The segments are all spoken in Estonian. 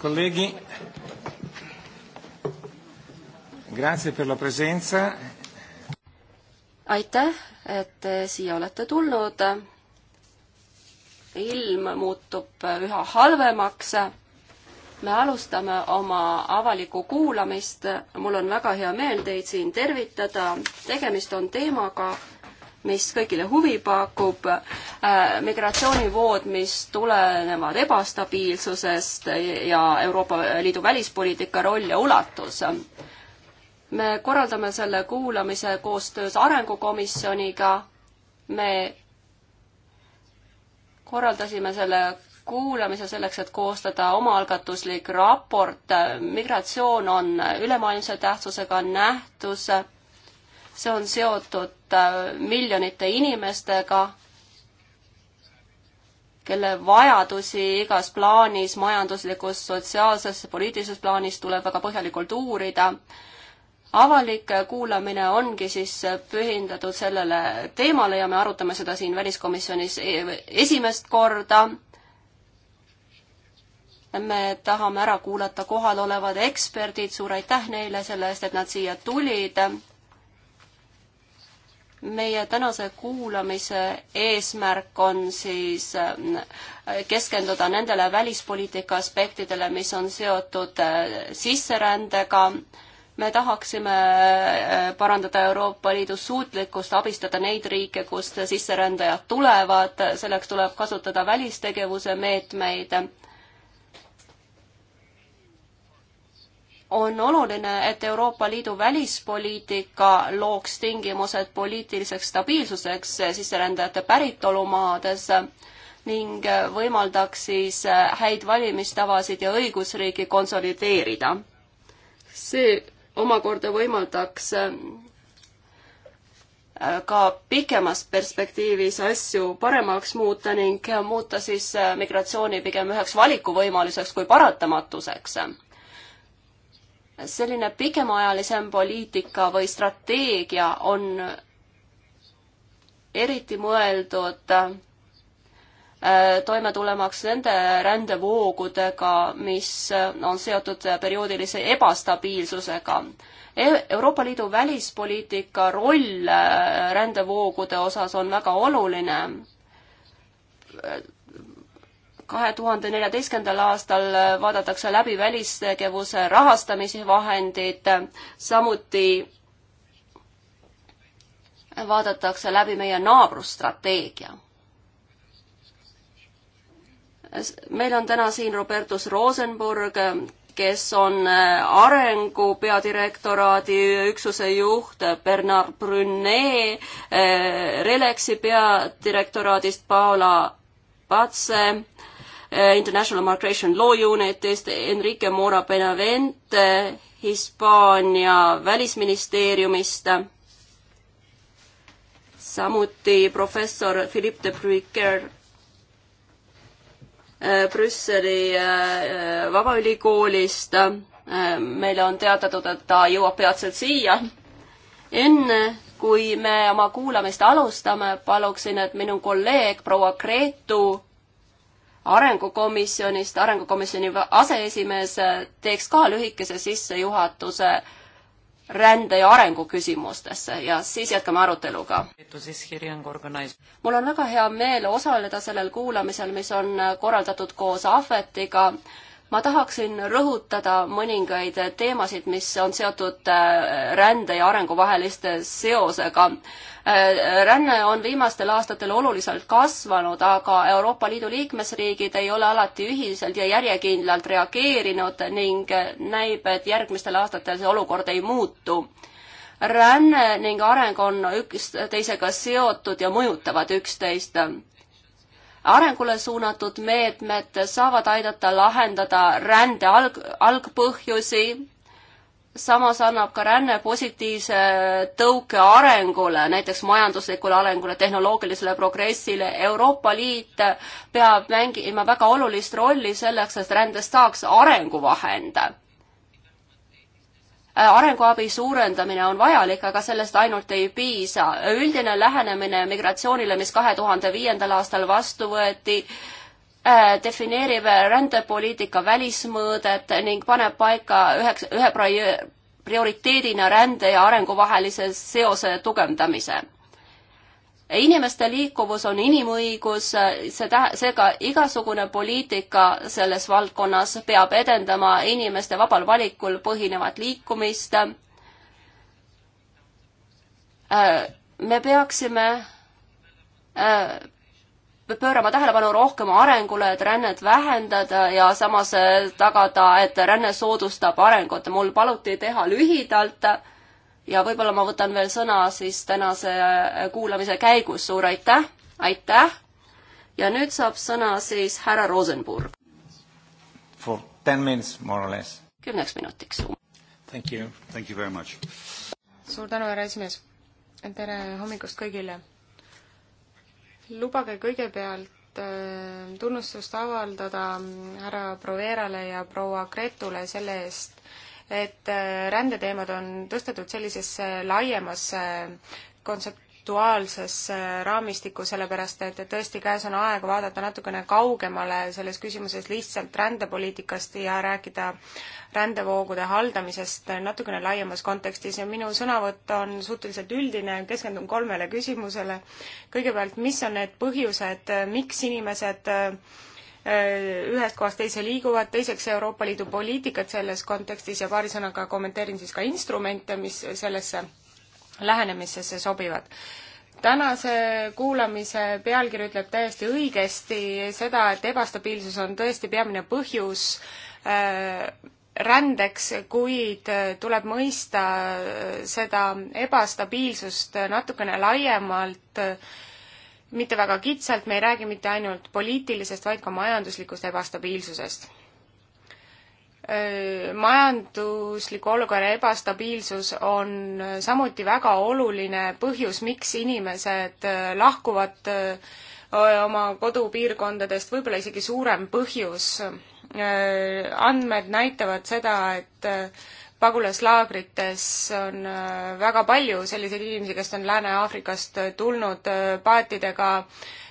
Colleghi, grazie per la presenza. aitäh, et siia olete tulnud. ilm muutub üha halvemaks. me alustame oma avalikku kuulamist. mul on väga hea meel teid siin tervitada. tegemist on teemaga, mis kõigile huvi pakub, äh, migratsioonivood, mis tulenevad ebastabiilsusest ja Euroopa Liidu välispoliitika roll ja ulatus me korraldame selle kuulamise koostöös Arengukomisjoniga. me korraldasime selle kuulamise selleks, et koostada omaalgatuslik raport. migratsioon on ülemaailmse tähtsusega nähtus. see on seotud suhelda äh, miljonite inimestega, kelle vajadusi igas plaanis, majanduslikus, sotsiaalses, poliitilises plaanis tuleb väga põhjalikult uurida. avalik kuulamine ongi siis pühendatud sellele teemale ja me arutame seda siin väliskomisjonis e-, esimest korda me tahame ära kuulata kohal olevad eksperdid, suur aitäh neile selle eest, et nad siia tulid meie tänase kuulamise eesmärk on siis äh, keskenduda nendele välispoliitika aspektidele, mis on seotud äh, sisserändega. me tahaksime äh, parandada Euroopa Liidu suutlikkust abistada neid riike, kust sisserändajad tulevad, selleks tuleb kasutada välistegevuse meetmeid on oluline, et Euroopa Liidu välispoliitika looks tingimused poliitiliseks stabiilsuseks sisserändajate päritolumaades ning võimaldaks siis häid valimistavasid ja õigusriigi konsolideerida. see omakorda võimaldaks ka pikemas perspektiivis asju paremaks muuta ning muuta siis migratsiooni pigem üheks valikuvõimaluseks kui paratamatuseks selline pikemaajalisem poliitika või strateegia on eriti mõeldud äh, toime tulemaks nende rändevoogudega, mis äh, on seotud perioodilise ebastabiilsusega. E-, Euroopa Liidu välispoliitika roll äh, rändevoogude osas on väga oluline kahe tuhande neljateistkümnendal aastal vaadatakse läbi välistegevuse rahastamise vahendid, samuti vaadatakse läbi meie naabrusstrateegia. meil on täna siin Robertus Rosenburg, kes on arengu peadirektoraadi üksuse juht Bernard Brunet, Relexi peadirektoraadist Paola Patse Eh, International Migration Law Unitist, Enrique Mora Benavente Hispaania välisministeeriumist, samuti professor Philippe de Bruyker eh, Brüsseli eh, Vabaülikoolist. meile on teatatud, et ta jõuab peatselt siia. enne kui me oma kuulamist alustame, paluksin, et minu kolleeg proua Gretu arengukomisjonist, arengukomisjoni aseesimees äh, teeks ka lühikese sissejuhatuse rände ja arengu küsimustesse ja siis jätkame aruteluga. mul on väga hea meel osaleda sellel kuulamisel, mis on äh, korraldatud koos Ahvetiga. ma tahaksin rõhutada mõningaid äh, teemasid, mis on seotud rände ja arengu vaheliste seosega Äh, ränne on viimastel aastatel oluliselt kasvanud, aga Euroopa Liidu liikmesriigid ei ole alati ühiselt ja järjekindlalt reageerinud ning näib, et järgmistel aastatel see olukord ei muutu. ränne ning areng on üksteisega seotud ja mõjutavad üksteist arengule suunatud meetmed saavad aidata lahendada rände alg, algpõhjusi samas annab ka ränne positiivse tõuke arengule, näiteks majanduslikule arengule, tehnoloogilisele progressile. Euroopa Liit peab mängima väga olulist rolli selleks, et rändest saaks arenguvahend. arenguabi suurendamine on vajalik, aga sellest ainult ei piisa. üldine lähenemine migratsioonile, mis kahe tuhande viiendal aastal vastu võeti, Äh, defineerib rändepoliitika välismõõdet ning paneb paika üheks, ühe prioriteedina rände ja arengu vahelise seose tugevdamise. inimeste liikuvus on inimõigus, see tähe-, seega igasugune poliitika selles valdkonnas peab edendama inimeste vabal valikul põhinevat liikumist. Äh, me peaksime äh, pöörama tähelepanu rohkem arengule, et rännet vähendada ja samas eh, tagada, et ränne soodustab arengut. mul paluti teha lühidalt ja võib-olla ma võtan veel sõna siis tänase eh, kuulamise käigus. suur aitäh, aitäh! ja nüüd saab sõna siis härra Rosenburg. For ten minutes more or less. kümneks minutiks. Thank you, thank you very much. suur tänu, härra esimees. tere hommikust kõigile lubage kõigepealt äh, tunnustust avaldada härra Proverale ja proua Gretule selle eest, et äh, rändeteemad on tõstetud sellisesse laiemasse kontsept-, aktuaalsesse raamistikku, sellepärast et tõesti, käes on aeg vaadata natukene kaugemale selles küsimuses lihtsalt rändepoliitikast ja rääkida rändevoogude haldamisest natukene laiemas kontekstis ja minu sõnavõtt on suhteliselt üldine, keskendun kolmele küsimusele. kõigepealt, mis on need põhjused, miks inimesed äh, ühest kohast teise liiguvad, teiseks Euroopa Liidu poliitikat selles kontekstis ja paari sõnaga kommenteerin siis ka instrumente, mis sellesse lähenemisesse sobivad. tänase kuulamise pealkiri ütleb täiesti õigesti seda, et ebastabiilsus on tõesti peamine põhjus äh, rändeks, kuid äh, tuleb mõista äh, seda ebastabiilsust natukene laiemalt, mitte väga kitsalt, me ei räägi mitte ainult poliitilisest, vaid ka majanduslikust ebastabiilsusest Äh, majandusliku olukorra ebastabiilsus on äh, samuti väga oluline põhjus, miks inimesed äh, lahkuvad oma kodupiirkondadest, võib-olla isegi suurem põhjus. andmed näitavad seda, et pagulaslaagrites on väga palju selliseid inimesi, kes on Lääne-Aafrikast tulnud paatidega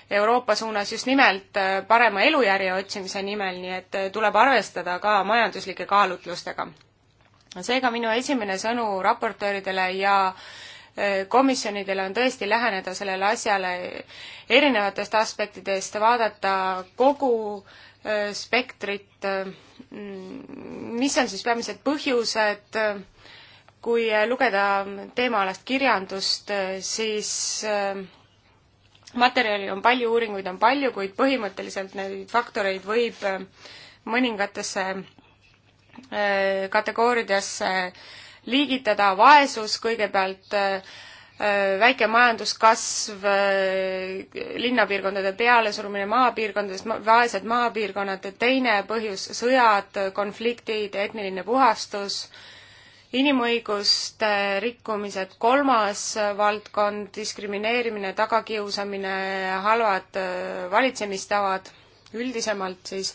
Euroopa suunas just nimelt äh, parema elujärje otsimise nimel, nii et äh, tuleb arvestada ka majanduslike kaalutlustega. seega minu esimene sõnum raportööridele ja äh, komisjonidele on tõesti läheneda sellele asjale erinevatest aspektidest, vaadata kogu spektrit, mis on siis peamised põhjused, kui lugeda teemaalast kirjandust, siis materjali on palju, uuringuid on palju, kuid põhimõtteliselt neid faktoreid võib äh, mõningatesse äh, kategooriadesse liigitada, vaesus kõigepealt, äh, väike majanduskasv, linnapiirkondade pealesurumine maapiirkondadest, vaesed maapiirkonnad, teine põhjus, sõjad, konfliktid, etniline puhastus, inimõiguste rikkumised, kolmas valdkond, diskrimineerimine, tagakiusamine, halvad äh, valitsemistavad üldisemalt siis,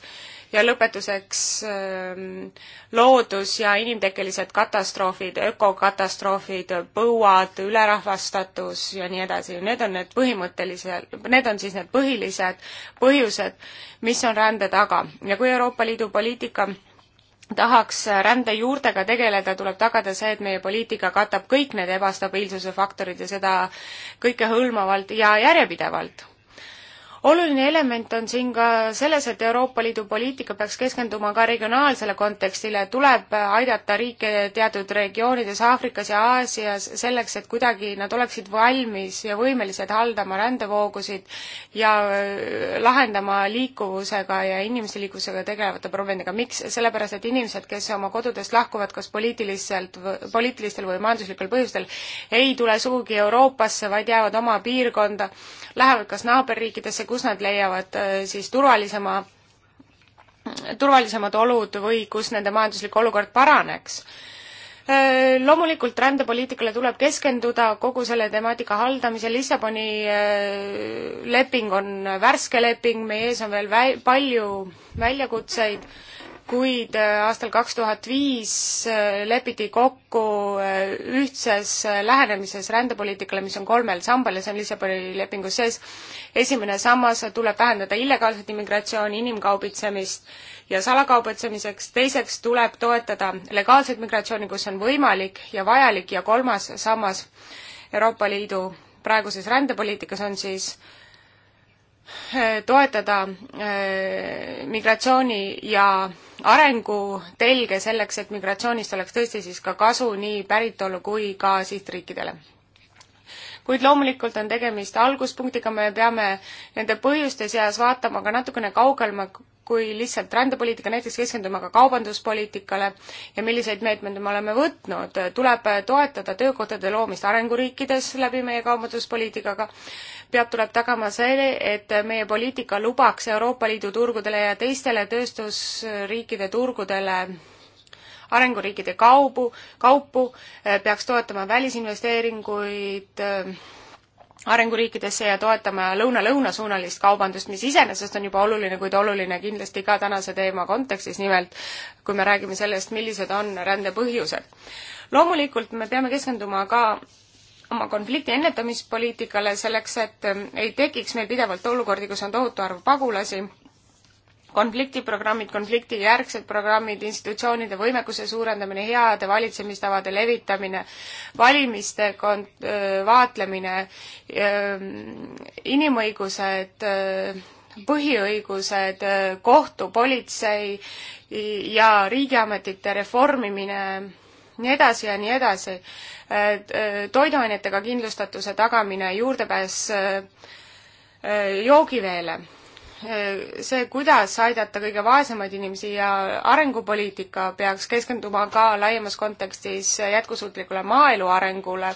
ja lõpetuseks ähm, loodus- ja inimtekkelised katastroofid, ökokatastroofid, põuad, ülerahvastatus ja nii edasi. Need on need põhimõttelised, need on siis need põhilised põhjused, mis on rände taga. ja kui Euroopa Liidu poliitika tahaks rände juurtega tegeleda, tuleb tagada see, et meie poliitika katab kõik need ebastabiilsuse faktorid ja seda kõikehõlmavalt ja järjepidevalt oluline element on siin ka selles, et Euroopa Liidu poliitika peaks keskenduma ka regionaalsele kontekstile, tuleb aidata riike teatud regioonides Aafrikas ja Aasias selleks, et kuidagi nad oleksid valmis ja võimelised haldama rändevoogusid ja äh, lahendama liikuvusega ja inimeste liikuvusega tegelevate probleemidega. miks? sellepärast, et inimesed, kes oma kodudest lahkuvad kas poliitiliselt, poliitilistel või majanduslikel põhjustel, ei tule sugugi Euroopasse, vaid jäävad oma piirkonda, lähevad kas naaberriikidesse, kus nad leiavad äh, siis turvalisema, turvalisemad olud või kus nende majanduslik olukord paraneks äh, loomulikult rändepoliitikale tuleb keskenduda kogu selle temaatika haldamisel, Lissaboni äh, leping on värske leping, meie ees on veel vä-, palju väljakutseid, kuid äh, aastal kaks tuhat viis äh, lepiti kokku äh, ühtses lähenemises rändepoliitikale, mis on kolmel sambal ja see on Lissaboni lepingus sees. esimene sammas tuleb vähendada illegaalset immigratsiooni, inimkaubitsemist ja salakaubitsemiseks, teiseks tuleb toetada legaalset migratsiooni, kus on võimalik ja vajalik ja kolmas sammas Euroopa Liidu praeguses rändepoliitikas on siis toetada migratsiooni ja arengutelge selleks, et migratsioonist oleks tõesti siis ka kasu nii päritolu kui ka sihtriikidele. kuid loomulikult on tegemist alguspunktiga, me peame nende põhjuste seas vaatama ka natukene kaugemale kui lihtsalt rändepoliitika, näiteks keskenduma ka kaubanduspoliitikale ja milliseid meetmeid me oleme võtnud. tuleb toetada töökohtade loomist arenguriikides läbi meie kaubanduspoliitikaga peab, tuleb tagama see, et meie poliitika lubaks Euroopa Liidu turgudele ja teistele tööstusriikide turgudele arenguriikide kaubu, kaupu, eh, peaks toetama välisinvesteeringuid eh, arenguriikidesse ja toetama lõuna-lõuna suunalist kaubandust, mis iseenesest on juba oluline, kuid oluline kindlasti ka tänase teema kontekstis, nimelt kui me räägime sellest, millised on rände põhjused. loomulikult me peame keskenduma ka oma konflikti ennetamispoliitikale selleks, et ähm, ei tekiks meil pidevalt olukordi, kus on tohutu arv pagulasi, konfliktiprogrammid, konfliktijärgsed programmid, institutsioonide võimekuse suurendamine, heade valitsemistavade levitamine, valimiste kont-, äh, vaatlemine, ähm, inimõigused, äh, põhiõigused, äh, kohtu, politsei ja riigiametite reformimine nii edasi ja nii edasi. E, toiduainetega kindlustatuse tagamine, juurdepääs e, e, joogiveele, see, kuidas aidata kõige vaesemaid inimesi ja arengupoliitika peaks keskenduma ka laiemas kontekstis jätkusuutlikule maaelu arengule,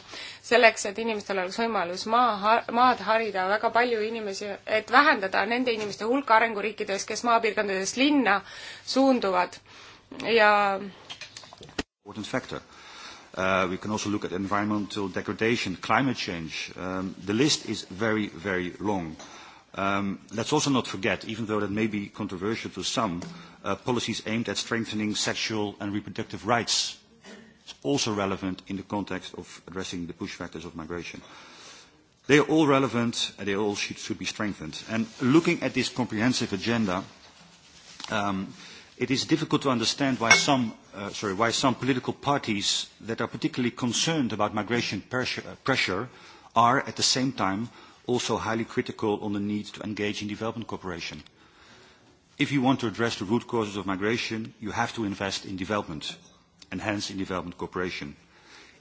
selleks, et inimestel oleks võimalus maa, maad harida, väga palju inimesi, et vähendada nende inimeste hulka arenguriikides, kes maapiirkondadest linna suunduvad ja important factor. Uh, we can also look at environmental degradation, climate change. Um, the list is very, very long. Um, let's also not forget, even though that may be controversial to some, uh, policies aimed at strengthening sexual and reproductive rights. It's also relevant in the context of addressing the push factors of migration. They are all relevant and they all should, should be strengthened. And looking at this comprehensive agenda, um, it is difficult to understand why some uh, sorry, why some political parties that are particularly concerned about migration pressure, uh, pressure are at the same time also highly critical on the need to engage in development cooperation. If you want to address the root causes of migration, you have to invest in development, and hence in development cooperation.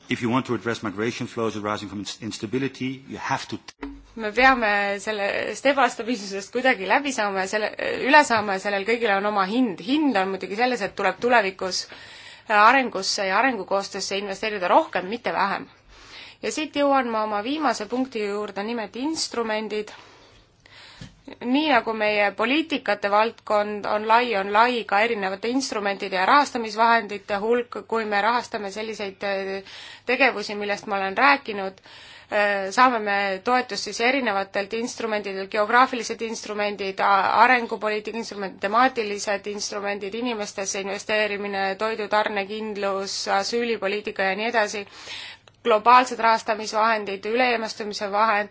If you want to address migration flows arising from instability, you have to me peame sellest ebastabiilsusest kuidagi läbi saama ja selle, üle saama ja sellel kõigil on oma hind. hind on muidugi selles, et tuleb tulevikus äh, arengusse ja arengukoostöösse investeerida rohkem, mitte vähem. ja siit jõuan ma oma viimase punkti juurde, nimelt instrumendid nii nagu meie poliitikate valdkond on lai, on lai ka erinevate instrumentide ja rahastamisvahendite hulk, kui me rahastame selliseid äh, tegevusi, millest ma olen rääkinud, äh, saame me toetust siis erinevatelt instrumentidelt, geograafilised instrumendid, arengupoliitika instrumendid, temaatilised instrumendid, inimestesse investeerimine, toidutarnekindlus, asüülipoliitika ja nii edasi globaalsed rahastamisvahendid, üleilmastumise vahend,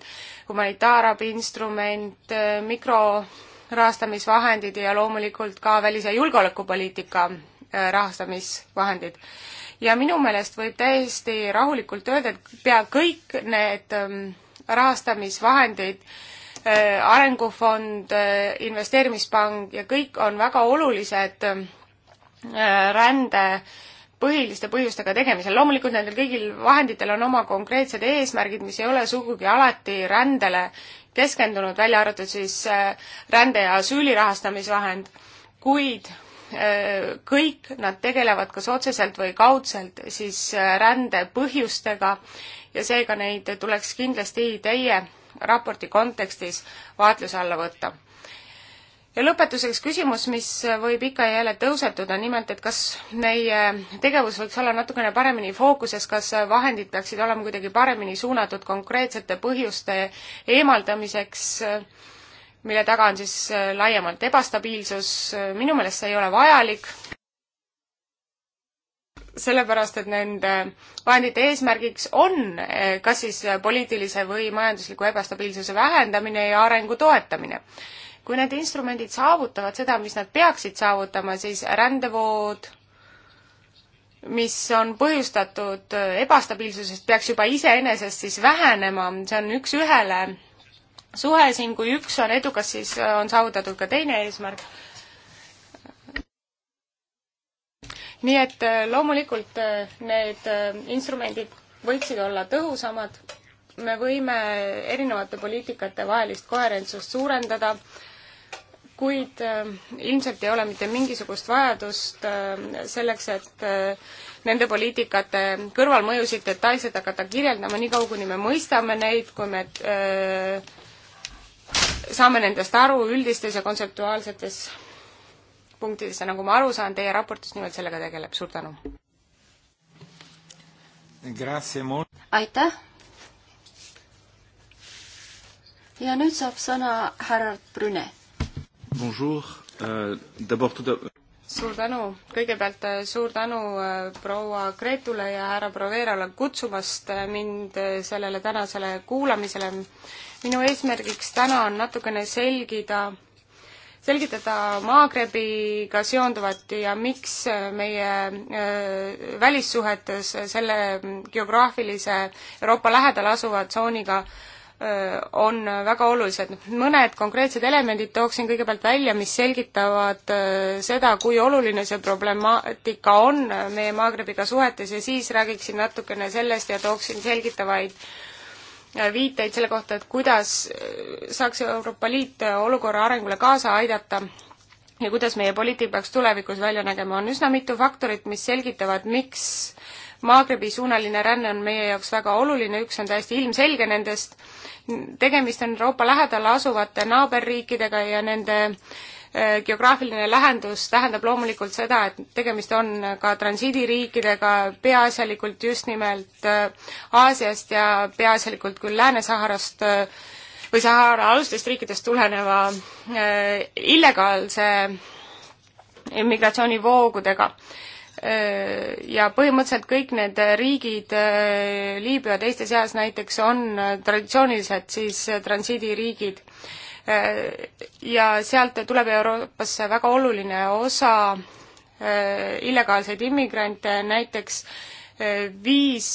humanitaarabi instrument, mikrorahastamisvahendid ja loomulikult ka välis- ja julgeolekupoliitika äh, rahastamisvahendid. ja minu meelest võib täiesti rahulikult öelda, et pea kõik need ähm, rahastamisvahendid äh, arengufond, äh, investeerimispang ja kõik on väga olulised rände põhiliste põhjustega tegemisel. loomulikult nendel kõigil vahenditel on oma konkreetsed eesmärgid, mis ei ole sugugi alati rändele keskendunud, välja arvatud siis äh, rände- ja asüüli rahastamisvahend, kuid äh, kõik nad tegelevad kas otseselt või kaudselt siis äh, rände põhjustega ja seega neid tuleks kindlasti teie raporti kontekstis vaatluse alla võtta ja lõpetuseks küsimus, mis võib ikka ja jälle tõusetuda, nimelt et kas meie tegevus võiks olla natukene paremini fookuses, kas vahendid peaksid olema kuidagi paremini suunatud konkreetsete põhjuste eemaldamiseks, mille taga on siis laiemalt ebastabiilsus, minu meelest see ei ole vajalik, sellepärast et nende vahendite eesmärgiks on eh, kas siis poliitilise või majandusliku ebastabiilsuse vähendamine ja arengu toetamine kui need instrumendid saavutavad seda, mis nad peaksid saavutama, siis rändevood, mis on põhjustatud ebastabiilsusest, peaks juba iseenesest siis vähenema, see on üks-ühele suhe siin, kui üks on edukas, siis on saavutatud ka teine eesmärk. nii et äh, loomulikult äh, need äh, instrumendid võiksid olla tõhusamad, me võime erinevate poliitikate vahelist koherentsust suurendada kuid äh, ilmselt ei ole mitte mingisugust vajadust äh, selleks, et äh, nende poliitikate kõrvalmõjusid detailselt hakata kirjeldama, niikaua kuni me mõistame neid, kui me saame nendest aru üldistes ja kontseptuaalsetes punktides ja nagu ma aru saan, teie raportis nimelt sellega tegeleb, suur tänu! aitäh! ja nüüd saab sõna härra Brüne Euh, suur tänu, kõigepealt äh, suur tänu äh, proua Gretule ja härra Proverale kutsumast äh, mind sellele tänasele kuulamisele. minu eesmärgiks täna on natukene selgida, selgitada Maagrebiga seonduvat ja miks meie välissuhetes selle geograafilise Euroopa lähedal asuva tsooniga äh, on väga olulised. mõned konkreetsed elemendid tooksin kõigepealt välja, mis selgitavad seda, kui oluline see problemaatika on meie Maagrebiga suhetes ja siis räägiksin natukene sellest ja tooksin selgitavaid viiteid selle kohta, et kuidas saaks Euroopa Liit olukorra arengule kaasa aidata ja kuidas meie poliitika peaks tulevikus välja nägema. on üsna mitu faktorit, mis selgitavad, miks Maagrebi suunaline ränne on meie jaoks väga oluline, üks on täiesti ilmselge nendest. tegemist on Euroopa lähedal asuvate naaberriikidega ja nende äh, geograafiline lähendus tähendab loomulikult seda, et tegemist on ka transiidiriikidega, peaasjalikult just nimelt äh, Aasiast ja peaasjalikult küll Lääne-Saharast äh, või Sahara alustest riikidest tuleneva illegaalse immigratsioonivoogudega Äh, ja põhimõtteliselt kõik need riigid äh, Liibüa teiste seas näiteks on äh, traditsiooniliselt siis transiidiriigid. ja sealt tuleb Euroopasse väga oluline osa illegaalseid immigrante, näiteks viis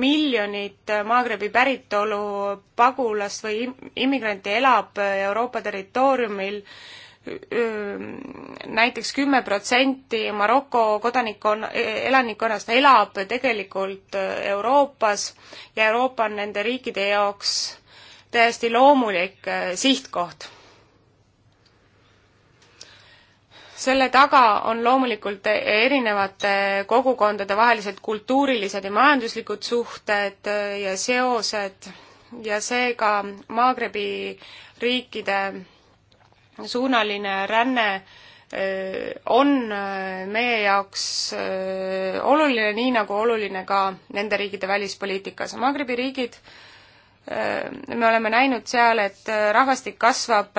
miljonit Maagrebi päritolu pagulast või immigranti elab Euroopa territooriumil näiteks kümme protsenti Maroko kodanikkonna, e-, elanikkonnast elab tegelikult Euroopas ja Euroopa on nende riikide jaoks täiesti loomulik sihtkoht. selle taga on loomulikult erinevate kogukondade vahelised kultuurilised ja majanduslikud suhted ja seosed ja seega Maagrebi riikide suunaline ränne on meie jaoks oluline, nii nagu oluline ka nende riikide välispoliitikas. Magribi riigid, me oleme näinud seal, et rahvastik kasvab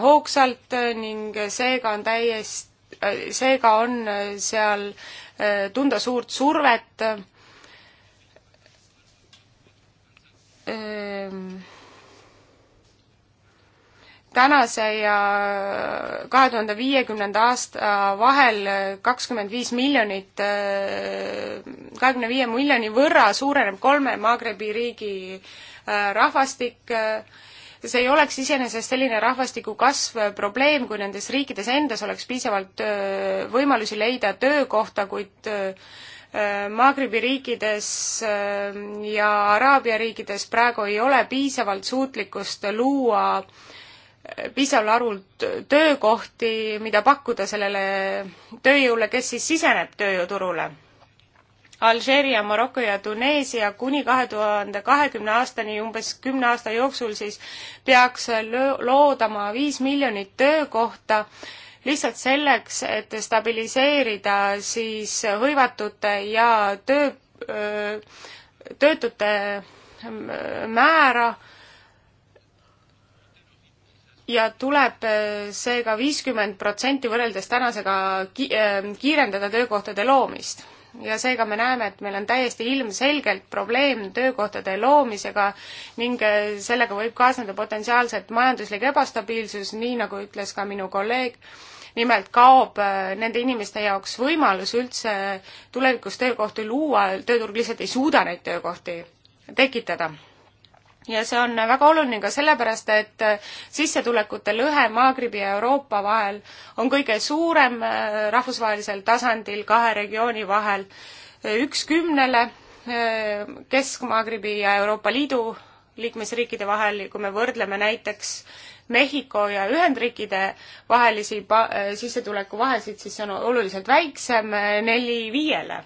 hoogsalt ning seega on täiesti, seega on seal tunda suurt survet tänase ja kahe tuhande viiekümnenda aasta vahel kakskümmend viis miljonit, äh, kahekümne viie miljoni võrra suureneb kolme Maagrebi riigi äh, rahvastik. Äh, see ei oleks iseenesest selline rahvastiku kasv probleem, kui nendes riikides endas oleks piisavalt võimalusi leida töökohta, kuid Maagribi riikides ja Araabia riikides praegu ei ole piisavalt suutlikkust luua äh, piisaval arvul töökohti, mida pakkuda sellele tööjõule, kes siis siseneb tööjõuturule. Alžeeria, Maroko ja Tuneesia kuni kahe tuhande kahekümne aastani, umbes kümne aasta jooksul siis peaks loodama viis miljonit töökohta lihtsalt selleks, et stabiliseerida siis hõivatute ja töö, töötute määra ja tuleb äh, seega viiskümmend protsenti võrreldes tänasega ki-, äh, kiirendada töökohtade loomist. ja seega me näeme, et meil on täiesti ilmselgelt probleem töökohtade loomisega ning äh, sellega võib kaasneda potentsiaalselt majanduslik ebastabiilsus, nii nagu ütles ka minu kolleeg, nimelt kaob nende inimeste jaoks võimalus üldse tulevikus töökohti luua, tööturg lihtsalt ei suuda neid töökohti tekitada ja see on väga oluline ka sellepärast, et sissetulekute lõhe Maagribi ja Euroopa vahel on kõige suurem äh, rahvusvahelisel tasandil kahe regiooni vahel. üks kümnele äh, Kesk-Maagribi ja Euroopa Liidu liikmesriikide vahel, kui me võrdleme näiteks Mehhiko ja Ühendriikide vahelisi äh, sissetulekuvahesid, siis see on oluliselt väiksem, neli viiele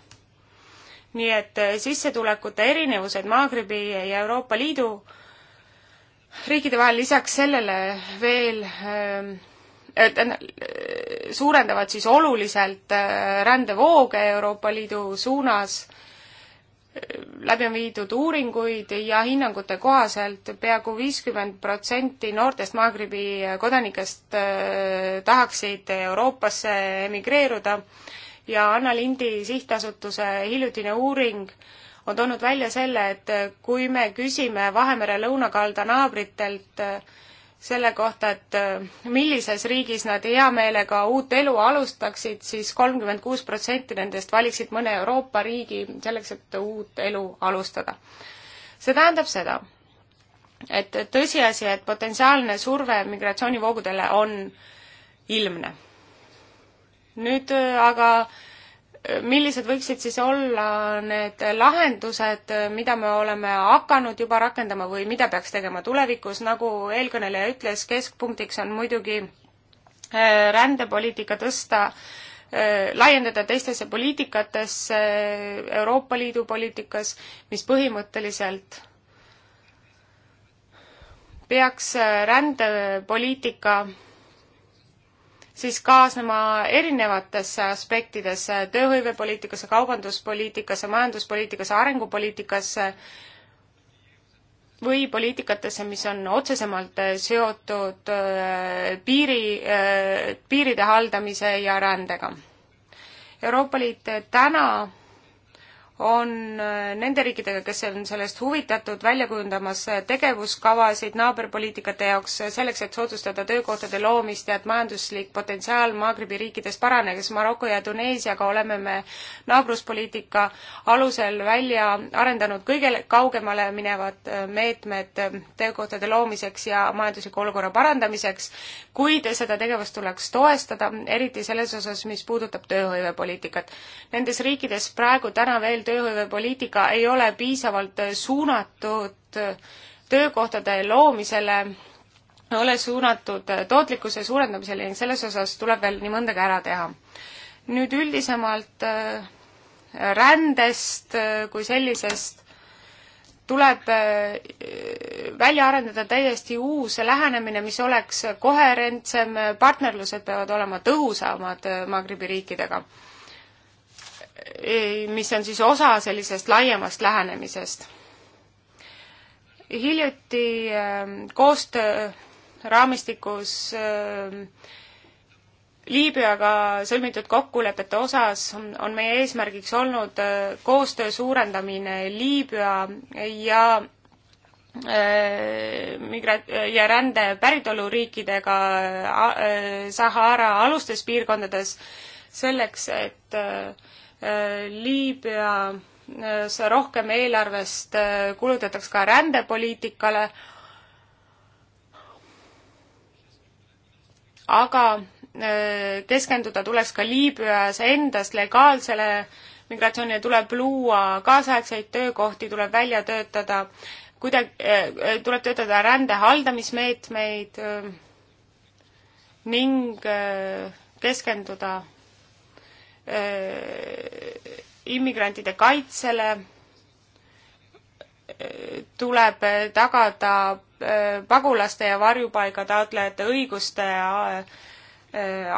nii et eh, sissetulekute erinevused Maagribi ja Euroopa Liidu riikide vahel lisaks sellele veel ehm, et, eh, suurendavad siis oluliselt eh, rändevooge Euroopa Liidu suunas. läbi on viidud uuringuid ja hinnangute kohaselt peaaegu viiskümmend protsenti noortest Maagribi kodanikest tahaksid Euroopasse emigreeruda ja Anna Lindi sihtasutuse hiljutine uuring on toonud välja selle, et kui me küsime Vahemere lõunakalda naabritelt äh, selle kohta, et äh, millises riigis nad hea meelega uut elu alustaksid siis, siis kolmkümmend kuus protsenti nendest valiksid mõne Euroopa riigi selleks, et uut elu alustada. see tähendab seda, et tõsiasi, et potentsiaalne surve migratsioonivoogudele on ilmne nüüd äh, aga äh, millised võiksid siis olla need lahendused, äh, mida me oleme hakanud juba rakendama või mida peaks tegema tulevikus, nagu eelkõneleja ütles, keskpunktiks on muidugi rändepoliitika tõsta, laiendada teistesse poliitikatesse, Euroopa Liidu poliitikas, mis põhimõtteliselt peaks rändepoliitika siis kaasnema erinevatesse aspektidesse, tööhõivepoliitikasse, kaubanduspoliitikasse, majanduspoliitikasse, arengupoliitikasse või poliitikatesse, mis on otsesemalt seotud äh, piiri, äh, piiride haldamise ja rändega. Euroopa Liit täna on äh, nende riikidega, kes on sellest huvitatud, välja kujundamas äh, tegevuskavasid naaberpoliitikate jaoks äh, selleks, et soodustada töökohtade loomist ja et majanduslik potentsiaal Maagribi riikides paraneks. Maroko ja Tuneesiaga oleme me naabruspoliitika alusel välja arendanud kõige kaugemale minevad meetmed töökohtade loomiseks ja majandusliku olukorra parandamiseks, kuid seda tegevust tuleks toestada, eriti selles osas, mis puudutab tööhõivepoliitikat. Nendes riikides praegu täna veel tööhõivepoliitika ei ole piisavalt suunatud töökohtade loomisele, ole suunatud tootlikkuse suurendamisele ning selles osas tuleb veel nii mõndagi ära teha. nüüd üldisemalt äh, rändest äh, kui sellisest tuleb äh, välja arendada täiesti uus lähenemine, mis oleks koherentsem, partnerlused peavad olema tõhusamad Magribi riikidega mis on siis osa sellisest laiemast lähenemisest. hiljuti ähm, koostöö raamistikus ähm, Liibüaga sõlmitud kokkulepete osas on meie eesmärgiks olnud äh, koostöö suurendamine Liibüa ja äh, migra- ja rände päritoluriikidega äh, Sahara alustes piirkondades selleks, et Liibüas äh, rohkem eelarvest äh, kulutatakse ka rändepoliitikale, aga äh, keskenduda tuleks ka Liibüas endas legaalsele migratsioonile, tuleb luua kaasaegseid töökohti, tuleb välja töötada kuidagi, tuleb töötada rände haldamismeetmeid ning keskenduda Äh, immigrantide kaitsele, äh, tuleb tagada äh, pagulaste ja varjupaiga taotlejate õiguste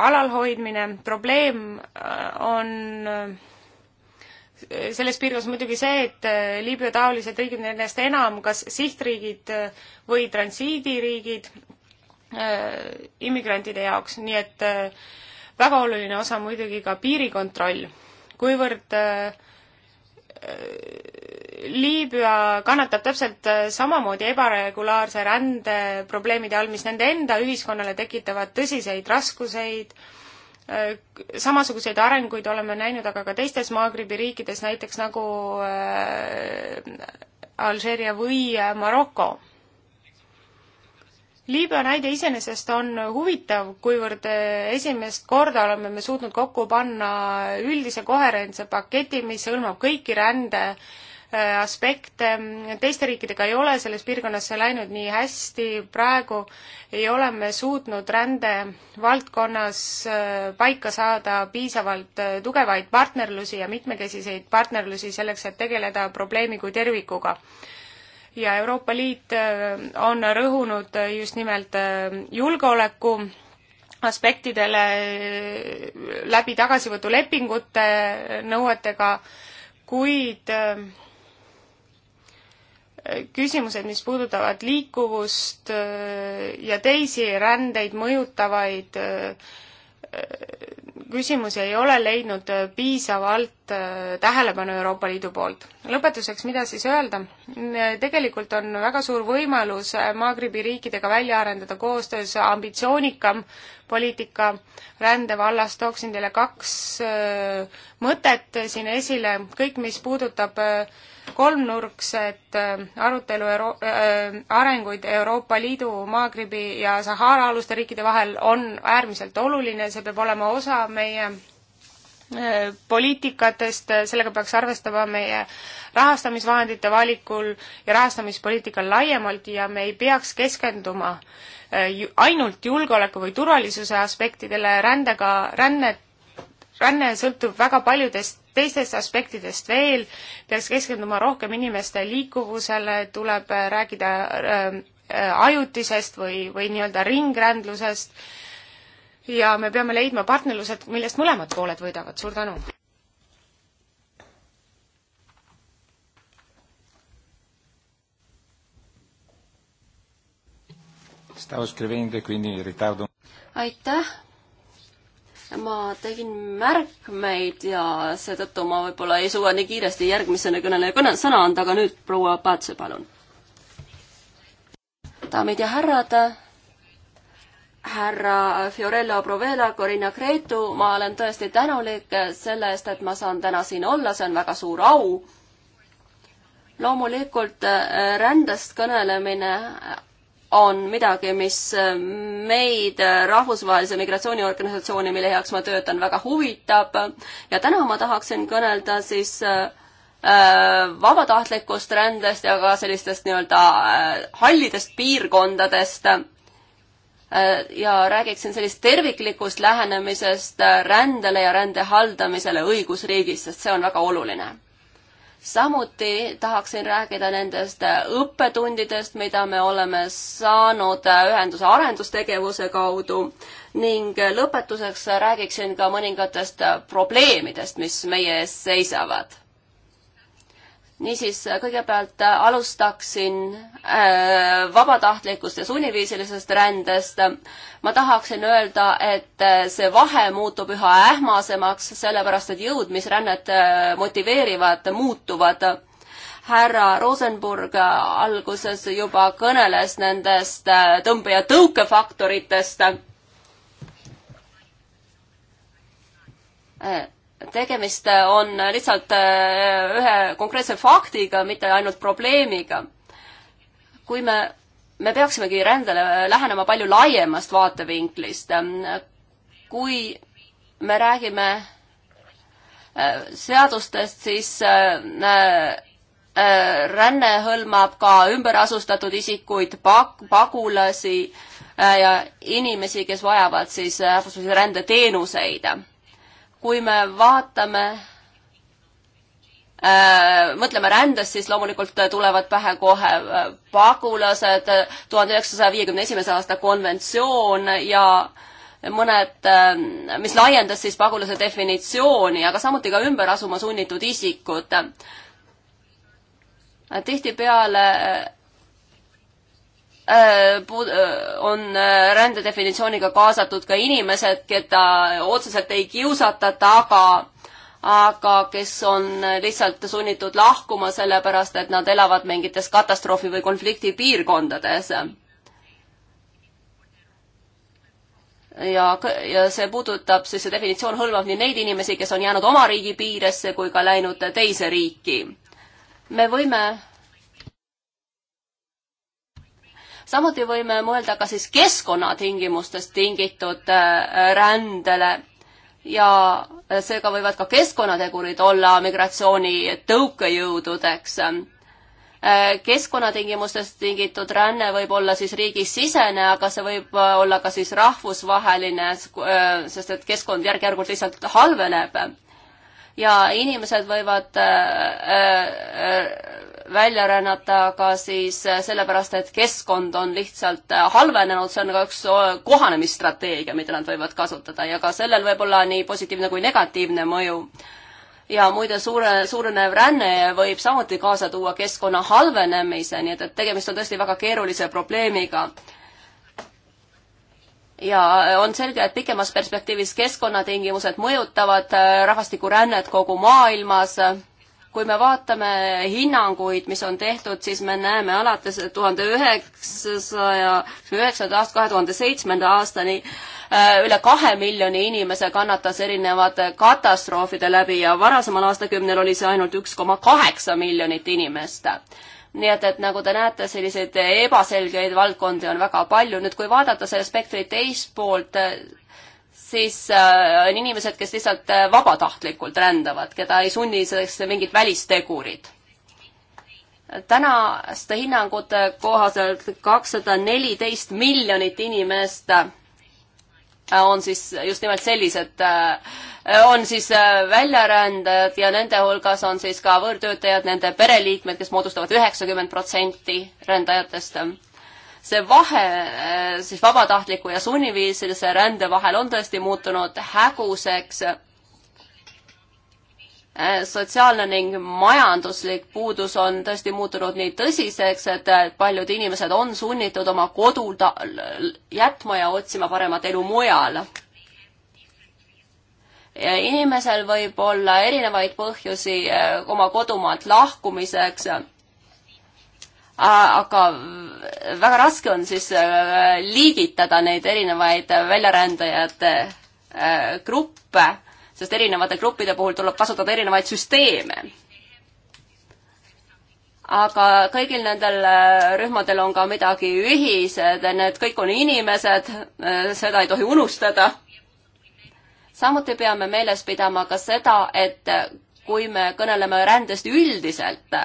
alalhoidmine. probleem on selles piirkonnas muidugi see, et Liibüa taolised riigid on ennast enam kas sihtriigid või transiidiriigid immigrantide jaoks, nii et väga oluline osa muidugi ka piirikontroll, kuivõrd äh, Liibüa kannatab täpselt äh, samamoodi ebaregulaarse rände probleemide all, mis nende enda ühiskonnale tekitavad tõsiseid raskuseid, äh, samasuguseid arenguid oleme näinud aga ka teistes Maagribi riikides, näiteks nagu Alžeeria või Maroko Liibüa näide iseenesest on huvitav, kuivõrd eh, esimest korda oleme me suutnud kokku panna üldise koherentse paketi, mis hõlmab kõiki rände eh, aspekte, teiste riikidega ei ole selles piirkonnas see läinud nii hästi, praegu ei ole me suutnud rände valdkonnas eh, paika saada piisavalt tugevaid partnerlusi ja mitmekesiseid partnerlusi selleks, et tegeleda probleemi kui tervikuga ja Euroopa Liit äh, on rõhunud äh, just nimelt äh, julgeoleku aspektidele läbi tagasivõtulepingute nõuetega, kuid küsimused, mis puudutavad liikuvust ja teisi rändeid mõjutavaid küsimus ei ole leidnud äh, piisavalt äh, tähelepanu Euroopa Liidu poolt. lõpetuseks, mida siis öelda? Mm, äh, tegelikult on väga suur võimalus Maagribi riikidega välja arendada koostöös ambitsioonikam poliitika rändevallas, tooksin teile kaks äh, mõtet siin esile, kõik, mis puudutab äh, kolmnurkset äh, arutelu Euro-, arenguid Euroopa Liidu, Maagribi ja Sahara aluste riikide vahel on äärmiselt oluline, see peab olema osa meie poliitikatest, sellega peaks arvestama meie rahastamisvahendite valikul ja rahastamispoliitikal laiemalt ja me ei peaks keskenduma Äh, ainult julgeoleku või turvalisuse aspektidele, rändega, rännet, ränne sõltub väga paljudest teistest aspektidest veel, peaks keskenduma rohkem inimeste liikuvusele, tuleb äh, rääkida äh, äh, ajutisest või, või nii-öelda ringrändlusest ja me peame leidma partnerlused, millest mõlemad pooled võidavad, suur tänu! Stavo scrivendo e quindi in ritardo. aitäh! ma tegin märkmeid ja seetõttu ma võib-olla ei suuda nii kiiresti järgmisele kõnele kõne, sõna anda, aga nüüd proua Paatse, palun. daamid ja härrad, härra Fiorello Provela, Corina Cretu, ma olen tõesti tänulik selle eest, et ma saan täna siin olla, see on väga suur au loomulikult eh, rändest kõnelemine on midagi, mis äh, meid, äh, rahvusvahelise migratsiooniorganisatsiooni, mille heaks ma töötan, väga huvitab ja täna ma tahaksin kõnelda siis äh, vabatahtlikust rändest ja ka sellistest nii-öelda hallidest piirkondadest ja räägiksin sellist terviklikust lähenemisest rändele ja rände haldamisele õigusriigis, sest see on väga oluline samuti tahaksin rääkida nendest õppetundidest, mida me oleme saanud ühenduse arendustegevuse kaudu ning lõpetuseks räägiksin ka mõningatest probleemidest, mis meie ees seisavad niisiis, kõigepealt äh, alustaksin äh, vabatahtlikust ja sunniviisilisest rändest. ma tahaksin öelda, et äh, see vahe muutub üha ähmasemaks, sellepärast et jõud, mis rännet motiveerivad, muutuvad. härra Rosenburg alguses juba kõneles nendest tõmbe- ja tõukefaktoritest tegemist on lihtsalt äh, ühe konkreetse faktiga, mitte ainult probleemiga. kui me, me peaksimegi rändele lähenema palju laiemast vaatevinklist. kui me räägime äh, seadustest, siis äh, ränne hõlmab ka ümberasustatud isikuid, pak-, pagulasi ja inimesi, kes vajavad siis rahvusvahelise rände teenuseid kui me vaatame äh, mõtleme rändest, siis loomulikult tulevad pähe kohe äh, pagulased, tuhande üheksasaja viiekümne esimese aasta konventsioon ja mõned, äh, mis laiendas siis pagulase definitsiooni, aga samuti ka ümber asuma sunnitud isikud. tihtipeale Äh, äh, on äh, rände definitsiooniga kaasatud ka inimesed, keda otseselt ei kiusatata, aga aga kes on lihtsalt sunnitud lahkuma sellepärast, et nad elavad mingites katastroofi või konflikti piirkondades ja, ja see puudutab, siis see definitsioon hõlmab nii neid inimesi, kes on jäänud oma riigi piiresse kui ka läinud teise riiki. me võime samuti võime mõelda ka siis keskkonnatingimustest tingitud äh, rändele ja äh, seega võivad ka keskkonnategurid olla migratsiooni tõukejõududeks. Äh, keskkonnatingimustest tingitud ränne võib olla siis riigisisene, aga see võib olla ka siis rahvusvaheline, sest et keskkond järk-järgult lihtsalt halveneb ja inimesed võivad äh, äh, välja rännata ka siis äh, sellepärast, et keskkond on lihtsalt äh, halvenenud, see on ka üks äh, kohanemisstrateegia, mida nad võivad kasutada ja ka sellel võib olla nii positiivne kui negatiivne mõju. ja muide, suure, suurenev ränne võib samuti kaasa tuua keskkonna halvenemise, nii et, et tegemist on tõesti väga keerulise probleemiga ja on selge, et pikemas perspektiivivis keskkonnatingimused mõjutavad rahvastikurännet kogu maailmas kui me vaatame hinnanguid, mis on tehtud, siis me näeme alates tuhande üheksasaja üheksanda aasta, kahe tuhande seitsmenda aastani äh, üle kahe miljoni inimese kannatas erinevate katastroofide läbi ja varasemal aastakümnel oli see ainult üks koma kaheksa miljonit inimest nii et, et nagu te näete, selliseid ebaselgeid valdkondi on väga palju. nüüd, kui vaadata selle spektri teist poolt, siis äh, on inimesed, kes lihtsalt äh, vabatahtlikult rändavad, keda ei sunni selleks mingid välistegurid. tänaste hinnangute kohaselt kakssada neliteist miljonit inimest äh, on siis just nimelt sellised, on siis väljarändajad ja nende hulgas on siis ka võõrtöötajad, nende pereliikmed, kes moodustavad üheksakümmend protsenti rändajatest see vahe äh, siis vabatahtliku ja sunniviisilise rände vahel on tõesti muutunud häguseks. Äh, sotsiaalne ning majanduslik puudus on tõesti muutunud nii tõsiseks, et äh, paljud inimesed on sunnitud oma kodu jätma ja otsima paremat elu mujal Ja inimesel võib olla erinevaid põhjusi oma kodumaalt lahkumiseks aga väga raske on siis äh, liigitada neid erinevaid väljarändajate äh, gruppe, sest erinevate gruppide puhul tuleb kasutada erinevaid süsteeme. aga kõigil nendel äh, rühmadel on ka midagi ühised, need kõik on inimesed, seda ei tohi unustada. samuti peame meeles pidama ka seda, et kui me kõneleme rändest üldiselt,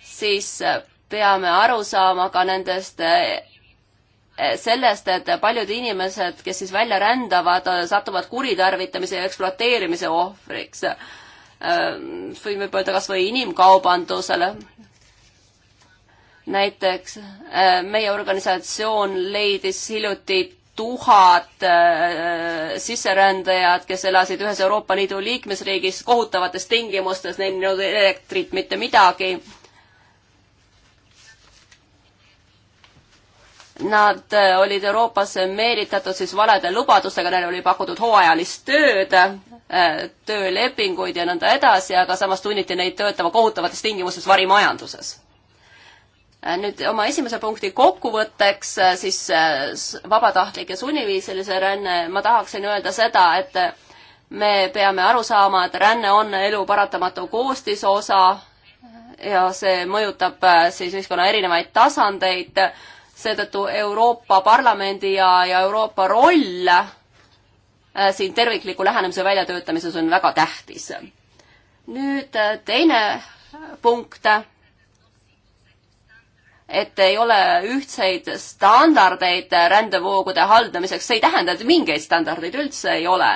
siis peame aru saama ka nendest eh, sellest, et paljud inimesed, kes siis välja rändavad, satuvad kuritarvitamise ja ekspluateerimise ohvriks. võin eh, võib öelda kas või inimkaubandusele. näiteks eh, meie organisatsioon leidis hiljuti tuhat sisserändajat, kes elasid ühes Euroopa Liidu liikmesriigis kohutavates tingimustes, neil ei olnud elektrit, mitte midagi Nad eh, olid Euroopasse meelitatud siis valede lubadustega, neile oli pakutud hooajalist tööd, eh, töölepinguid ja nõnda edasi, aga samas tunniti neid töötama kohutavates tingimustes varimajanduses. Eh, nüüd oma esimese punkti kokkuvõtteks siis vabatahtlik ja sunniviisilise ränne, ma tahaksin öelda seda, et me peame aru saama, et ränne on elu paratamatu koostisosa ja see mõjutab siis ühiskonna erinevaid tasandeid seetõttu Euroopa Parlamendi ja, ja Euroopa roll äh, siin tervikliku lähenemise väljatöötamises on väga tähtis. nüüd äh, teine punkt, et ei ole ühtseid standardeid rändevoogude haldamiseks, see ei tähenda, et mingeid standardeid üldse ei ole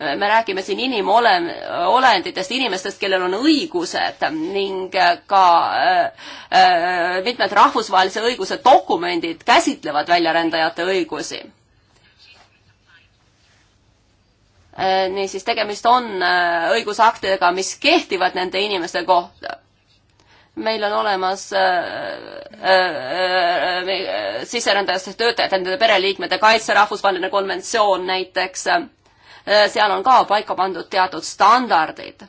me räägime siin inimolenditest, inimestest, kellel on õigused ning ka äh, äh, mitmed rahvusvahelise õiguse dokumendid käsitlevad väljarändajate õigusi äh,. niisiis, tegemist on äh, õigusaktidega, mis kehtivad nende inimeste kohta meil on olemas äh, äh, siserändajatest töötajate, nende pereliikmete kaitse rahvusvaheline konventsioon näiteks äh, Äh, seal on ka paika pandud teatud standardid.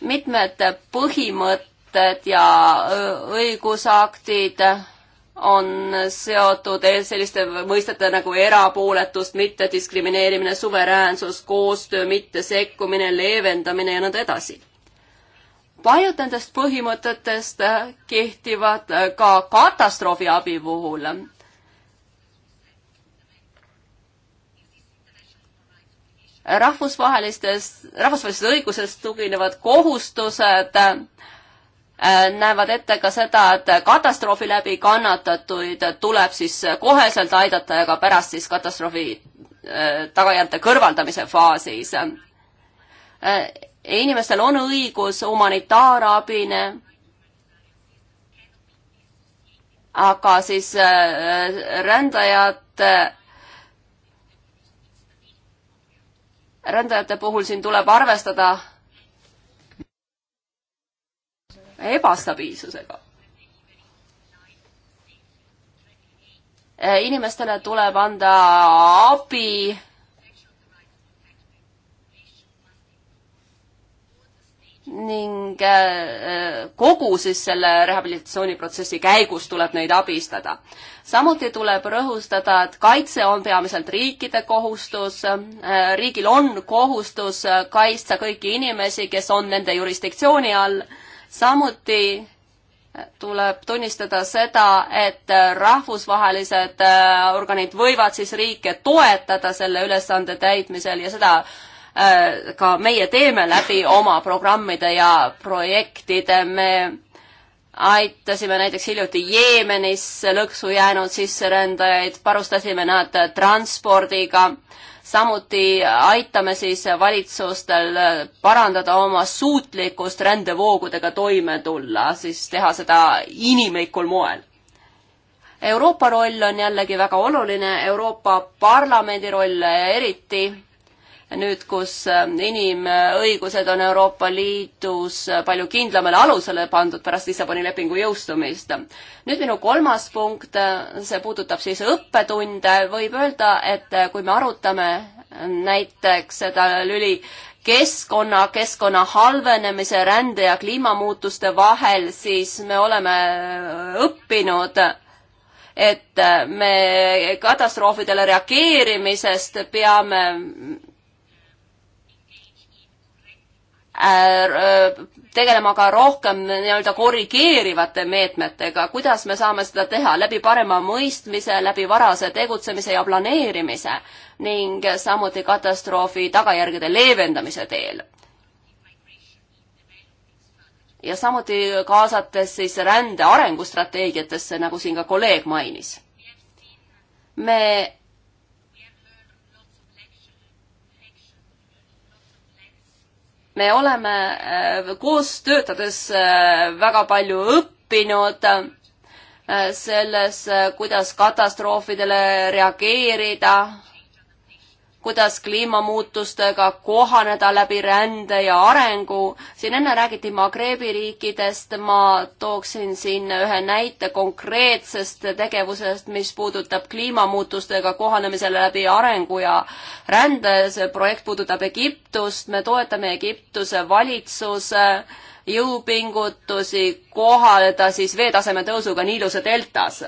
mitmed põhimõtted ja äh, õigusaktid on seotud e-, selliste mõistete nagu erapooletust, mittediskrimineerimine, suveräänsus, koostöö, mittesekkumine, leevendamine ja nõnda edasi. paljud nendest põhimõtetest kehtivad ka katastroofiabi puhul rahvusvahelistest, rahvusvahelisest õigusest tuginevad kohustused äh, näevad ette ka seda, et katastroofi läbi kannatatuid tuleb siis koheselt aidata ja ka pärast siis katastroofi äh, tagajärgede kõrvaldamise faasis. Äh, inimestel on õigus humanitaarabine, aga siis rändajate rändajate puhul siin tuleb arvestada ebastabiilsusega. inimestele tuleb anda abi ning äh, kogu siis selle rehabilitatsiooniprotsessi käigus tuleb neid abistada. samuti tuleb rõhustada, et kaitse on peamiselt riikide kohustus, äh, riigil on kohustus äh, kaitsta kõiki inimesi, kes on nende jurisdiktsiooni all, samuti tuleb tunnistada seda, et rahvusvahelised organid võivad siis riike toetada selle ülesande täitmisel ja seda Äh, ka meie teeme läbi oma programmide ja projektide, me aitasime näiteks hiljuti Jeemenisse lõksu jäänud sisserändajaid, varustasime nad transpordiga, samuti aitame siis valitsustel parandada oma suutlikkust rändevoogudega toime tulla, siis teha seda inimlikul moel. Euroopa roll on jällegi väga oluline, Euroopa Parlamendi roll eriti nüüd, kus ähm, inimõigused on Euroopa Liidus äh, palju kindlamale alusele pandud pärast Lissaboni lepingu jõustumist. nüüd minu kolmas punkt, äh, see puudutab siis õppetunde, võib öelda, et äh, kui me arutame näiteks seda lüli keskkonna, keskkonna halvenemise, rände ja kliimamuutuste vahel, siis me oleme õppinud et me katastroofidele reageerimisest peame Äh, äh, tegelema ka rohkem nii-öelda korrigeerivate meetmetega, kuidas me saame seda teha läbi parema mõistmise, läbi varase tegutsemise ja planeerimise ning samuti katastroofi tagajärgede leevendamise teel. ja samuti kaasates siis rände arengustrateegiatesse, nagu siin ka kolleeg mainis. me me oleme äh, koos töötades äh, väga palju õppinud äh, selles, kuidas katastroofidele reageerida kuidas kliimamuutustega kohaneda läbi rände ja arengu. siin enne räägiti Magrebi riikidest, ma tooksin siin ühe näite konkreetsest tegevusest, mis puudutab kliimamuutustega kohanemisele läbi arengu ja rände. see projekt puudutab Egiptust, me toetame Egiptuse valitsuse jõupingutusi kohaneda siis veetaseme tõusuga Niiluse deltas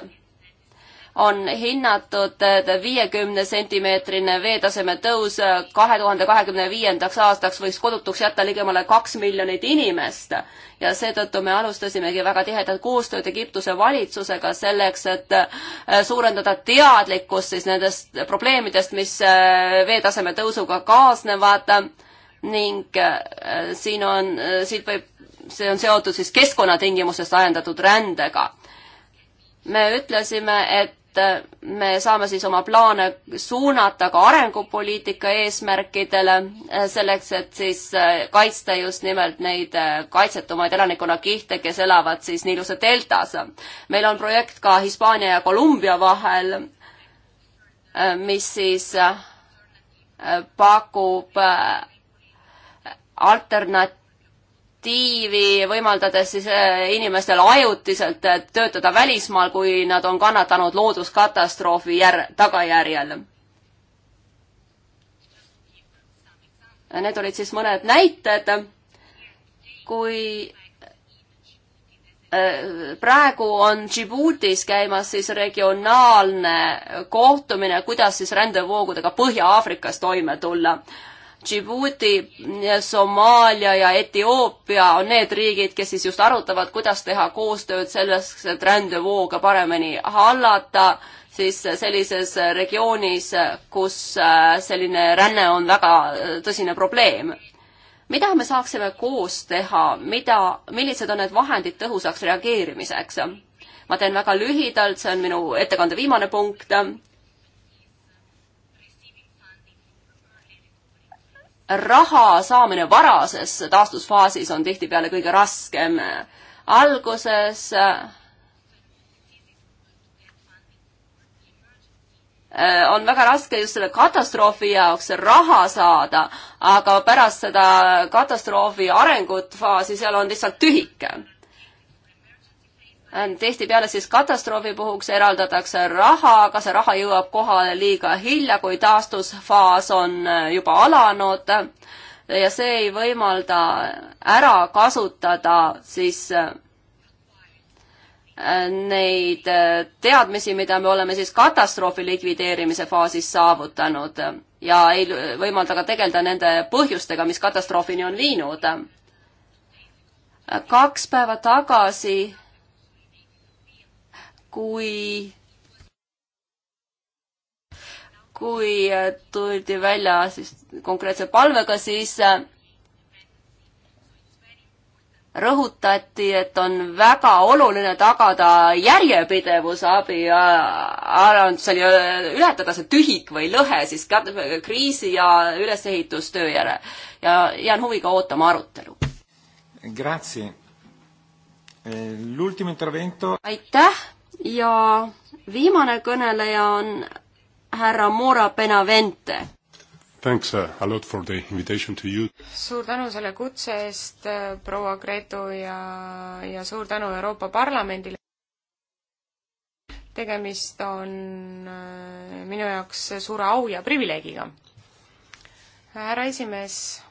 on hinnatud viiekümne sentimeetrine veetaseme tõus kahe tuhande kahekümne viiendaks aastaks võiks kodutuks jätta ligemale kaks miljonit inimest. ja seetõttu me alustasimegi väga tihedat koostööd Egiptuse valitsusega selleks, et äh, suurendada teadlikkust siis nendest probleemidest, mis äh, veetaseme tõusuga kaasnevad ning äh, siin on, siit võib, see on seotud siis keskkonnatingimustest ajendatud rändega me ütlesime, et Äh, me saame siis oma plaane suunata ka arengupoliitika eesmärkidele, äh, selleks et siis äh, kaitsta just nimelt neid kaitsetumaid elanikkonnakihte, kes elavad siis Niiluse deltas. meil on projekt ka Hispaania ja Kolumbia vahel, mis siis pakub alternat-, alternatiivi, võimaldades siis äh, inimestel ajutiselt äh, töötada välismaal, kui nad on kannatanud looduskatastroofi jär-, tagajärjel. Need olid siis mõned näited, kui äh, praegu on Djiboutis käimas siis regionaalne kohtumine, kuidas siis rändevoogudega Põhja-Aafrikas toime tulla. Djibouti, Somaalia ja Etioopia on need riigid, kes siis just arutavad, kuidas teha koostööd selleks, et rändevooga paremini hallata, siis sellises regioonis, kus äh, selline ränne on väga äh, tõsine probleem. mida me saaksime koos teha, mida, millised on need vahendid tõhusaks reageerimiseks? ma teen väga lühidalt, see on minu ettekande viimane punkt raha saamine varases taastusfaasis on tihtipeale kõige raskem. alguses äh, on väga raske just selle katastroofi jaoks raha saada, aga pärast seda katastroofi arengut faasi seal on lihtsalt tühike tihtipeale siis katastroofi puhuks eraldatakse raha, aga see raha jõuab kohale liiga hilja, kui taastusfaas on äh, juba alanud ja see ei võimalda ära kasutada siis äh, neid äh, teadmisi, mida me oleme siis katastroofi likvideerimise faasis saavutanud ja ei võimalda ka tegeleda nende põhjustega, mis katastroofini on viinud. kaks päeva tagasi kui, kui tuldi välja siis konkreetse palvega, siis äh, rõhutati, et on väga oluline tagada järjepidevus abi ja äh, see oli äh, ületada see tühik või lõhe siis kriisi ja ülesehitustöö järel ja jään huviga ootama arutelu. Grazie. Eh, l'ultimo intervento. aitäh ja viimane kõneleja on härra Mora Benavente. Thanks uh, a lot for the invitation to you. suur tänu selle kutse eest, uh, proua Gretu ja, ja suur tänu Euroopa Parlamendile. tegemist on uh, minu jaoks suure au ja privileegiga. härra esimees,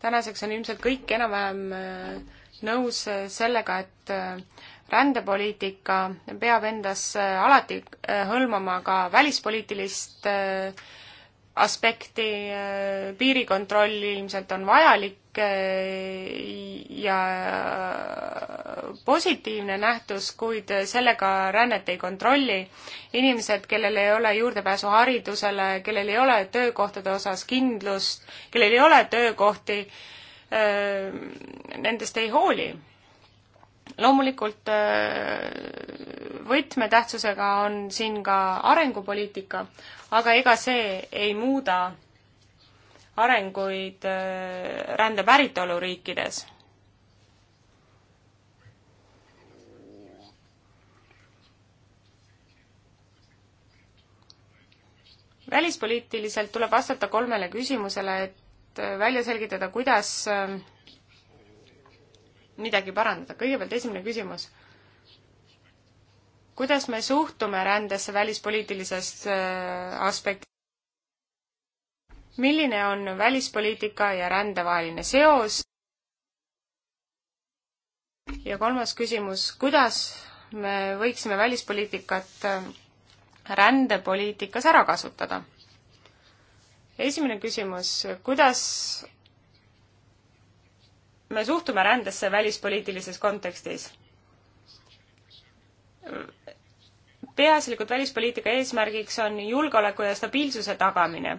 tänaseks on ilmselt kõik enam-vähem nõus sellega, et rändepoliitika peab endas äh, alati äh, hõlmama ka välispoliitilist äh, aspekti, piirikontroll ilmselt on vajalik ja positiivne nähtus, kuid sellega rännet ei kontrolli. inimesed, kellel ei ole juurdepääsu haridusele, kellel ei ole töökohtade osas kindlust, kellel ei ole töökohti, nendest ei hooli loomulikult äh, võtmetähtsusega on siin ka arengupoliitika, aga ega see ei muuda arenguid äh, rände päritoluriikides. välispoliitiliselt tuleb vastata kolmele küsimusele, et äh, välja selgitada, kuidas midagi parandada. kõigepealt esimene küsimus. kuidas me suhtume rändesse välispoliitilisest äh, aspektist? milline on välispoliitika ja rände vaheline seos? ja kolmas küsimus, kuidas me võiksime välispoliitikat äh, rändepoliitikas ära kasutada? esimene küsimus, kuidas me suhtume rändesse välispoliitilises kontekstis? peaasjalikult välispoliitika eesmärgiks on julgeoleku ja stabiilsuse tagamine,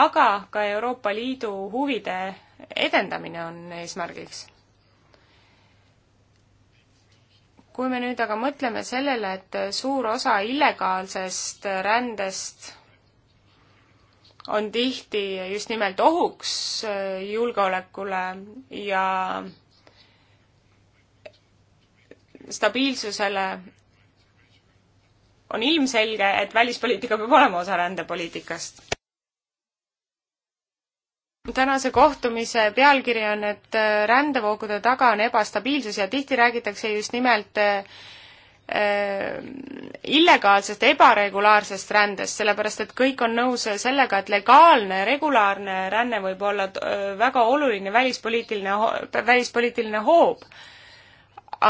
aga ka Euroopa Liidu huvide edendamine on eesmärgiks. kui me nüüd aga mõtleme sellele, et suur osa illegaalsest rändest on tihti just nimelt ohuks äh, julgeolekule ja stabiilsusele, on ilmselge, et välispoliitika peab olema osa rändepoliitikast. tänase kohtumise pealkiri on, et äh, rändevoogude taga on ebastabiilsus ja tihti räägitakse just nimelt äh, Äh, illegaalsest ebaregulaarsest rändest, sellepärast et kõik on nõus sellega, et legaalne, regulaarne ränne võib olla äh, väga oluline välispoliitiline, välispoliitiline hoob.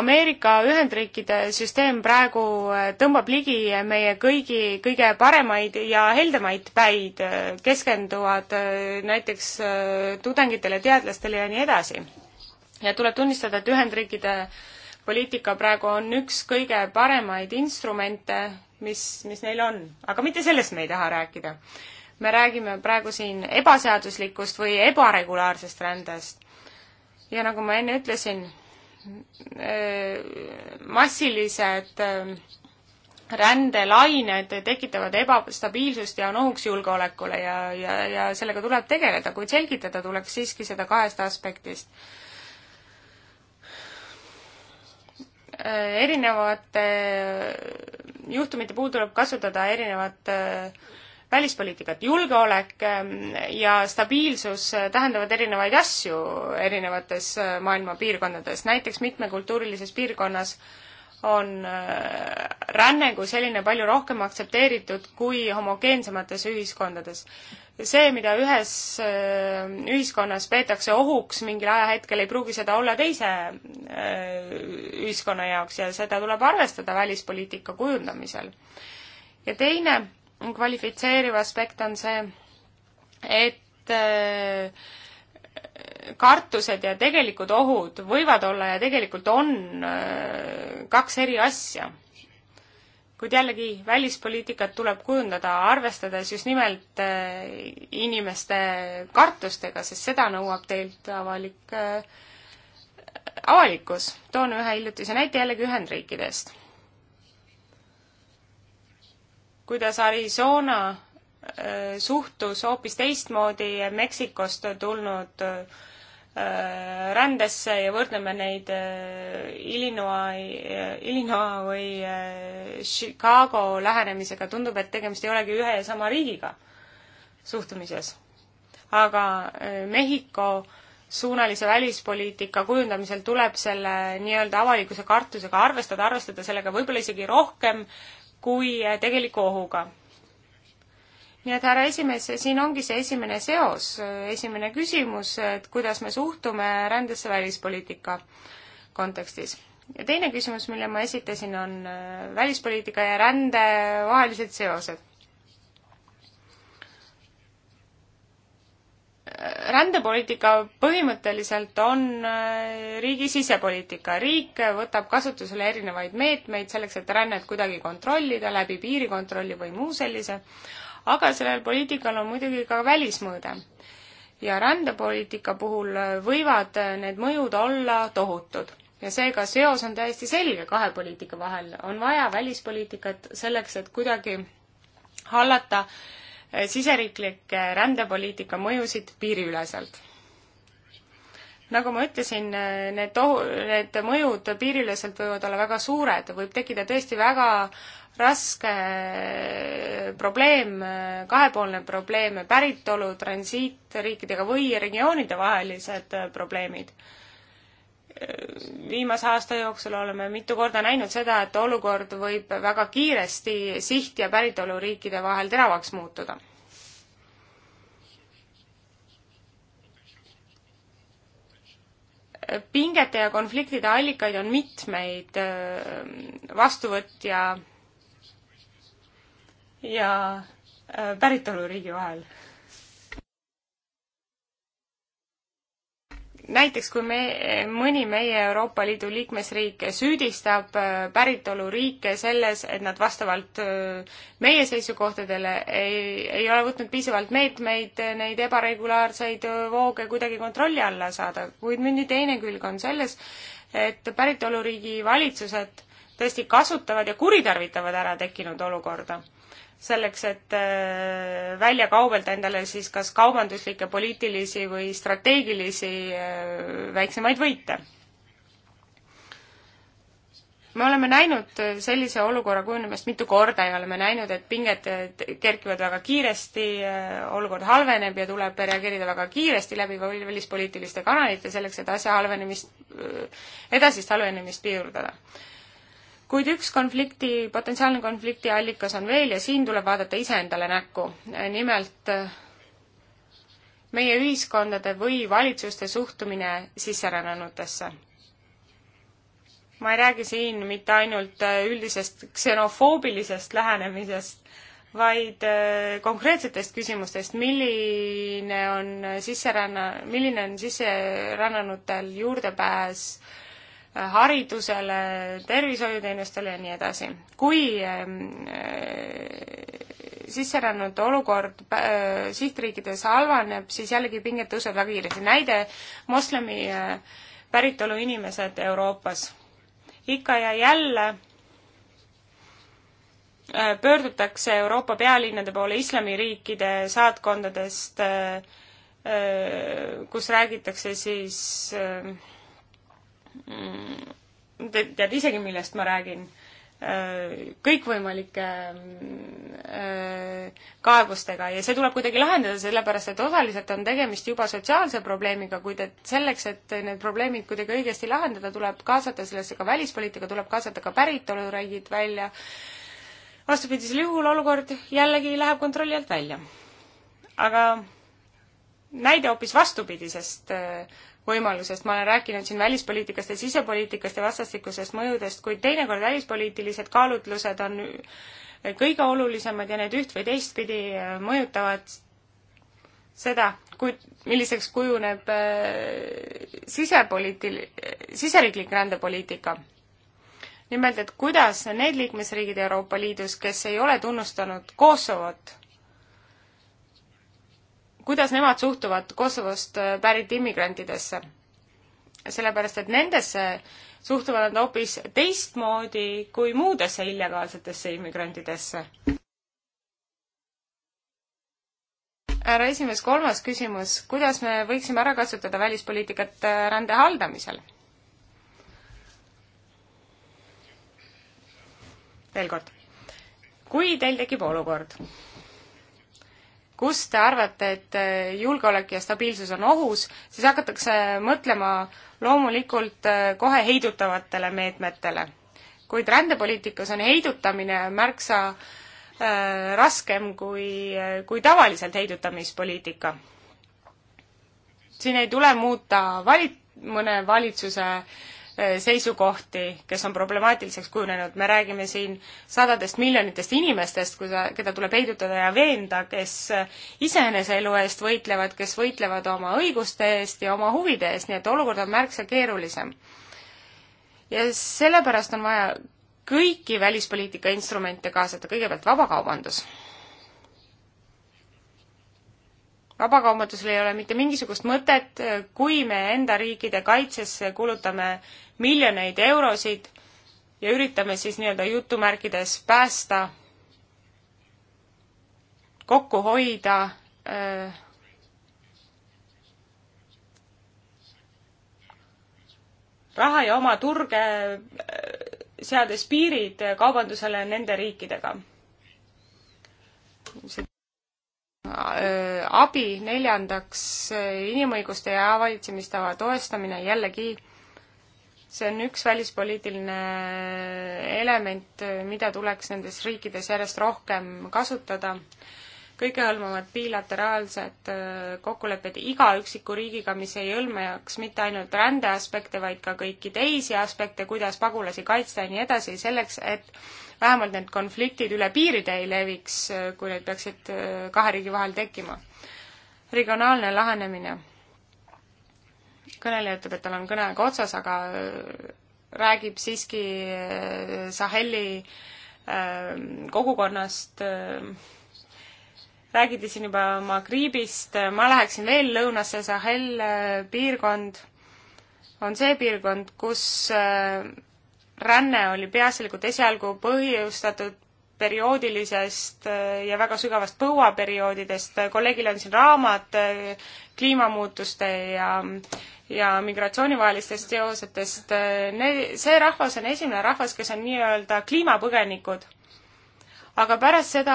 Ameerika Ühendriikide süsteem praegu äh, tõmbab ligi meie kõigi kõige paremaid ja heldemaid päid, keskenduvad näiteks tudengitele, teadlastele ja nii edasi. ja tuleb tunnistada, et Ühendriikide äh, poliitika praegu on üks kõige paremaid instrumente, mis, mis neil on, aga mitte sellest me ei taha rääkida. me räägime praegu siin ebaseaduslikust või ebaregulaarsest rändest. ja nagu ma enne ütlesin, äh, massilised äh, rändelained tekitavad ebastabiilsust ja on ohuks julgeolekule ja, ja, ja sellega tuleb tegeleda, kuid selgitada tuleks siiski seda kahest aspektist Äh, erinevate äh, juhtumite puhul tuleb kasutada erinevat äh, välispoliitikat. julgeolek ähm, ja stabiilsus tähendavad erinevaid asju erinevates maailma piirkondades, näiteks mitmekultuurilises piirkonnas on ränne kui selline palju rohkem aktsepteeritud kui homogeensemates ühiskondades see, mida ühes äh, ühiskonnas peetakse ohuks mingil ajahetkel, ei pruugi seda olla teise äh, ühiskonna jaoks ja seda tuleb arvestada välispoliitika kujundamisel. ja teine kvalifitseeriv aspekt on see, et äh, kartused ja tegelikud ohud võivad olla ja tegelikult on kaks eri asja kuid jällegi, välispoliitikat tuleb kujundada, arvestades just nimelt eh, inimeste kartustega, sest seda nõuab teilt avalik, eh, avalikkus. toon ühe hiljutise näite jällegi Ühendriikidest. kuidas Arizona eh, suhtus hoopis teistmoodi Meksikost tulnud äh, Äh, rändesse ja võrdleme neid äh, Illinois, äh, Illinois või Chicago lähenemisega, tundub, et tegemist ei olegi ühe ja sama riigiga suhtumises. aga Mehhiko suunalise välispoliitika kujundamisel tuleb selle nii-öelda avalikkuse kartusega arvestada, arvestada sellega võib-olla isegi rohkem kui tegeliku ohuga nii et härra esimees, siin ongi see esimene seos, esimene küsimus, et kuidas me suhtume rändesse välispoliitika kontekstis. ja teine küsimus, mille ma esitasin, on äh, välispoliitika ja rände vahelised seosed. Äh, rändepoliitika põhimõtteliselt on äh, riigi sisepoliitika. riik võtab kasutusele erinevaid meetmeid selleks, et rännet kuidagi kontrollida läbi piirikontrolli või muu sellise, aga sellel poliitikal on muidugi ka välismõõde. ja rändepoliitika puhul võivad need mõjud olla tohutud ja seega seos on täiesti selge kahe poliitika vahel. on vaja välispoliitikat selleks, et kuidagi hallata siseriiklikke rändepoliitika mõjusid piiriüleselt nagu ma ütlesin, need tohu-, need mõjud piiriüleselt võivad olla väga suured, võib tekkida tõesti väga raske äh, probleem, äh, kahepoolne probleem, päritolu, transiitriikidega või regioonidevahelised äh, probleemid. viimase aasta jooksul oleme mitu korda näinud seda, et olukord võib väga kiiresti siht- ja päritoluriikide vahel teravaks muutuda pingete ja konfliktide allikaid on mitmeid äh, vastuvõtja ja äh, päritoluriigi vahel näiteks kui me, mõni meie Euroopa Liidu liikmesriik süüdistab äh, päritoluriike selles, et nad vastavalt äh, meie seisukohtadele ei, ei ole võtnud piisavalt meetmeid äh, neid ebaregulaarseid vooge kuidagi kontrolli alla saada, kuid mündi teine külg on selles, et päritoluriigi valitsused tõesti kasutavad ja kuritarvitavad ära tekkinud olukorda selleks, et äh, välja kaubelda endale siis kas kaubanduslikke, poliitilisi või strateegilisi äh, väiksemaid võite. me oleme näinud äh, sellise olukorra kujunemist mitu korda ja oleme näinud, et pinged kerkivad väga kiiresti, olukord halveneb ja tuleb reageerida väga kiiresti läbi välispoliitiliste kanalite selleks, et asja halvenemist, edasist halvenemist piirduda kuid üks konflikti, potentsiaalne konflikti allikas on veel ja siin tuleb vaadata iseendale näkku. nimelt meie ühiskondade või valitsuste suhtumine sisserännanutesse. ma ei räägi siin mitte ainult äh, üldisest ksenofoobilisest lähenemisest, vaid äh, konkreetsetest küsimustest, milline on sisseränna, milline on sisserännanutel juurdepääs äh, haridusele, tervishoiuteenustele ja nii edasi. kui ähm, äh, sisserännute olukord äh, sihtriikides halvaneb, siis jällegi pinged tõusevad väga kiiresti. näide, moslemi äh, päritolu inimesed Euroopas. ikka ja jälle pöördutakse Euroopa pealinnade poole islamiriikide saatkondadest, kus räägitakse siis äh, Mm, te tead isegi, millest ma räägin, äh, kõikvõimalike äh, kaebustega ja see tuleb kuidagi lahendada, sellepärast et osaliselt on tegemist juba sotsiaalse probleemiga, kuid et selleks, et need probleemid kuidagi õigesti lahendada, tuleb kaasata sellesse ka välispoliitika, tuleb kaasata ka päritoluriigid välja. vastupidisel juhul olukord jällegi läheb kontrolli alt välja. aga näide hoopis vastupidisest äh, võimalusest, ma olen rääkinud siin välispoliitikast ja sisepoliitikast ja vastastikusest mõjudest, kuid teinekord välispoliitilised kaalutlused on kõige olulisemad ja need üht või teistpidi äh, mõjutavad seda, kui, milliseks kujuneb äh, sisepoliitil-, siseriiklik rändepoliitika. nimelt, et kuidas need liikmesriigid Euroopa Liidus, kes ei ole tunnustanud Kosovot, kuidas nemad suhtuvad Kosovost äh, pärit immigrantidesse. sellepärast, et nendesse suhtuvad nad hoopis teistmoodi kui muudesse illegaalsetesse immigrantidesse. härra esimees, kolmas küsimus, kuidas me võiksime ära kasutada välispoliitikat äh, rände haldamisel? veel kord, kui teil tekib olukord, kus te arvate, et eh, julgeolek ja stabiilsus on ohus, siis hakatakse mõtlema loomulikult eh, kohe heidutavatele meetmetele. kuid rändepoliitikas on heidutamine märksa äh, raskem kui, kui tavaliselt heidutamispoliitika. siin ei tule muuta valit-, mõne valitsuse äh, Eh, seisukohti, kes on problemaatiliseks kujunenud, me räägime siin sadadest miljonitest inimestest, kuida-, keda tuleb heidutada ja veenda, kes eh, iseenese elu eest võitlevad, kes võitlevad oma õiguste eest ja oma huvide eest, nii et olukord on märksa keerulisem. ja sellepärast on vaja kõiki välispoliitika instrumente kaasata, kõigepealt vabakaubandus vabakaubandusel ei ole mitte mingisugust mõtet, kui me enda riikide kaitsesse kulutame miljoneid eurosid ja üritame siis nii-öelda jutumärkides päästa, kokku hoida äh, raha ja oma turge äh, seades piirid kaubandusele nende riikidega. Äh, abi, neljandaks äh, inimõiguste ja valitsemistava toestamine, jällegi see on üks välispoliitiline element, äh, mida tuleks nendes riikides järjest rohkem kasutada. kõigehõlmavad bilateraalsed kokkulepped iga üksiku riigiga, mis ei hõlmaks mitte ainult rändeaspekte, vaid ka kõiki teisi aspekte, kuidas pagulasi kaitsta ja nii edasi, selleks et vähemalt need konfliktid üle piiride ei leviks, kui need peaksid äh, kahe riigi vahel tekkima. regionaalne lahenemine. kõneleja ütleb, et tal on kõne aega otsas, aga äh, räägib siiski äh, Saheli kogukonnast, räägiti siin juba Magriibist, ma läheksin veel lõunasse, Sahel piirkond on see piirkond, kus ränne oli peaasjalikult esialgu põhjustatud perioodilisest äh, ja väga sügavast põuaperioodidest. kolleegil on siin raamat äh, kliimamuutuste ja, ja migratsiooni vahelistest seosetest. Äh, see rahvas on esimene rahvas, kes on nii-öelda kliimapõgenikud. aga pärast seda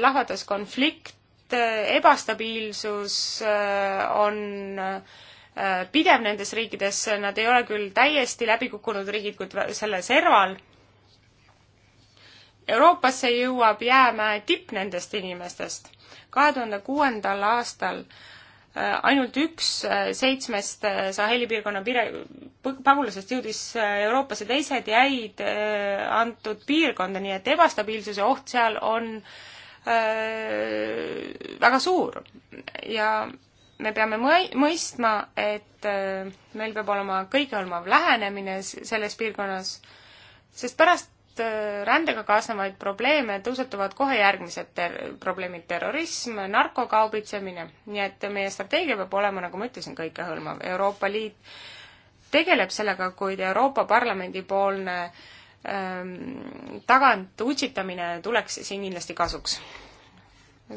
lahvatas konflikt, ebastabiilsus on äh, Äh, pidev nendes riikides, nad ei ole küll täiesti läbi kukkunud riigid, kuid selle serval. Euroopasse jõuab jäämäe tipp nendest inimestest. kahe tuhande kuuendal aastal äh, ainult üks äh, seitsmest Saheli piirkonna pire-, pagulasest jõudis Euroopasse, teised jäid antud piirkonda, nii et ebastabiilsuse oht seal on väga suur ja me peame mõistma, et äh, meil peab olema kõigehõlmav lähenemine selles piirkonnas, sest pärast äh, rändega kaasnevaid probleeme tõusetuvad kohe järgmised ter-, probleemid, terrorism, narkokaubitsemine, nii et meie strateegia peab olema, nagu ma ütlesin, kõikehõlmav. Euroopa Liit tegeleb sellega, kuid Euroopa Parlamendi poolne ähm, tagant utsitamine tuleks siin kindlasti kasuks.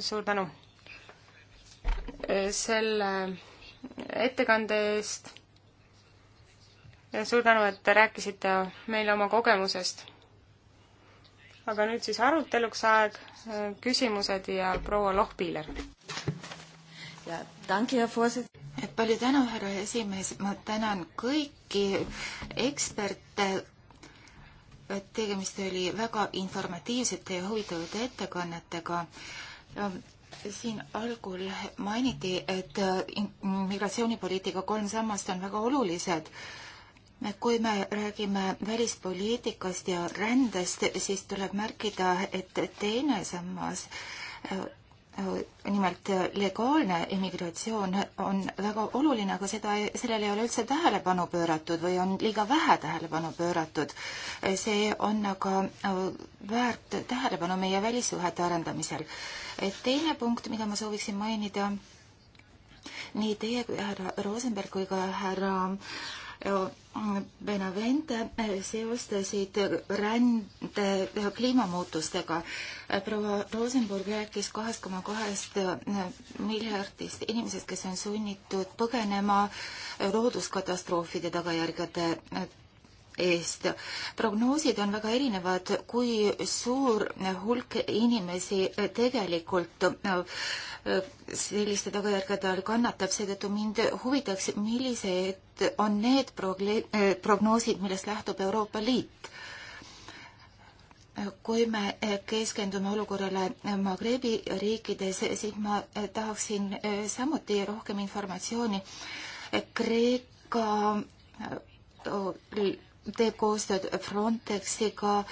suur tänu! selle ettekande eest ja suur tänu, et te rääkisite meile oma kogemusest. aga nüüd siis aruteluks aeg, küsimused ja proua Lohpiiler. ja tänki ja voorsit-. et palju tänu, härra esimees, ma tänan kõiki eksperte, tegemist oli väga informatiivsete ja huvitavate ettekannetega siin algul mainiti, et äh, migratsioonipoliitika kolm sammast on väga olulised. kui me räägime välispoliitikast ja rändest, siis tuleb märkida, et teine sammas äh, Äh, nimelt äh, legaalne immigratsioon on väga oluline, aga seda, sellele ei ole üldse tähelepanu pööratud või on liiga vähe tähelepanu pööratud. Äh, see on aga väärt tähelepanu meie välissuhete arendamisel. teine punkt, mida ma sooviksin mainida, nii teie, härra Rosenberg, kui ka härra Benavente eh, seostasid rände eh, kliimamuutustega. Eh, proua Rosenburg rääkis kahest koma kahest miljardist inimesest, kes on sunnitud põgenema looduskatastroofide tagajärgede eest. prognoosid on väga erinevad, kui suur hulk inimesi tegelikult selliste tagajärgede all kannatab, seetõttu mind huvitaks, millised on need prognoosid, millest lähtub Euroopa Liit kui me keskendume olukorrale Magrebi riikides, siis ma tahaksin samuti rohkem informatsiooni. Kreeka teeb koostööd Frontexiga,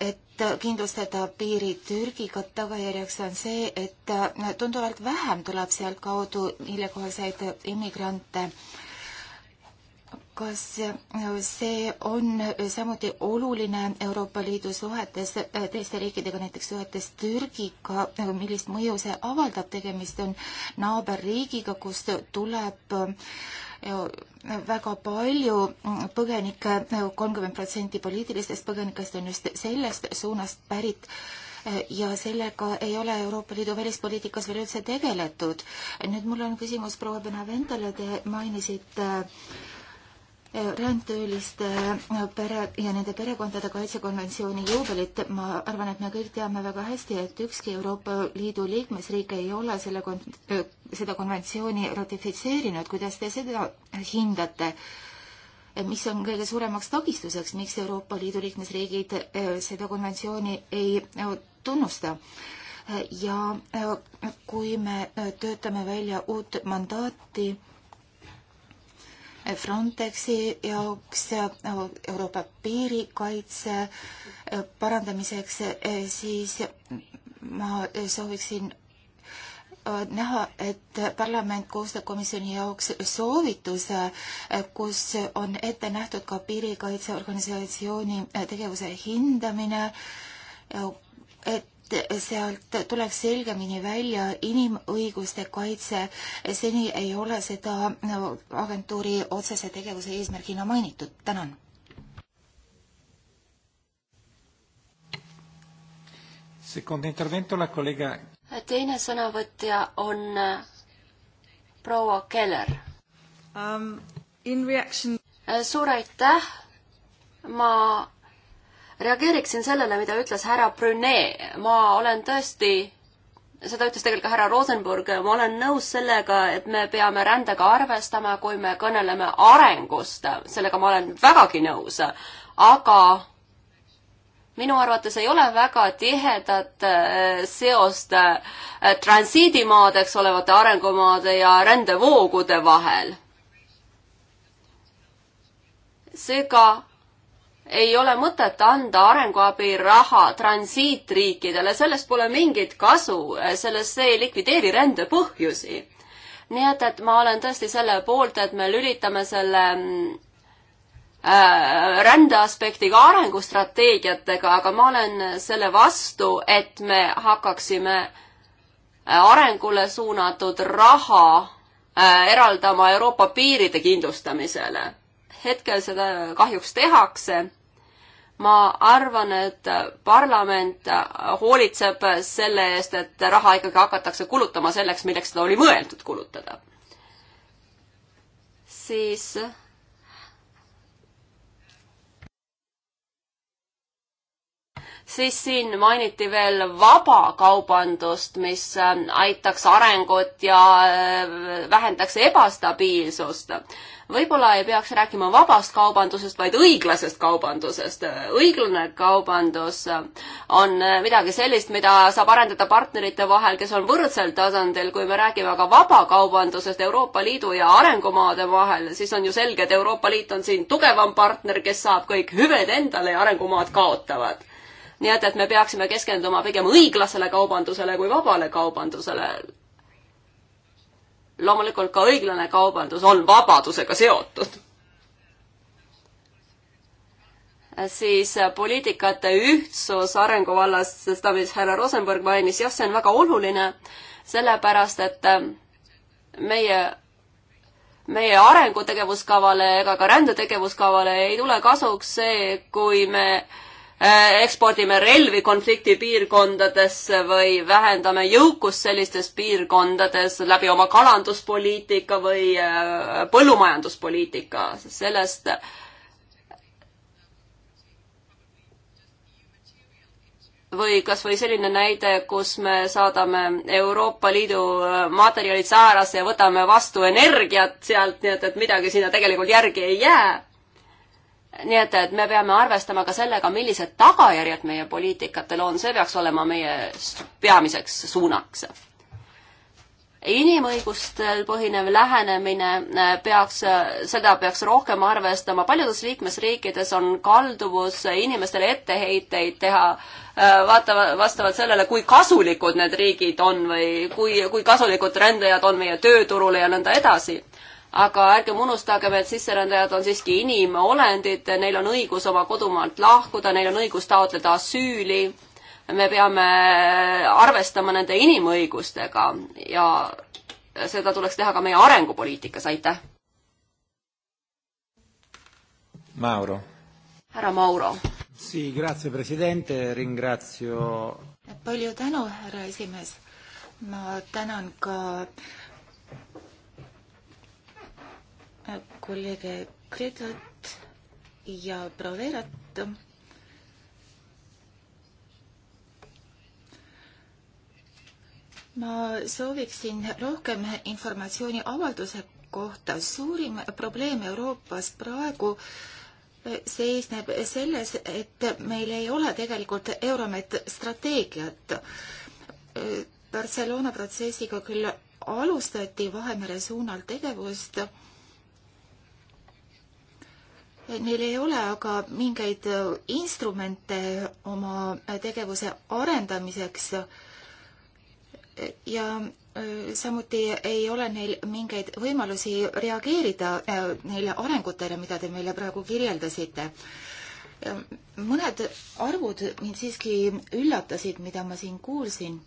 et kindlustada piiri Türgiga. tagajärjeks on see, et tunduvalt vähem tuleb sealtkaudu illegaalseid immigrante. kas see on samuti oluline Euroopa Liidu suhetes teiste riikidega, näiteks suhetes Türgiga, millist mõju see avaldab, tegemist on naaberriigiga, kust tuleb äh, väga palju põgenikke, kolmkümmend protsenti poliitilistest põgenikest on just sellest suunast pärit eh, ja sellega ei ole Euroopa Liidu välispoliitikas veel üldse tegeletud. nüüd mul on küsimus proua Benaventole, te mainisite äh, rändtööliste äh, pere ja nende perekondade kaitsekonventsiooni juubelit, ma arvan, et me kõik teame väga hästi, et ükski Euroopa Liidu liikmesriik ei ole selle kon-, äh, seda konventsiooni ratifitseerinud, kuidas te seda hindate? mis on kõige suuremaks takistuseks, miks Euroopa Liidu liikmesriigid äh, seda konventsiooni ei tunnusta? ja kui me töötame välja uut mandaati, Frontexi jaoks Euroopa piirikaitse parandamiseks, siis ma sooviksin näha, et parlament koostab komisjoni jaoks soovituse, kus on ette nähtud ka piirikaitseorganisatsiooni tegevuse hindamine, et et sealt tuleks selgemini välja inimõiguste kaitse. seni ei ole seda agentuuri otsese tegevuse eesmärgina mainitud. tänan. teine sõnavõtja on äh, proua Keller um,. Äh, suur aitäh, ma reageeriksin sellele, mida ütles härra Brünet. ma olen tõesti, seda ütles tegelikult ka härra Rosenburg, ma olen nõus sellega, et me peame rändega arvestama, kui me kõneleme arengust. sellega ma olen vägagi nõus. aga minu arvates ei ole väga tihedat äh, seost äh, transiidimaadeks olevate arengumaade ja rändevoogude vahel. seega ei ole mõtet anda arenguabi raha transiitriikidele, sellest pole mingit kasu, sellest see ei likvideeri rände põhjusi. nii et, et ma olen tõesti selle poolt, et me lülitame selle mm, äh, rändeaspektiga arengustrateegiatega, aga ma olen selle vastu, et me hakkaksime äh, arengule suunatud raha äh, eraldama Euroopa piiride kindlustamisele. hetkel seda kahjuks tehakse ma arvan, et parlament hoolitseb selle eest, et raha ikkagi hakatakse kulutama selleks, milleks seda oli mõeldud kulutada. siis siis siin mainiti veel vabakaubandust, mis äh, aitaks arengut ja äh, vähendaks ebastabiilsust. võib-olla ei peaks rääkima vabast kaubandusest, vaid õiglasest kaubandusest. õiglane kaubandus äh, on midagi sellist, mida saab arendada partnerite vahel, kes on võrdsel tasandil. kui me räägime aga vabakaubandusest Euroopa Liidu ja arengumaade vahel, siis on ju selge, et Euroopa Liit on siin tugevam partner, kes saab kõik hüved endale ja arengumaad kaotavad nii et, et me peaksime keskenduma pigem õiglasele kaubandusele kui vabale kaubandusele. loomulikult ka õiglane kaubandus on vabadusega seotud siis poliitikate ühtsus arengu vallas, seda, mis härra Rosenberg mainis, jah, see on väga oluline, sellepärast et meie, meie arengutegevuskavale ega ka rändetegevuskavale ei tule kasuks see, kui me äh, Äh, ekspordime relvi konfliktipiirkondadesse või vähendame jõukust sellistes piirkondades läbi oma kalanduspoliitika või äh, põllumajanduspoliitika, sellest või kas või selline näide, kus me saadame Euroopa Liidu äh, materjalid Saarasse ja võtame vastu energiat sealt, nii et, et midagi sinna tegelikult järgi ei jää nii et, et me peame arvestama ka sellega, millised tagajärjed meie poliitikatel on, see peaks olema meie peamiseks suunaks. inimõigustel põhinev lähenemine äh, peaks, seda peaks rohkem arvestama, paljudes liikmesriikides on kalduvus inimestele etteheiteid teha äh, vaata, vastavalt sellele, kui kasulikud need riigid on või kui, kui kasulikud rändajad on meie tööturule ja nõnda edasi aga ärgem unustagem, et sisserändajad on siiski inimolendid, neil on õigus oma kodumaalt lahkuda, neil on õigus taotleda asüüli. me peame arvestama nende inimõigustega ja seda tuleks teha ka meie arengupoliitikas, aitäh. Mauro. härra Mauro. Sì, grazie Presidente, ringrazio. palju tänu, härra esimees. ma tänan ka äh, kolleege Gretat ja Braverat. ma sooviksin rohkem informatsiooni avalduse kohta. suurim probleem Euroopas praegu seisneb selles, et meil ei ole tegelikult Euromet strateegiat. Barcelona protsessiga küll alustati Vahemere suunal tegevust Neil ei ole aga mingeid äh, instrumente oma äh, tegevuse arendamiseks ja äh, samuti ei ole neil mingeid võimalusi reageerida neile arengutele, mida te meile praegu kirjeldasite. mõned arvud mind siiski üllatasid, mida ma siin kuulsin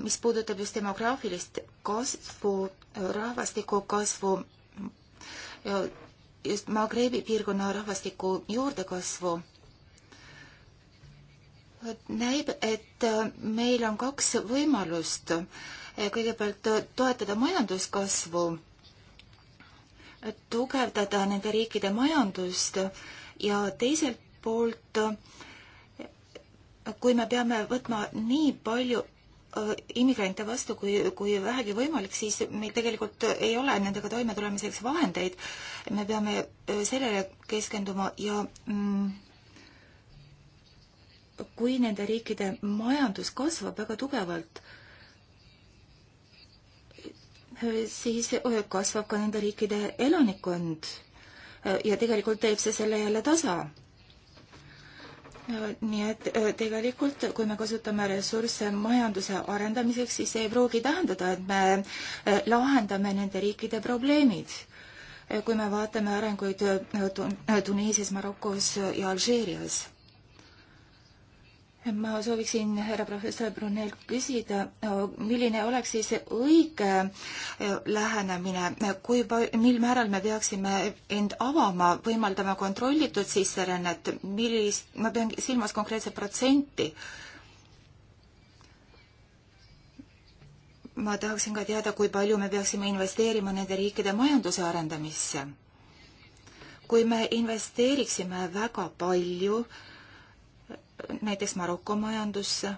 mis puudutab just demograafilist kasvu, rahvastiku kasvu, just Magrebi piirkonna rahvastiku juurdekasvu, näib, et äh, meil on kaks võimalust. Äh, kõigepealt toetada majanduskasvu, tugevdada nende riikide majandust ja teiselt poolt, äh, kui me peame võtma nii palju Äh, immigrante vastu, kui, kui vähegi võimalik, siis meil tegelikult ei ole nendega toimetulemiseks vahendeid. me peame äh, sellele keskenduma ja mm, kui nende riikide majandus kasvab väga tugevalt, äh, siis kasvab ka nende riikide elanikkond ja tegelikult teeb see selle jälle tasa nii et äh, tegelikult, kui me kasutame ressursse majanduse arendamiseks, siis see ei pruugi tähendada, et me äh, lahendame nende riikide probleemid. Äh, kui me vaatame arenguid Tuniisias, Marokos ja Alžeerias ma sooviksin härra professor Brunel küsida, milline oleks siis õige äh, lähenemine, kui, mil määral me peaksime end avama, võimaldama kontrollitud sisserännet, millist, ma pean silmas konkreetset protsenti. ma tahaksin ka teada, kui palju me peaksime investeerima nende riikide majanduse arendamisse. kui me investeeriksime väga palju, näiteks Maroko majandusse,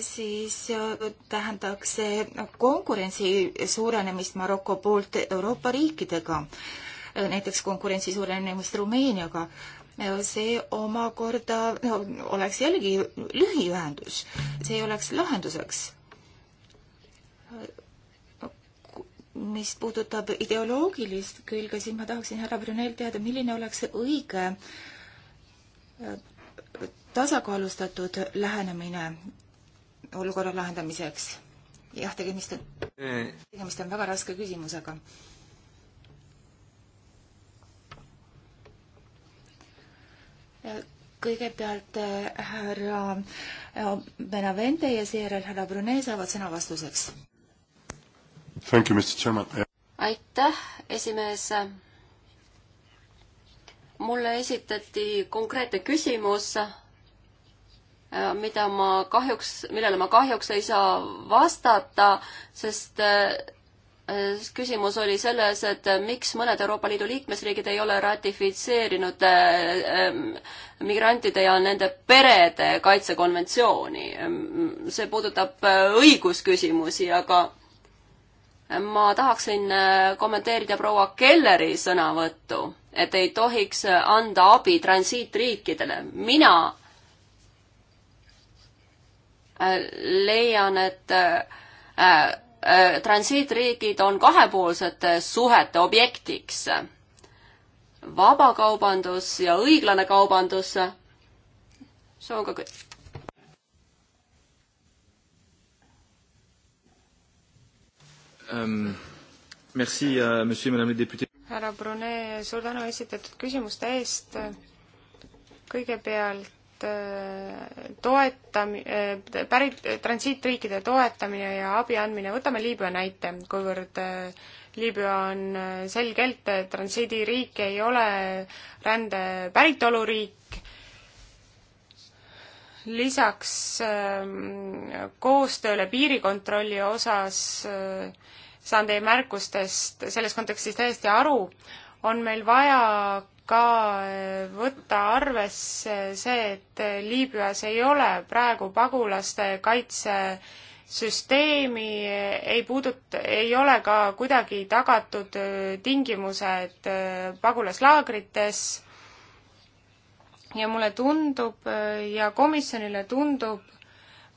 siis äh, tähendaks see konkurentsi suurenemist Maroko poolt Euroopa riikidega, äh, näiteks konkurentsi suurenemist Rumeeniaga. Äh, see omakorda no, oleks jällegi lühiühendus, see ei oleks lahenduseks mis puudutab ideoloogilist külge, siis ma tahaksin härra Brunel teada, milline oleks õige äh, tasakaalustatud lähenemine olukorra lahendamiseks? jah, tegemist on, eh. tegemist on väga raske küsimusega. kõigepealt äh, härra äh, Benavente ja seejärel härra Brune saavad sõna vastuseks aitäh, esimees. mulle esitati konkreetne küsimus, mida ma kahjuks, millele ma kahjuks ei saa vastata, sest äh, küsimus oli selles, et miks mõned Euroopa Liidu liikmesriigid ei ole ratifitseerinud äh, migrantide ja nende perede kaitsekonventsiooni. see puudutab õigusküsimusi, aga ma tahaksin äh, kommenteerida proua Kelleri sõnavõttu, et ei tohiks äh, anda abi transiitriikidele. mina äh, leian, et transiitriigid on kahepoolsete suhete objektiks. vabakaubandus ja õiglane kaubandus, see on ka kõik Um, merci, uh, monsieur, madame les députés. härra Brune, suur tänu esitatud küsimuste eest. kõigepealt äh, toetam-, äh, pärit, transiitriikide toetamine ja abi andmine, võtame Liibüa näite, kuivõrd äh, Liibüa on selgelt transiidiriik, ei ole rände päritoluriik lisaks ähm, koostööle piirikontrolli osas saan teie märkustest selles kontekstis täiesti aru, on meil vaja ka eh, võtta arvesse see, et Liibüas ei ole praegu pagulaste kaitsesüsteemi, ei puudut-, ei ole ka kuidagi tagatud eh, tingimused eh, pagulaslaagrites ja mulle tundub ja komisjonile tundub,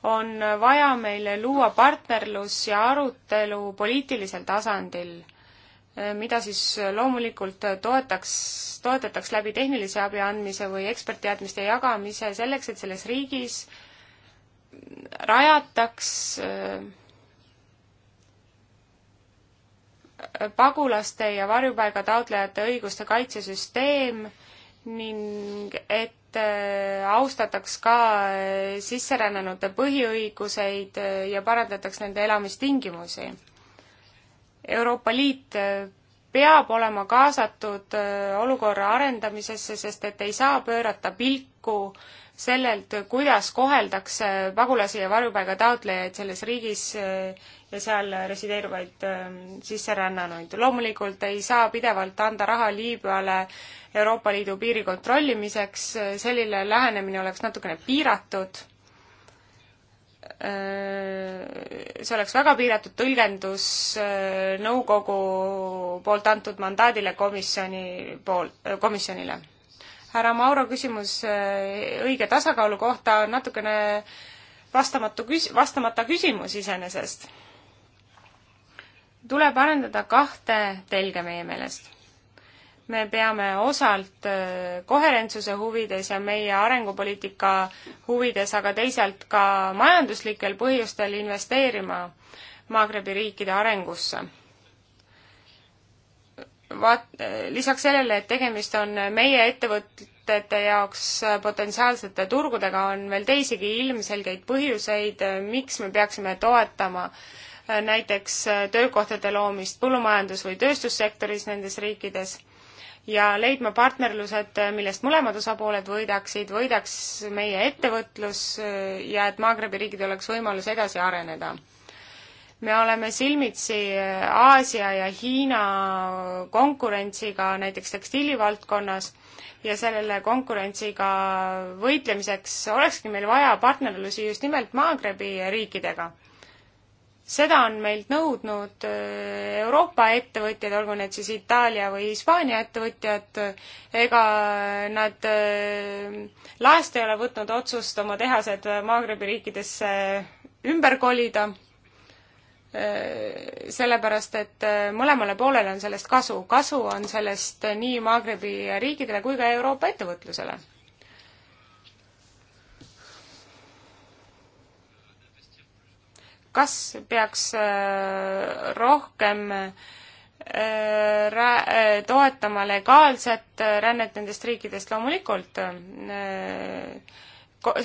on vaja meile luua partnerlus ja arutelu poliitilisel tasandil, eh, mida siis loomulikult toetaks, toetataks läbi tehnilise abi andmise või ekspertteadmiste jagamise selleks, et selles riigis rajataks eh, pagulaste ja varjupaiga taotlejate õiguste kaitsesüsteem ning et et äh, austataks ka äh, sisserännanute põhiõiguseid äh, ja parandataks nende elamistingimusi. Euroopa Liit peab olema kaasatud olukorra arendamisesse, sest et ei saa pöörata pilku äh, sellelt, kuidas koheldakse pagulasi ja varjupaiga taotlejaid selles riigis eh, ja seal resideeruvaid eh, sisserännanuid. loomulikult ei saa pidevalt anda raha Liibüale Euroopa Liidu piiri kontrollimiseks, eh, selline lähenemine oleks natukene piiratud. See oleks väga piiratud tõlgendus nõukogu poolt antud mandaadile komisjoni pool, komisjonile härra Mauro küsimus äh, õige tasakaalu kohta on natukene vastamatu küs-, vastamata küsimus iseenesest. tuleb arendada kahte telge meie meelest. me peame osalt äh, koherentsuse huvides ja meie arengupoliitika huvides, aga teisalt ka majanduslikel põhjustel investeerima Maagrebi riikide arengusse vaat-, lisaks sellele, et tegemist on meie ettevõtete jaoks potentsiaalsete turgudega, on veel teisigi ilmselgeid põhjuseid, miks me peaksime toetama äh, näiteks äh, töökohtade loomist põllumajandus- või tööstussektoris nendes riikides ja leidma partnerlused, äh, millest mõlemad osapooled võidaksid, võidaks meie ettevõtlus ja et Maagrebi riigid oleks võimalus edasi areneda me oleme silmitsi äh, Aasia ja Hiina konkurentsiga näiteks tekstiilivaldkonnas ja sellele konkurentsiga võitlemiseks olekski meil vaja partnerlusi just nimelt Maagrebi riikidega. seda on meilt nõudnud äh, Euroopa ettevõtjad, olgu need siis Itaalia või Hispaania ettevõtjad, äh, ega nad laest ei ole võtnud otsust oma tehased Maagrebi riikidesse ümber kolida Äh, sellepärast, et äh, mõlemale poolele on sellest kasu. kasu on sellest nii Maagrebi riikidele kui ka Euroopa ettevõtlusele. kas peaks äh, rohkem rää-, toetama legaalset rännet nendest riikidest, loomulikult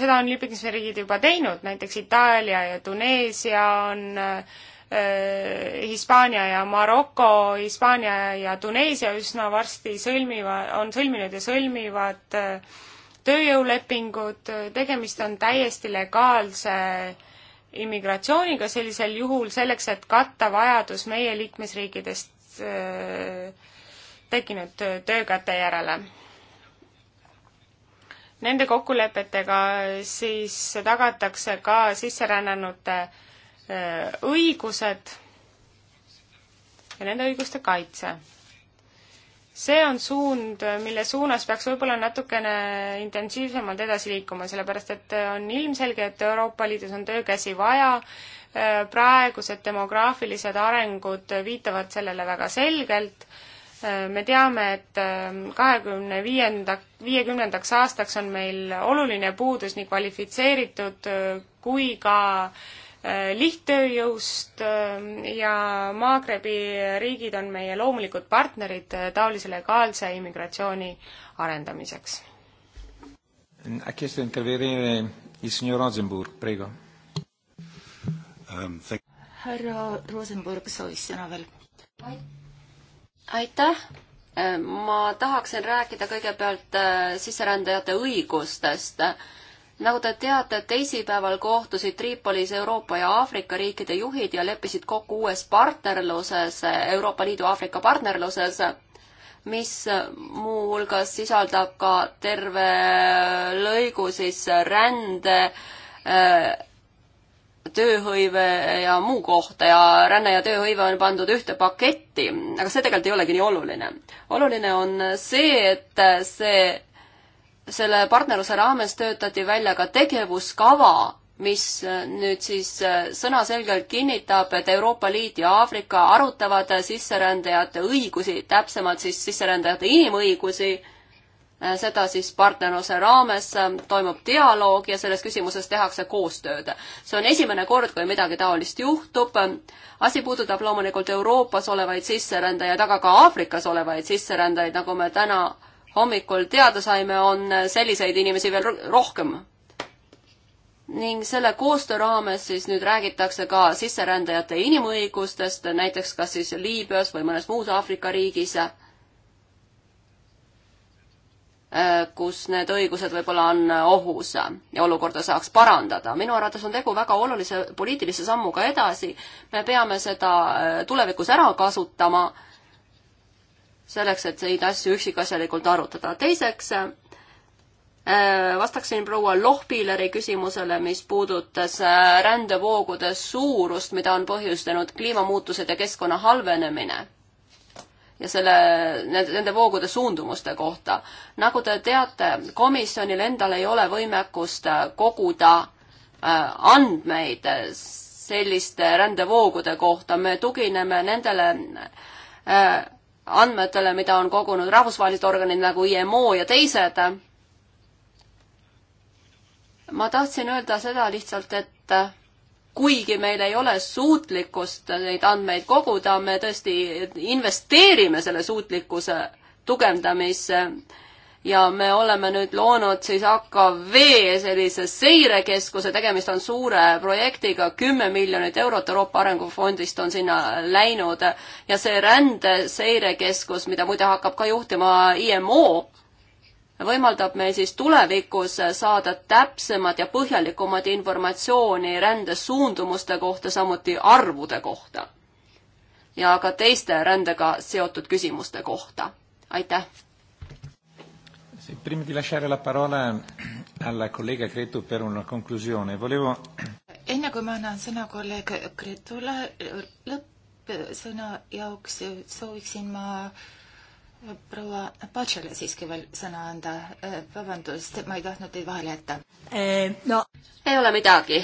seda on liikmesriigid juba teinud, näiteks Itaalia ja Tuneesia on äh, Äh, Hispaania ja Maroko, Hispaania ja Tuneesia üsna varsti sõlmivad, on sõlminud ja sõlmivad äh, tööjõulepingud, tegemist on täiesti legaalse immigratsiooniga sellisel juhul, selleks et katta vajadus meie liikmesriikidest äh, tekkinud töökäte järele. Nende kokkulepetega siis tagatakse ka sisserännanute Äh, õigused ja nende õiguste kaitse. see on suund, mille suunas peaks võib-olla natukene intensiivsemalt edasi liikuma, sellepärast et äh, on ilmselge, et Euroopa Liidus on töökäsi vaja, äh, praegused demograafilised arengud viitavad sellele väga selgelt, me teame, et kahekümne viienda, viiekümnendaks aastaks on meil oluline puudus nii kvalifitseeritud kui ka äh, Äh, lihttööjõust äh, ja Maagrebi riigid on meie loomulikud partnerid äh, taolise legaalse immigratsiooni arendamiseks. Um, härra Rosenburg soovis sõna veel. aitäh ma tahaksin rääkida kõigepealt sisserändajate õigustest nagu te teate, teisipäeval kohtusid Tripolis Euroopa ja Aafrika riikide juhid ja leppisid kokku uues partnerluses, Euroopa Liidu Aafrika partnerluses, mis muuhulgas sisaldab ka terve lõigu siis rände äh, tööhõive ja muu kohta ja ränne ja tööhõive on pandud ühte paketti, aga see tegelikult ei olegi nii oluline. oluline on see, et see selle partnerluse raames töötati välja ka tegevuskava, mis äh, nüüd siis äh, sõnaselgelt kinnitab, et Euroopa Liit ja Aafrika arutavad äh, sisserändajate õigusi, täpsemalt siis sisserändajate inimõigusi, seda siis partnerluse raames toimub dialoog ja selles küsimuses tehakse koostööd. see on esimene kord, kui midagi taolist juhtub. asi puudutab loomulikult Euroopas olevaid sisserändajaid, aga ka Aafrikas olevaid sisserändajaid, nagu me täna hommikul teada saime, on selliseid inimesi veel rohkem. ning selle koostöö raames siis nüüd räägitakse ka sisserändajate inimõigustest, näiteks kas siis Liibüas või mõnes muus Aafrika riigis, äh, kus need õigused võib-olla on ohus ja olukorda saaks parandada. minu arvates on tegu väga olulise poliitilise sammuga edasi, me peame seda äh, tulevikus ära kasutama selleks, et neid asju üksikasjalikult arutada. teiseks äh, vastaksin proua Lohpilleri küsimusele, mis puudutas äh, rändevoogude suurust, mida on põhjustanud kliimamuutused ja keskkonna halvenemine ja selle, nende, nende voogude suundumuste kohta. nagu te teate, komisjonil endal ei ole võimekust äh, koguda andmeid selliste rändevoogude kohta, me tugineme nendele andmetele, mida on kogunud rahvusvahelised organid nagu IMO ja teised. ma tahtsin öelda seda lihtsalt, et kuigi meil ei ole suutlikkust neid andmeid koguda, me tõesti investeerime selle suutlikkuse tugevdamisse ja me oleme nüüd loonud siis AKV sellise seirekeskuse, tegemist on suure projektiga, kümme miljonit eurot Euroopa Arengufondist on sinna läinud ja see rändeseirekeskus, mida muide hakkab ka juhtima IMO, võimaldab meil siis tulevikus saada täpsemad ja põhjalikumad informatsiooni rändesuundumuste kohta, samuti arvude kohta ja ka teiste rändega seotud küsimuste kohta. aitäh! Sì, prima di lasciare la parola alla collega Cretu per una conclusione, volevo... enne kui ma annan sõna kolleeg Kretule lõppsõna jaoks, sooviksin ma proua Patsale siiski veel sõna anda. vabandust, ma ei tahtnud teid vahele jätta. Eh, no ei ole midagi.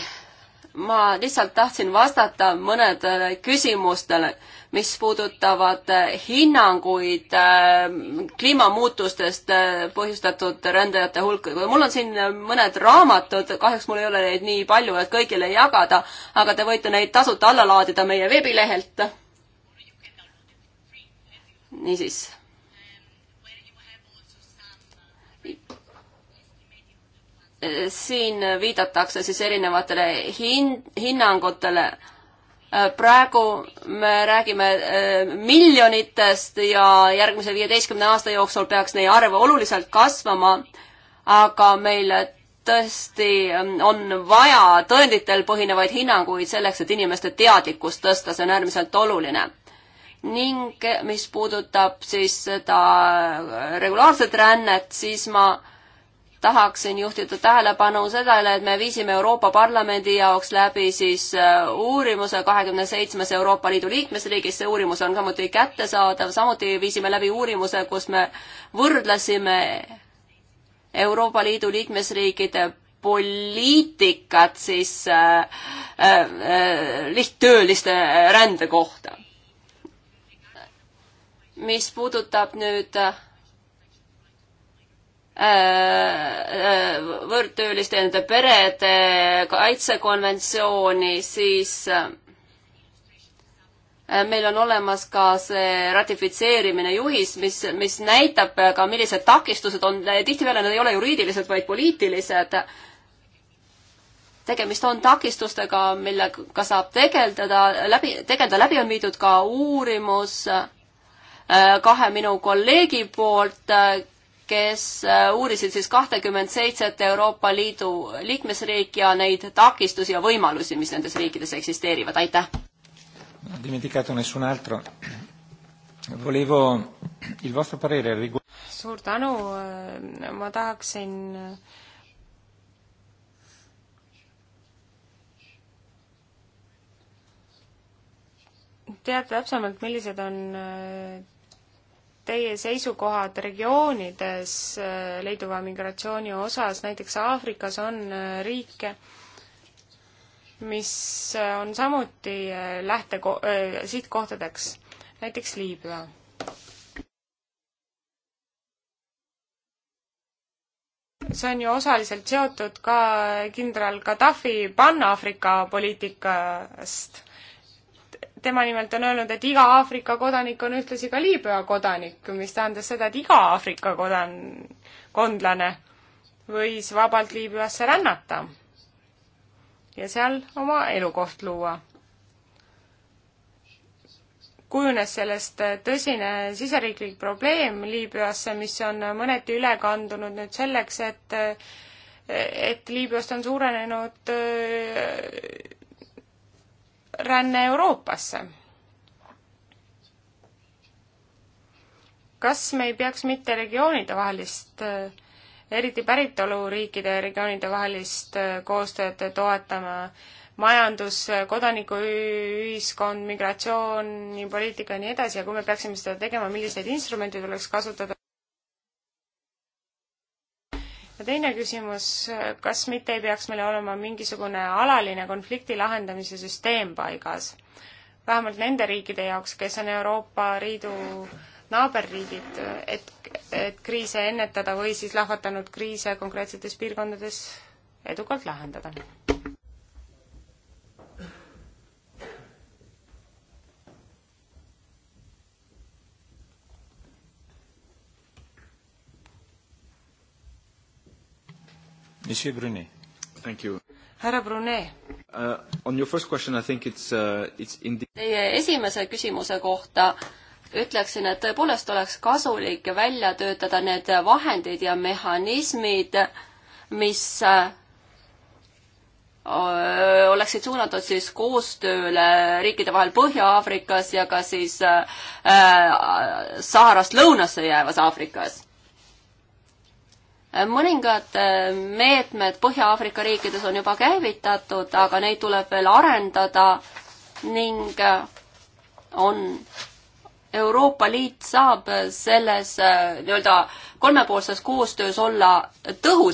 ma lihtsalt tahtsin vastata mõnedele küsimustele mis puudutavad äh, hinnanguid äh, kliimamuutustest äh, põhjustatud rändajate hulka. mul on siin mõned raamatud, kahjuks mul ei ole neid nii palju, et kõigile jagada, aga te võite neid tasuta alla laadida meie veebilehelt. niisiis. siin viidatakse siis erinevatele hin-, hinnangutele Äh, praegu me räägime äh, miljonitest ja järgmise viieteistkümne aasta jooksul peaks neie arv oluliselt kasvama, aga meil tõesti ähm, on vaja tõenditel põhinevaid hinnanguid selleks, et inimeste teadlikkust tõsta, see on äärmiselt oluline. ning mis puudutab siis seda äh, regulaarset rännet, siis ma äh, tahaksin juhtida tähelepanu sellele, et me viisime Euroopa Parlamendi jaoks läbi siis äh, uurimuse kahekümne seitsmes Euroopa Liidu liikmesriigis, see uurimus on samuti kättesaadav, samuti viisime läbi uurimuse, kus me võrdlesime Euroopa Liidu liikmesriikide poliitikat siis äh, äh, lihttööliste äh, rände kohta. mis puudutab nüüd äh, võrdtööliste ja nende perede kaitsekonventsiooni, siis äh, meil on olemas ka see ratifitseerimine juhis, mis, mis näitab ka, millised takistused on, tihtipeale need ei ole juriidilised, vaid poliitilised. tegemist on takistustega, millega saab tegeldada, läbi, tegeleda, läbi on viidud ka uurimus äh, kahe minu kolleegi poolt, äh, kes äh, uurisid siis kahtekümmet seitset Euroopa Liidu liikmesriiki ja neid takistusi ja võimalusi, mis nendes riikides eksisteerivad, aitäh! suur tänu, ma tahaksin äh, tead täpsemalt, millised on äh, teie seisukohad regioonides äh, leiduva migratsiooni osas, näiteks Aafrikas on äh, riike, mis äh, on samuti lähteko-, äh, sihtkohtadeks, näiteks Liibüa. see on ju osaliselt seotud ka kindral Gaddafi Pan-Aafrika poliitikast tema nimelt on öelnud, et iga Aafrika kodanik on ühtlasi ka Liibüa kodanik, mis tähendas seda, et iga Aafrika kodan-, kondlane võis vabalt Liibüasse rännata ja seal oma elukoht luua. kujunes sellest tõsine siseriiklik probleem Liibüasse, mis on mõneti üle kandunud nüüd selleks, et et Liibüast on suurenenud ränne Euroopasse. kas me ei peaks mitte regioonide vahelist, äh, eriti päritoluriikide ja regioonide vahelist äh, koostööd toetama, majandus, äh, kodanikuühiskond, migratsioonipoliitika ja nii edasi ja kui me peaksime seda tegema, milliseid instrumente tuleks kasutada? ja teine küsimus, kas mitte ei peaks meil olema mingisugune alaline konflikti lahendamise süsteem paigas? vähemalt nende riikide jaoks, kes on Euroopa Liidu naaberriigid, et, et kriise ennetada või siis lahvatanud kriise konkreetsetes piirkondades edukalt lahendada. Monsieur Brunet. Thank you. härra Brunet uh,. On your first question, I think it's uh,, it's in the Teie esimese küsimuse kohta ütleksin, et tõepoolest oleks kasulik välja töötada need vahendid ja mehhanismid, mis uh, oleksid suunatud siis koostööle riikide vahel Põhja-Aafrikas ja ka siis äh, Saharast lõunasse jäävas Aafrikas mõningad äh, meetmed Põhja-Aafrika riikides on juba käivitatud, aga neid tuleb veel arendada ning äh, on Euroopa Liit saab selles äh, nii-öelda kolmepoolses koostöös olla tõhus.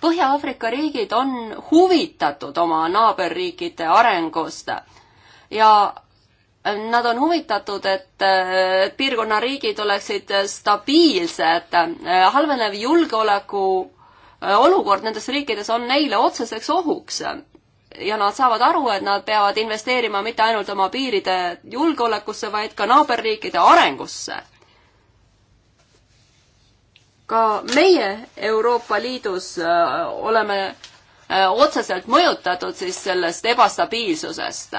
Põhja-Aafrika riigid on huvitatud oma naaberriikide arengust ja Nad on huvitatud, et piirkonna riigid oleksid stabiilsed, halvenev julgeoleku äh, olukord nendes riikides on neile otseseks ohuks ja nad saavad aru, et nad peavad investeerima mitte ainult oma piiride julgeolekusse, vaid ka naaberriikide arengusse. ka meie Euroopa Liidus äh, oleme äh, otseselt mõjutatud siis sellest ebastabiilsusest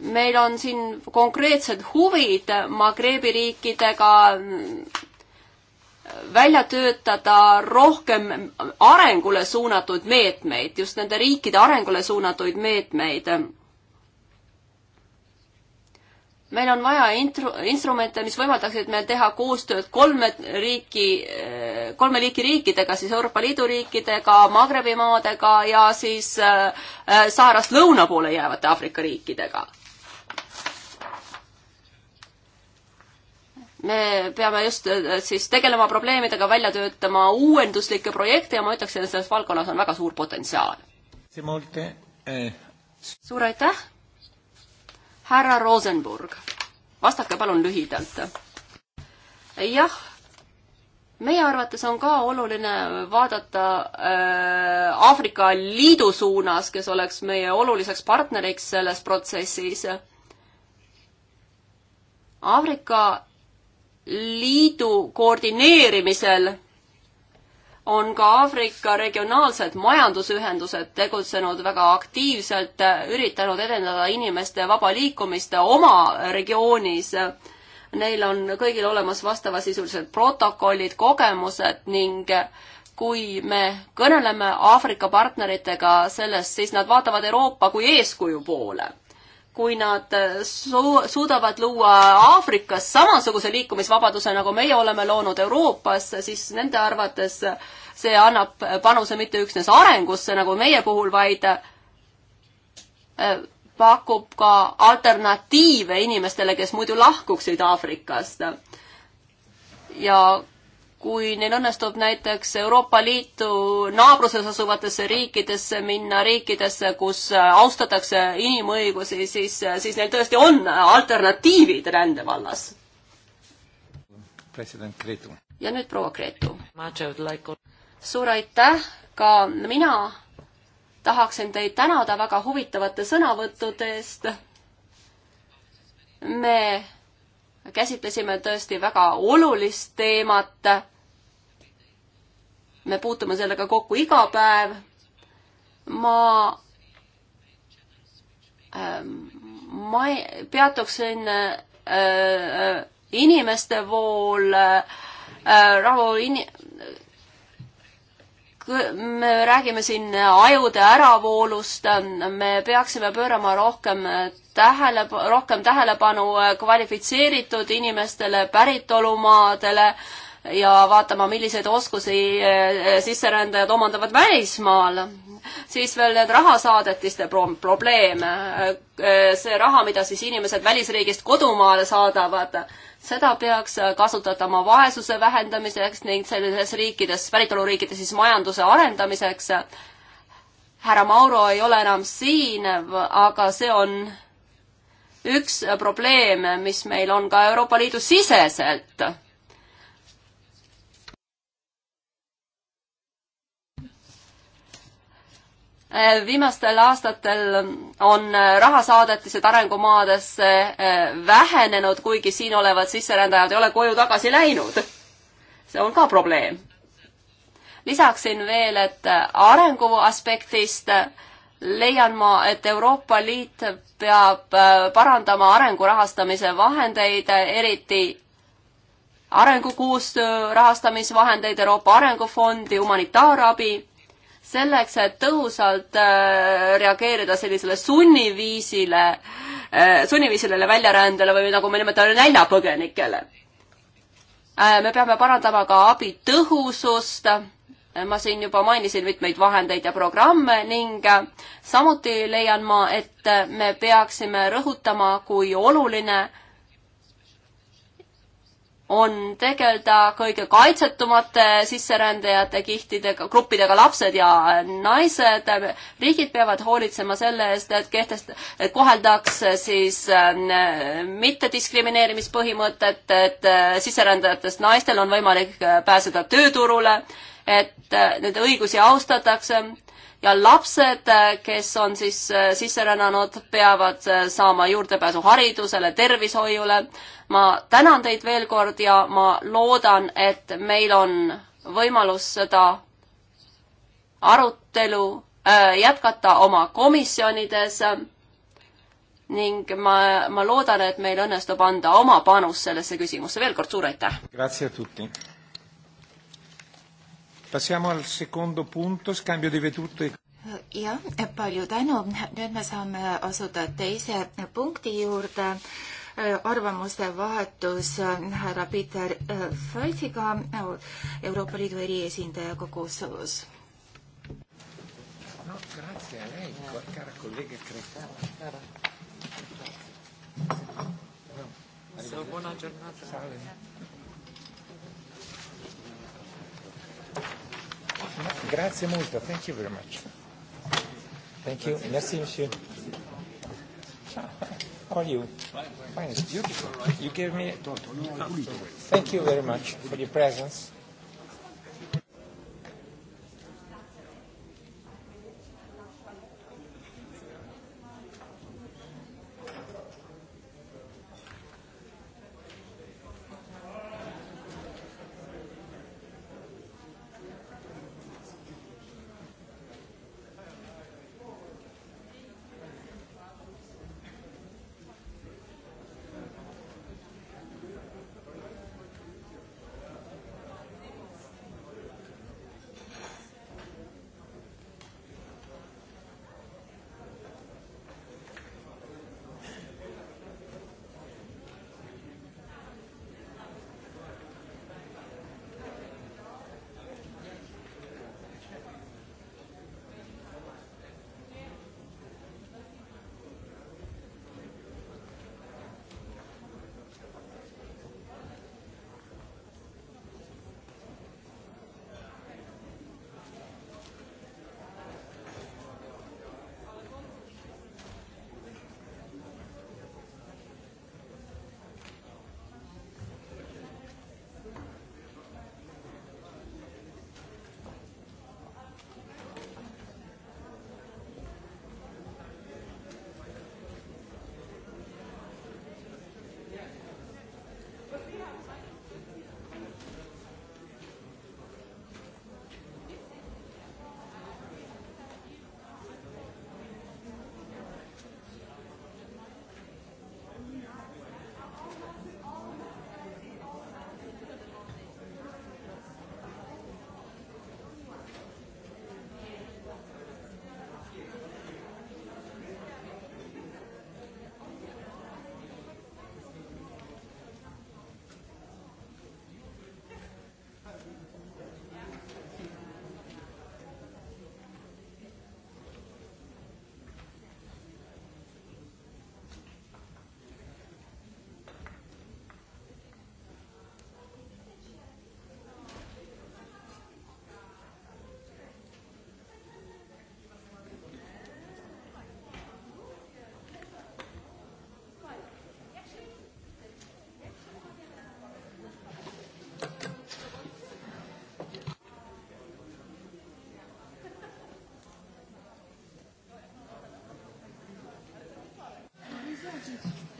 meil on siin konkreetsed huvid Magrebi riikidega mm, välja töötada rohkem arengule suunatud meetmeid, just nende riikide arengule suunatuid meetmeid. meil on vaja intru-, instrumente, mis võimaldaksid meil teha koostööd kolme riiki, eh, kolme liiki riikidega, siis Euroopa Liidu riikidega, Magrebi maadega ja siis eh, eh, saarast lõuna poole jäävate Aafrika riikidega me peame just äh, siis tegelema probleemidega, välja töötama uuenduslikke projekte ja ma ütleksin, et selles valdkonnas on väga suur potentsiaal. suur aitäh! härra Rosenburg, vastake palun lühidalt. jah, meie arvates on ka oluline vaadata äh, Aafrika äh, Liidu suunas, kes oleks meie oluliseks partneriks selles protsessis. Aafrika liidu koordineerimisel on ka Aafrika regionaalsed majandusühendused tegutsenud väga aktiivselt, üritanud edendada inimeste vaba liikumist oma regioonis. Neil on kõigil olemas vastavasisulised protokollid, kogemused ning kui me kõneleme Aafrika partneritega sellest, siis nad vaatavad Euroopa kui eeskuju poole kui nad äh, soo-, suudavad luua Aafrikas samasuguse liikumisvabaduse, nagu meie oleme loonud Euroopas, siis nende arvates see annab panuse mitte üksnes arengusse, nagu meie puhul, vaid äh, pakub ka alternatiive inimestele, kes muidu lahkuksid Aafrikast. ja kui neil õnnestub näiteks Euroopa Liitu naabruses asuvatesse riikidesse minna, riikidesse, kus austatakse inimõigusi, siis, siis neil tõesti on alternatiivid rände vallas. president Gretu. ja nüüd proua Gretu. suur aitäh, ka mina tahaksin teid tänada väga huvitavate sõnavõttude eest. me käsitlesime tõesti väga olulist teemat me puutume sellega kokku iga päev. ma ähm,, ma ei, peatuksin äh, äh inimeste vool äh,, rahu in-, me räägime siin ajude äravoolust, me peaksime pöörama rohkem tähele, rohkem tähelepanu kvalifitseeritud inimestele, päritolumaadele äh,, ja vaatama, milliseid oskusi eh, sisserändajad omandavad välismaal. siis veel need rahasaadetiste probleem, eh, see raha, mida siis inimesed välisriigist kodumaale saadavad, seda peaks kasutatama vaesuse vähendamiseks ning sellises riikides, päritoluriikides siis majanduse arendamiseks. härra Mauro ei ole enam siin, aga see on üks probleem, mis meil on ka Euroopa Liidu siseselt. Eh, viimastel aastatel on eh, rahasaadetised arengumaadesse eh, vähenenud, kuigi siin olevad sisserändajad ei ole koju tagasi läinud. see on ka probleem. lisaksin veel, et arengu aspektist leian ma, et Euroopa Liit peab parandama arengu rahastamise vahendeid, eriti arengukoostöö rahastamisvahendeid, Euroopa Arengufondi, humanitaarabi selleks, et tõhusalt äh, reageerida sellisele sunniviisile, äh, sunniviisilele väljarändele või nagu me nimetame, näljapõgenikele. Äh, me peame parandama ka abi tõhusust, ma siin juba mainisin mitmeid vahendeid ja programme ning samuti leian ma, et me peaksime rõhutama, kui oluline on tegeleda kõige kaitsetumate sisserändajate kihtidega, gruppidega lapsed ja naised. riigid peavad hoolitsema selle eest, et kehtest-, et koheldakse siis äh, mittediskrimineerimispõhimõtet, et äh, sisserändajatest naistel on võimalik äh, pääseda tööturule, et nende õigusi austatakse ja lapsed, kes on siis äh, sisse rännanud, peavad äh, saama juurdepääsu haridusele, tervishoiule. ma tänan teid veel kord ja ma loodan, et meil on võimalus seda arutelu äh, jätkata oma komisjonides ning ma, ma loodan, et meil õnnestub anda oma panus sellesse küsimusse. veel kord suur aitäh! Passiamo al secondo punto, scambio di vedute. jah, palju tänu, nüüd me saame asuda teise punkti juurde äh, arvamuste vahetus äh, härra Peter äh, Feithiga, Euroopa Liidu eriesindajaga Kosovos. no grazie a lei, cara collega Cretano. Buona giornata. Salve. Grazie molto. Thank you very much. Thank you. Merci, monsieur. How are you? Fine. It's beautiful. You gave me... Thank you very much for your presence.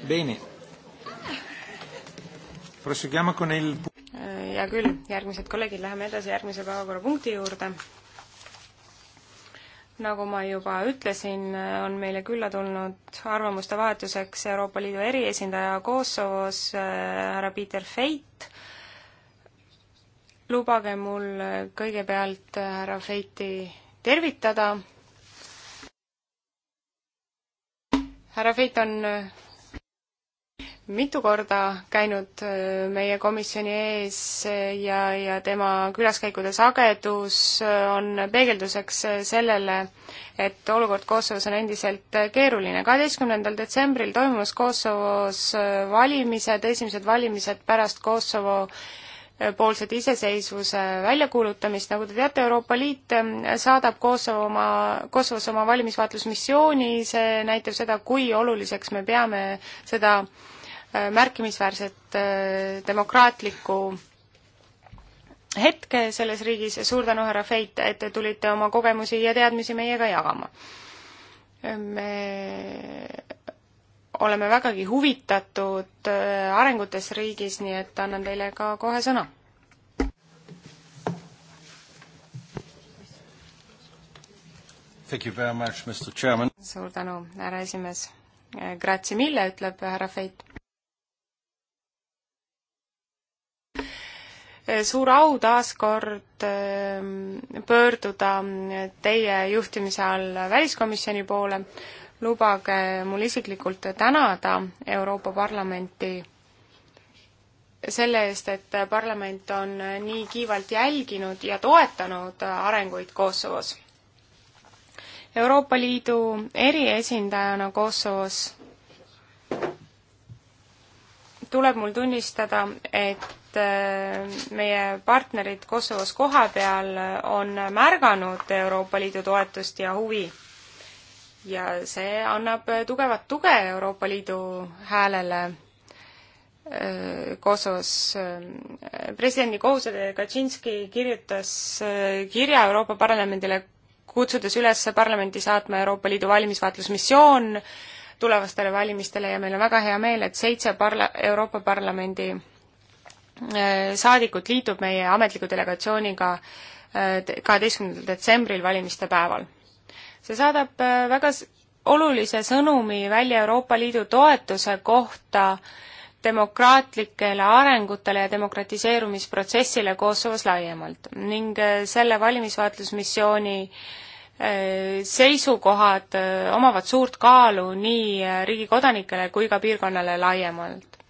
Bene. Proseguiamo con il... Äh, hea küll, järgmised kolleegid, läheme edasi järgmise päevakorrapunkti juurde. nagu ma juba ütlesin, äh, on meile külla tulnud arvamuste vahetuseks Euroopa Liidu eriesindaja Kosovos äh, härra Peter Feit. lubage mul kõigepealt härra Feiti tervitada. härra Feit on mitu korda käinud äh, meie komisjoni ees äh, ja, ja tema külaskäikude sagedus äh, on peegelduseks sellele, et olukord Kosovos on endiselt keeruline. kaheteistkümnendal detsembril toimus Kosovos valimised, esimesed valimised pärast Kosovo poolset iseseisvuse väljakuulutamist, nagu te teate, Euroopa Liit saadab Kosovo oma, Kosovos oma valimisvaatlusmissiooni, see näitab seda, kui oluliseks me peame seda äh, Äh, märkimisväärset äh, demokraatlikku hetke selles riigis. suur tänu, härra Feit, et te tulite oma kogemusi ja teadmisi meiega jagama. me oleme vägagi huvitatud äh, arengutes riigis, nii et annan teile ka kohe sõna Thank you very much, Mr. Chairman. suur tänu, härra esimees. Grazie mille, ütleb härra Feit. suur au taas kord ehm, pöörduda teie juhtimise all väliskomisjoni poole. lubage mul isiklikult tänada Euroopa Parlamenti selle eest, et parlament on nii kiivalt jälginud ja toetanud arenguid Kosovos. Euroopa Liidu eriesindajana Kosovos tuleb mul tunnistada, et et äh, meie partnerid Kosovos kohapeal on märganud Euroopa Liidu toetust ja huvi. ja see annab tugevat tuge Euroopa Liidu häälele äh, Kosovos. Äh, presidendi kohusetäitja Kaczynski kirjutas kirja Euroopa Parlamendile, kutsudes üles parlamenti saatma Euroopa Liidu valimisvaatlusmissioon tulevastele valimistele ja meil on väga hea meel, et seitse parla-, Euroopa Parlamendi Äh, saadikut liitub meie ametliku delegatsiooniga äh, kaheteistkümnendal detsembril valimiste päeval. see saadab äh, väga olulise sõnumi välja Euroopa Liidu toetuse kohta demokraatlikele arengutele ja demokratiseerumisprotsessile Kosovos laiemalt ning selle valimisvaatlusmissiooni seisukohad omavad suurt kaalu nii riigi kodanikele kui ka piirkonnale laiemalt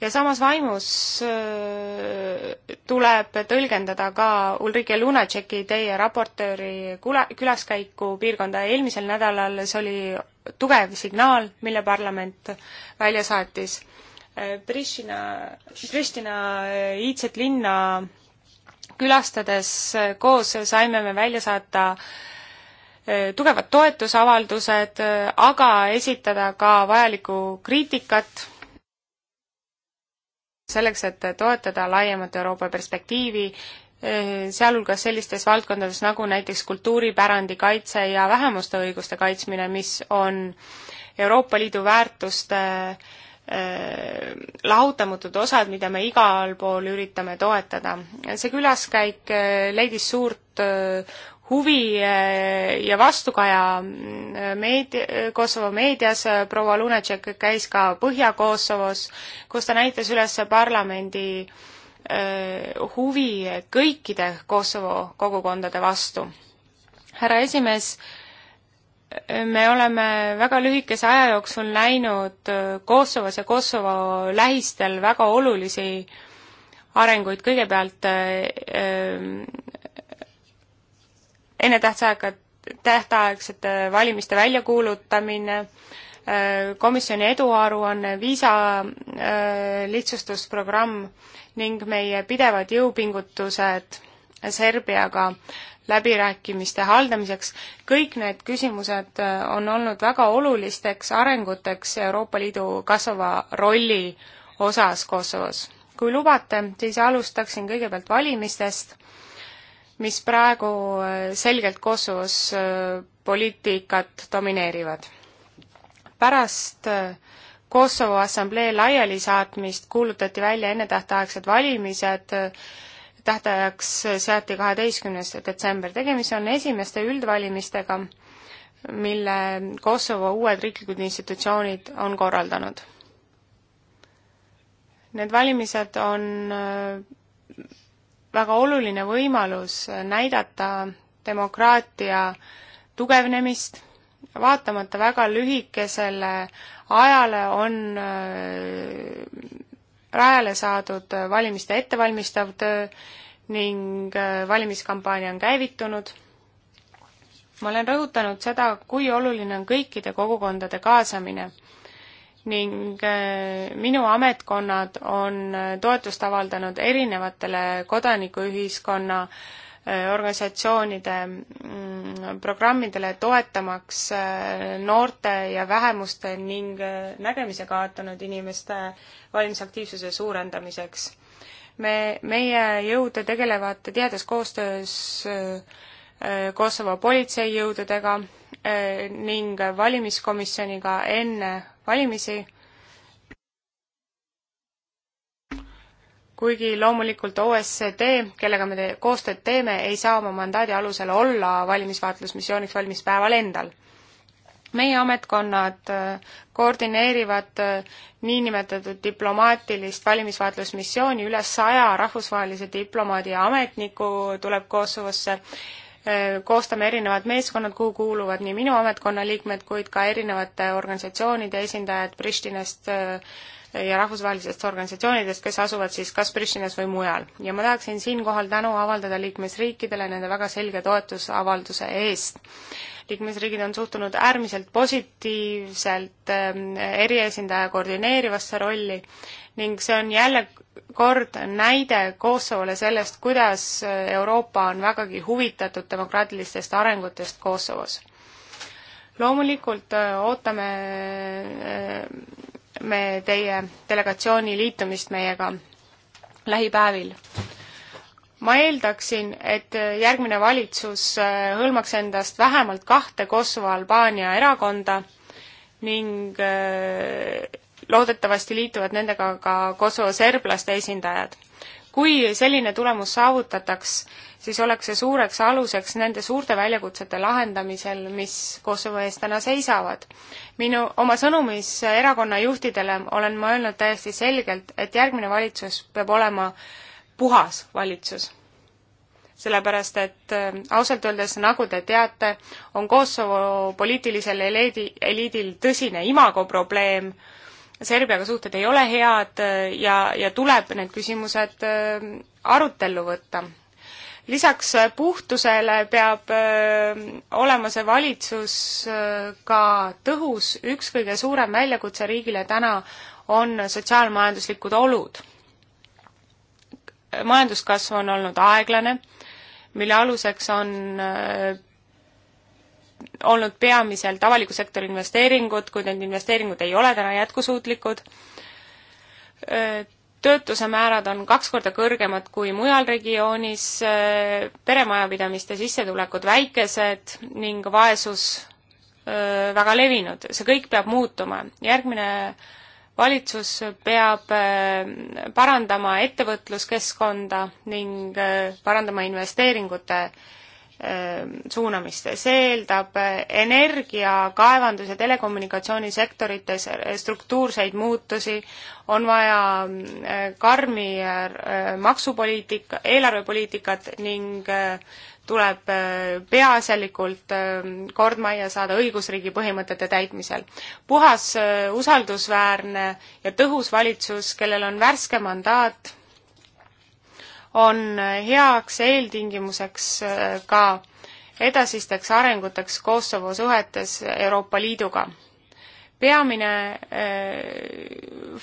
ja samas vaimus äh, tuleb tõlgendada ka Ulrike Lunatšeki, teie raportööri kula-, külaskäiku piirkonda eelmisel nädalal, see oli tugev signaal, mille parlament välja saatis. Äh, Pristina, Pristina äh, iidset linna külastades koos saime me välja saata tugevad toetusavaldused, aga esitada ka vajalikku kriitikat selleks, et toetada laiemat Euroopa perspektiivi, eh, sealhulgas sellistes valdkondades nagu näiteks kultuuripärandi kaitse ja vähemuste õiguste kaitsmine, mis on Euroopa Liidu väärtuste eh, lahutamatud osad, mida me igal pool üritame toetada. see külaskäik eh, leidis suurt huvi eh, ja vastukaja eh, meedia, Kosovo meedias, proua Lunatšek käis ka Põhja-Kosovos, kus ta näitas üles parlamendi eh, huvi kõikide Kosovo kogukondade vastu. härra esimees, me oleme väga lühikese aja jooksul näinud Kosovos ja Kosovo lähistel väga olulisi arenguid, kõigepealt öö, ennetähtsaega, tähtaegsete valimiste väljakuulutamine, äh, komisjoni eduaruanne, viisa äh, lihtsustusprogramm ning meie pidevad jõupingutused Serbiaga läbirääkimiste haldamiseks, kõik need küsimused äh, on olnud väga olulisteks arenguteks Euroopa Liidu kasvava rolli osas Kosovos. kui lubate, siis alustaksin kõigepealt valimistest mis praegu äh, selgelt Kosovos äh, poliitikat domineerivad. pärast äh, Kosovo Assamblee laialisaatmist kuulutati välja ennetähtaegsed valimised, tähtajaks seati kaheteistkümnes detsember. tegemist on esimeste üldvalimistega, mille Kosovo uued riiklikud institutsioonid on korraldanud. Need valimised on väga oluline võimalus näidata demokraatia tugevnemist, vaatamata väga lühikesele ajale on äh, rajale saadud valimiste ettevalmistav töö ning äh, valimiskampaania on käivitunud. ma olen rõhutanud seda, kui oluline on kõikide kogukondade kaasamine ning äh, minu ametkonnad on äh, toetust avaldanud erinevatele kodanikuühiskonna äh, organisatsioonide mm, programmidele toetamaks noorte ja vähemuste ning nägemise kaotanud inimeste valimisaktiivsuse suurendamiseks. me, meie jõud tegelevad tihedas koostöös Kosovo politseijõududega, Eh, ning valimiskomisjoniga enne valimisi. kuigi loomulikult OSCD, kellega me te koostööd teeme, ei saa oma mandaadi alusel olla valimisvaatlusmissiooniks valimispäeval endal meie ametkonnad eh, koordineerivad eh, niinimetatud diplomaatilist valimisvaatlusmissiooni, üle saja rahvusvahelise diplomaadi ja ametniku tuleb Kosovosse Äh, koostame erinevad meeskonnad, kuhu kuuluvad nii minu ametkonna liikmed kui ka erinevate organisatsioonide esindajad Pristinast äh, ja rahvusvahelisest organisatsioonidest, kes asuvad siis kas Pristinas või mujal. ja ma tahaksin siinkohal tänu avaldada liikmesriikidele nende väga selge toetusavalduse eest. liikmesriigid on suhtunud äärmiselt positiivselt ähm, eriesindaja koordineerivasse rolli ning see on jälle kord näide Kosovole sellest, kuidas Euroopa on vägagi huvitatud demokraatilistest arengutest Kosovos. loomulikult äh, ootame äh, me teie delegatsiooni liitumist meiega lähipäevil. ma eeldaksin, et järgmine valitsus äh, hõlmaks endast vähemalt kahte Kosovo-Albaania erakonda ning loodetavasti liituvad nendega ka Kosovo serblaste esindajad. kui selline tulemus saavutataks, siis oleks see suureks aluseks nende suurte väljakutsete lahendamisel, mis Kosovo ees täna seisavad. minu, oma sõnumis erakonna juhtidele olen ma öelnud täiesti selgelt, et järgmine valitsus peab olema puhas valitsus sellepärast et äh, ausalt öeldes, nagu te teate, on Kosovo poliitilisel eliidi, eliidil tõsine imagoprobleem, Serbiaga suhted ei ole head äh, ja, ja tuleb need küsimused äh, arutellu võtta. lisaks äh, puhtusele peab olema see valitsus ka tõhus, üks kõige suurem väljakutse riigile täna on sotsiaalmajanduslikud olud. majanduskasv on olnud aeglane, mille aluseks on olnud peamiselt avaliku sektori investeeringud, kuid need investeeringud ei ole täna jätkusuutlikud. töötuse määrad on kaks korda kõrgemad kui mujal regioonis, peremajapidamiste sissetulekud väikesed ning vaesus väga levinud, see kõik peab muutuma. järgmine valitsus peab parandama ettevõtluskeskkonda ning parandama investeeringute Ähm, suunamist. see eeldab äh, energia, kaevandus- ja telekommunikatsioonisektorites äh, struktuurseid muutusi, on vaja äh, karmi maksupoliitika, eelarvepoliitikat ning tuleb peaasjalikult ähm, kord majja saada õigusriigi põhimõtete täitmisel. puhas, usaldusväärne ja tõhus valitsus, kellel on värske mandaat, on heaks eeltingimuseks äh, ka edasisteks arenguteks Kosovo suhetes Euroopa Liiduga. peamine äh,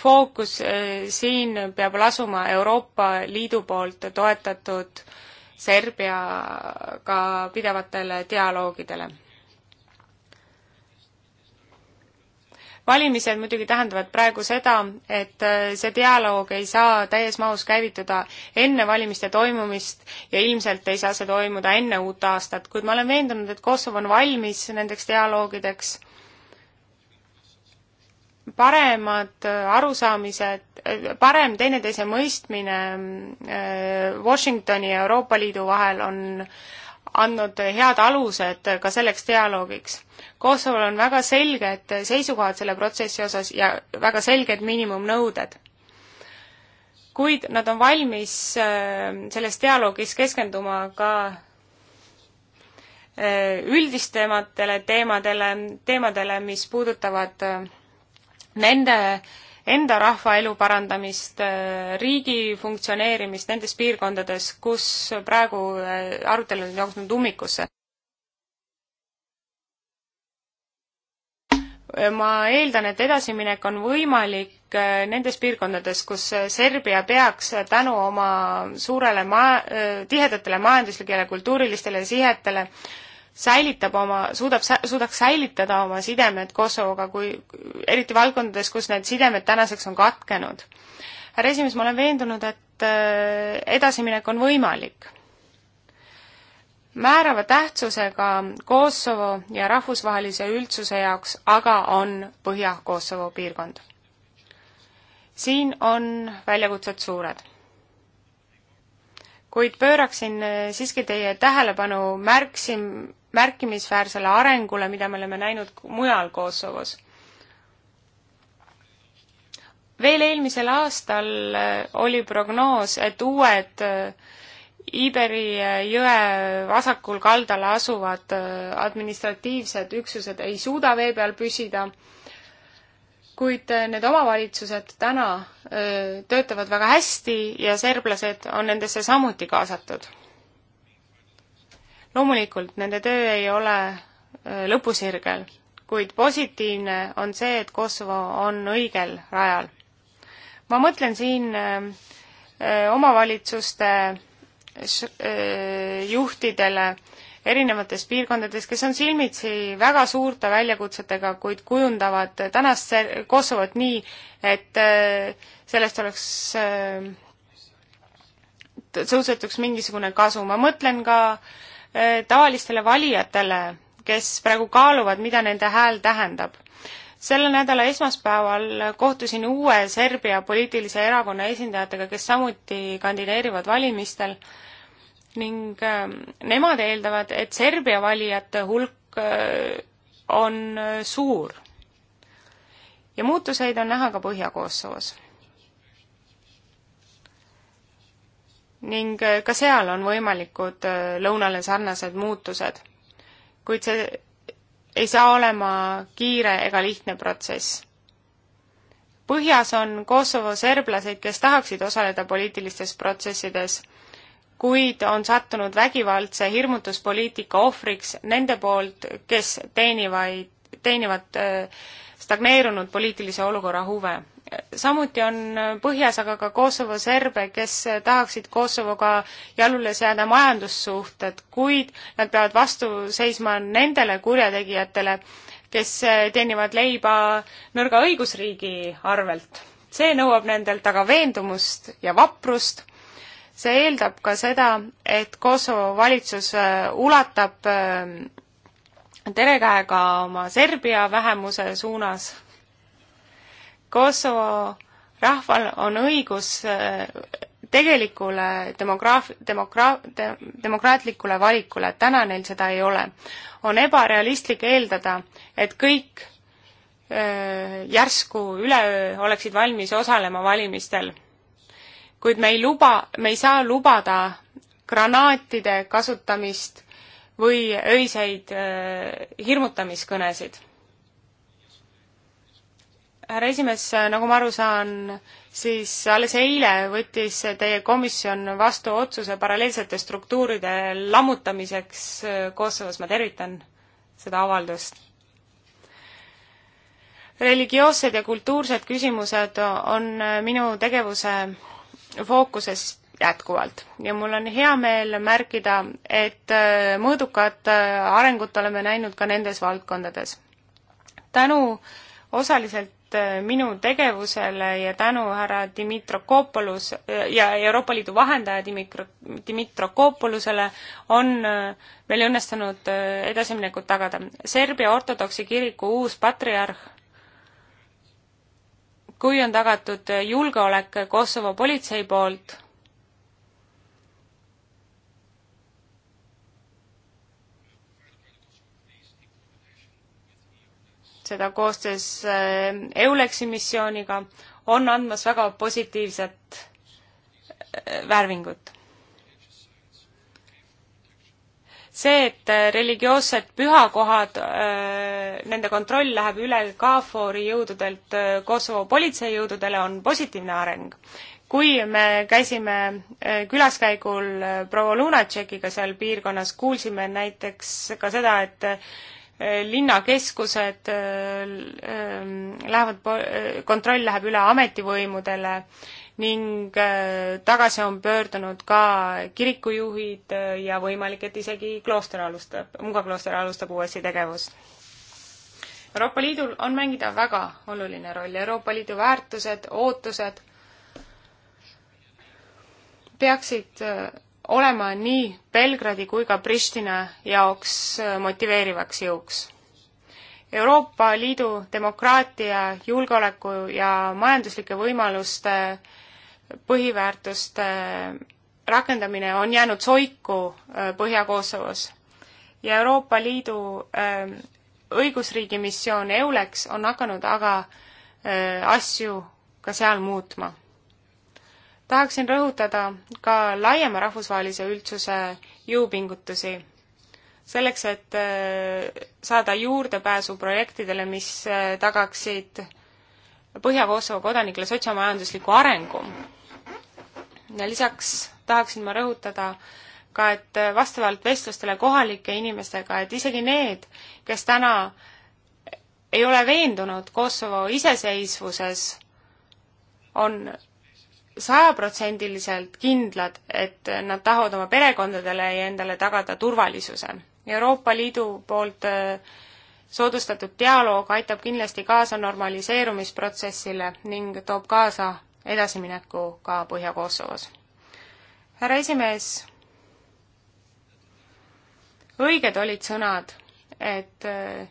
fookus äh, siin peab lasuma Euroopa Liidu poolt toetatud Serbiaga pidevatele dialoogidele valimised muidugi tähendavad praegu seda, et äh, see dialoog ei saa täies mahus käivituda enne valimiste toimumist ja ilmselt ei saa see toimuda enne uut aastat, kuid ma olen veendunud, et Kosovo on valmis nendeks dialoogideks. paremad äh, arusaamised, äh, parem teineteise mõistmine Washingtoni ja Euroopa Liidu vahel on andnud head alused ka selleks dialoogiks Kosovol on väga selged seisukohad selle protsessi osas ja väga selged miinimumnõuded. kuid nad on valmis äh, selles dialoogis keskenduma ka äh, üldistematele teemadele, teemadele, mis puudutavad äh, nende enda rahvaelu parandamist, riigi funktsioneerimist nendes piirkondades, kus praegu arutelud on jooksnud ummikusse. ma eeldan, et edasiminek on võimalik äh, nendes piirkondades, kus äh, Serbia peaks äh, tänu oma suurele ma-, tihedatele majanduslikele, kultuurilistele sihetele säilitab oma, suudab, suudaks säilitada oma sidemed Kosovoga, kui, eriti valdkondades, kus need sidemed tänaseks on katkenud. härra esimees, ma olen veendunud, et edasiminek on võimalik määrava tähtsusega Kosovo ja rahvusvahelise üldsuse jaoks aga on Põhja-Kosovo piirkond. siin on väljakutsed suured. kuid pööraksin siiski teie tähelepanu märksim-, märkimisväärsele arengule, mida me oleme näinud mujal Kosovos. veel eelmisel aastal oli prognoos, et uued Iberi äh, jõe vasakul kaldal asuvad äh, administratiivsed üksused ei suuda vee peal püsida, kuid äh, need omavalitsused täna öö, töötavad väga hästi ja serblased on nendesse samuti kaasatud. loomulikult nende töö ei ole öö, lõpusirgel, kuid positiivne on see, et Kosovo on õigel rajal. ma mõtlen siin öö, omavalitsuste öö, Äh, juhtidele erinevates piirkondades, kes on silmitsi väga suurte väljakutsetega, kuid kujundavad tänast Kosovot nii, et äh, sellest oleks, äh, tõusetuks mingisugune kasu. ma mõtlen ka tavalistele valijatele, kes praegu kaaluvad, mida nende hääl tähendab selle nädala esmaspäeval kohtusin uue Serbia poliitilise erakonna esindajatega, kes samuti kandideerivad valimistel ning ähm, nemad eeldavad, et Serbia valijate hulk äh, on äh, suur. ja muutuseid on näha ka Põhja-Kosovos. ning äh, ka seal on võimalikud lõunale sarnased muutused. kuid see ei saa olema kiire ega lihtne protsess. põhjas on Kosovo serblaseid, kes tahaksid osaleda poliitilistes protsessides, kuid on sattunud vägivaldse hirmutuspoliitika ohvriks nende poolt, kes teenivaid, teenivad äh, stagneerunud poliitilise olukorra huve samuti on põhjas aga ka Kosovo serbe, kes tahaksid Kosovoga jalule seada majandussuhted, kuid nad peavad vastu seisma nendele kurjategijatele, kes teenivad leiba nõrga õigusriigi arvelt. see nõuab nendelt aga veendumust ja vaprust, see eeldab ka seda, et Kosovo valitsus äh, ulatab äh, terekäega oma Serbia vähemuse suunas Kosovo rahval on õigus äh, tegelikule demograaf-, demokraa-, de-, demokraatlikule valikule, täna neil seda ei ole. on ebarealistlik eeldada, et kõik öö, äh, järsku üleöö oleksid valmis osalema valimistel. kuid me ei luba, me ei saa lubada granaatide kasutamist või öiseid öö, äh, hirmutamiskõnesid härra esimees, nagu ma aru saan, siis alles eile võttis teie komisjon vastu otsuse paralleelsete struktuuride lammutamiseks Kosovos, ma tervitan seda avaldust. religioossed ja kultuursed küsimused on minu tegevuse fookuses jätkuvalt ja mul on hea meel märkida, et mõõdukat arengut oleme näinud ka nendes valdkondades. tänu osaliselt Äh, minu tegevusele ja tänu härra Dimitrokopolus äh, ja Euroopa Liidu vahendaja Dimitro, Dimitrokopolusele on äh, meil õnnestunud edasiminekut tagada. Serbia ortodoksi kiriku uus patriarh, kui on tagatud julgeolek Kosovo politsei poolt, seda koostöös äh, EULEX-i missiooniga, on andmas väga positiivset äh, värvingut. see, et äh, religioossed pühakohad, nende kontroll läheb üle KFOR-i jõududelt Kosovo politseijõududele, on positiivne areng. kui me käisime külaskäigul proua Lunatšekiga seal piirkonnas, kuulsime näiteks ka seda, et linnakeskused äh, lähevad, äh, kontroll läheb üle ametivõimudele ning äh, tagasi on pöördunud ka kirikujuhid ja võimalik, et isegi klooster alustab, Munga klooster alustab uuesti tegevust. Euroopa Liidul on mängida väga oluline roll, Euroopa Liidu väärtused, ootused peaksid olema nii Belgradi kui ka Pristina jaoks äh, motiveerivaks jõuks. Euroopa Liidu demokraatia, julgeoleku ja majanduslike võimaluste põhiväärtuste äh, rakendamine on jäänud soiku äh, Põhja-Kosovos ja Euroopa Liidu õigusriigi missioon EULEX on hakanud aga asju ka seal muutma tahaksin rõhutada ka laiema rahvusvahelise üldsuse jõupingutusi selleks, et äh, saada juurdepääsu projektidele, mis äh, tagaksid Põhja-Kosovo kodanikele sotsiaalmajandusliku arengu. ja lisaks tahaksin ma rõhutada ka, et vastavalt vestlustele kohalike inimestega, et isegi need, kes täna ei ole veendunud Kosovo iseseisvuses, on sajaprotsendiliselt kindlad, et nad tahavad oma perekondadele ja endale tagada turvalisuse. Euroopa Liidu poolt äh, soodustatud dialoog aitab kindlasti kaasa normaliseerumisprotsessile ning toob kaasa edasimineku ka Põhja-Kosovos. härra esimees, õiged olid sõnad, et äh,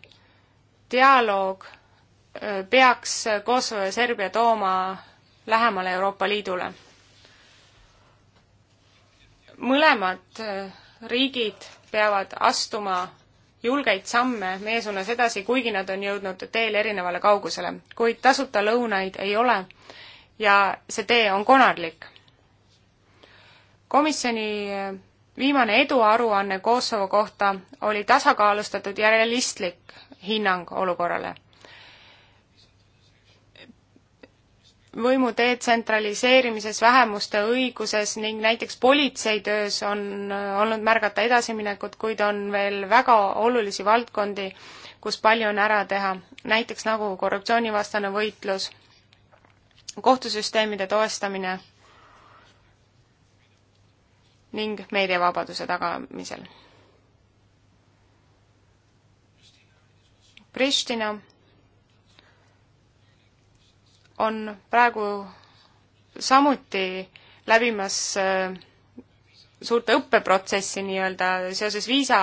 dialoog äh, peaks Kosovo ja Serbia tooma lähemale Euroopa Liidule. mõlemad äh, riigid peavad astuma julgeid samme meie suunas edasi, kuigi nad on jõudnud teel erinevale kaugusele, kuid tasuta lõunaid ei ole ja see tee on konarlik. komisjoni äh, viimane eduaruanne Kosovo kohta oli tasakaalustatud ja realistlik hinnang olukorrale võimu detsentraliseerimises, vähemuste õiguses ning näiteks politseitöös on äh, olnud märgata edasiminekut, kuid on veel väga olulisi valdkondi, kus palju on ära teha, näiteks nagu korruptsioonivastane võitlus, kohtusüsteemide toestamine ning meediavabaduse tagamisel. Pristina on praegu samuti läbimas äh, suurt õppeprotsessi nii-öelda seoses viisa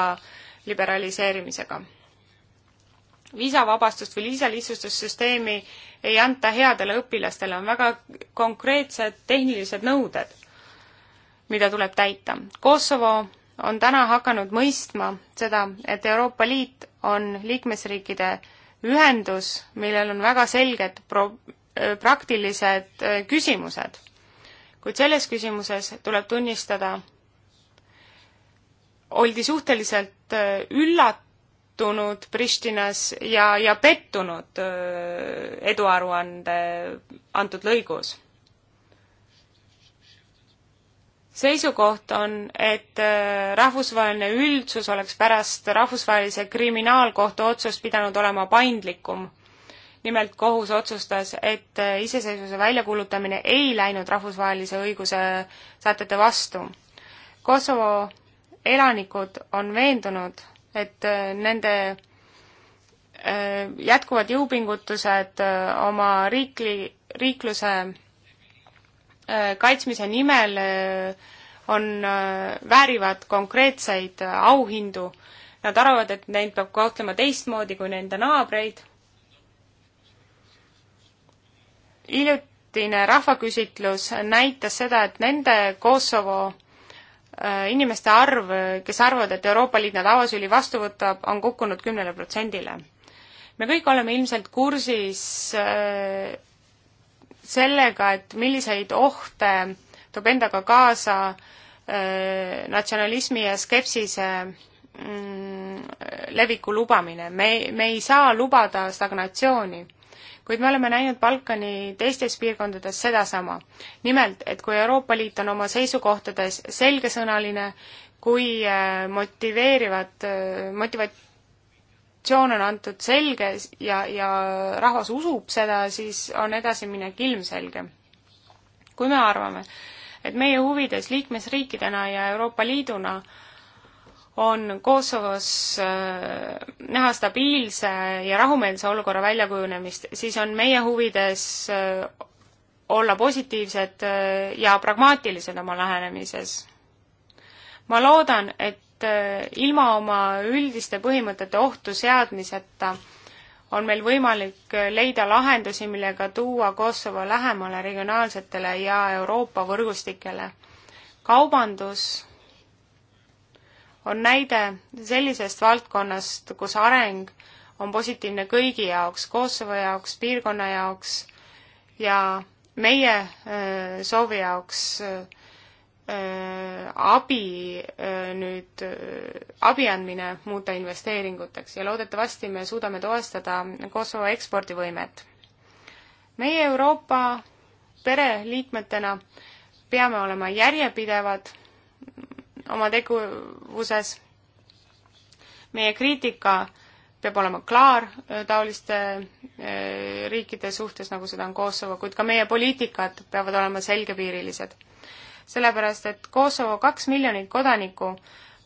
liberaliseerimisega. viisavabastust või viisalihtsustussüsteemi ei anta headele õpilastele, on väga konkreetsed tehnilised nõuded, mida tuleb täita. Kosovo on täna hakanud mõistma seda, et Euroopa Liit on liikmesriikide ühendus, millel on väga selged pro-, Äh, praktilised äh, küsimused. kuid selles küsimuses tuleb tunnistada, oldi suhteliselt äh, üllatunud Pristinas ja, ja pettunud eduaruande antud lõigus. seisukoht on, et rahvusvaheline üldsus oleks pärast rahvusvahelise kriminaalkohtu otsust pidanud olema paindlikum nimelt kohus otsustas, et iseseisvuse väljakuulutamine ei läinud rahvusvahelise õiguse sätete vastu. Kosovo elanikud on veendunud, et nende äh, jätkuvad jõupingutused äh, oma riikli, riikluse äh, kaitsmise nimel on, väärivad konkreetseid auhindu. Nad arvavad, et neid peab kohtlema teistmoodi kui nende naabreid hiljutine rahvaküsitlus näitas seda, et nende Kosovo äh, inimeste arv, kes arvavad, et Euroopa Liit nad avasüli vastu võtab, on kukkunud kümnele protsendile. me kõik oleme ilmselt kursis äh, sellega, et milliseid ohte toob endaga kaasa äh, natsionalismi ja skepsise mm, leviku lubamine. me, me ei saa lubada stagnatsiooni kuid me oleme näinud Balkani teistes piirkondades sedasama. nimelt, et kui Euroopa Liit on oma seisukohtades selgesõnaline, kui äh, motiveerivad, äh, motivatsioon on antud selge ja, ja rahvas usub seda, siis on edasiminek ilmselge. kui me arvame, et meie huvides liikmesriikidena ja Euroopa Liiduna äh, on Kosovos äh, näha stabiilse ja rahumeelse olukorra väljakujunemist, siis on meie huvides äh, olla positiivsed äh, ja pragmaatilised oma lähenemises. ma loodan, et ilma oma üldiste põhimõtete ohtu seadmiseta on meil võimalik leida lahendusi, millega tuua Kosovo lähemale regionaalsetele ja Euroopa võrgustikele. kaubandus on näide sellisest valdkonnast, kus areng on positiivne kõigi jaoks, Kosovo jaoks, piirkonna jaoks ja meie äh, soovi jaoks äh, abi äh, nüüd, abi andmine muuta investeeringuteks ja loodetavasti me suudame toestada Kosovo ekspordivõimet. meie Euroopa pereliikmetena peame olema järjepidevad oma tegevuses. meie kriitika peab olema klaar äh, taoliste äh, riikide suhtes, nagu seda on Kosovo, kuid ka meie poliitikad peavad olema selgepiirilised. sellepärast, et Kosovo kaks miljonit kodanikku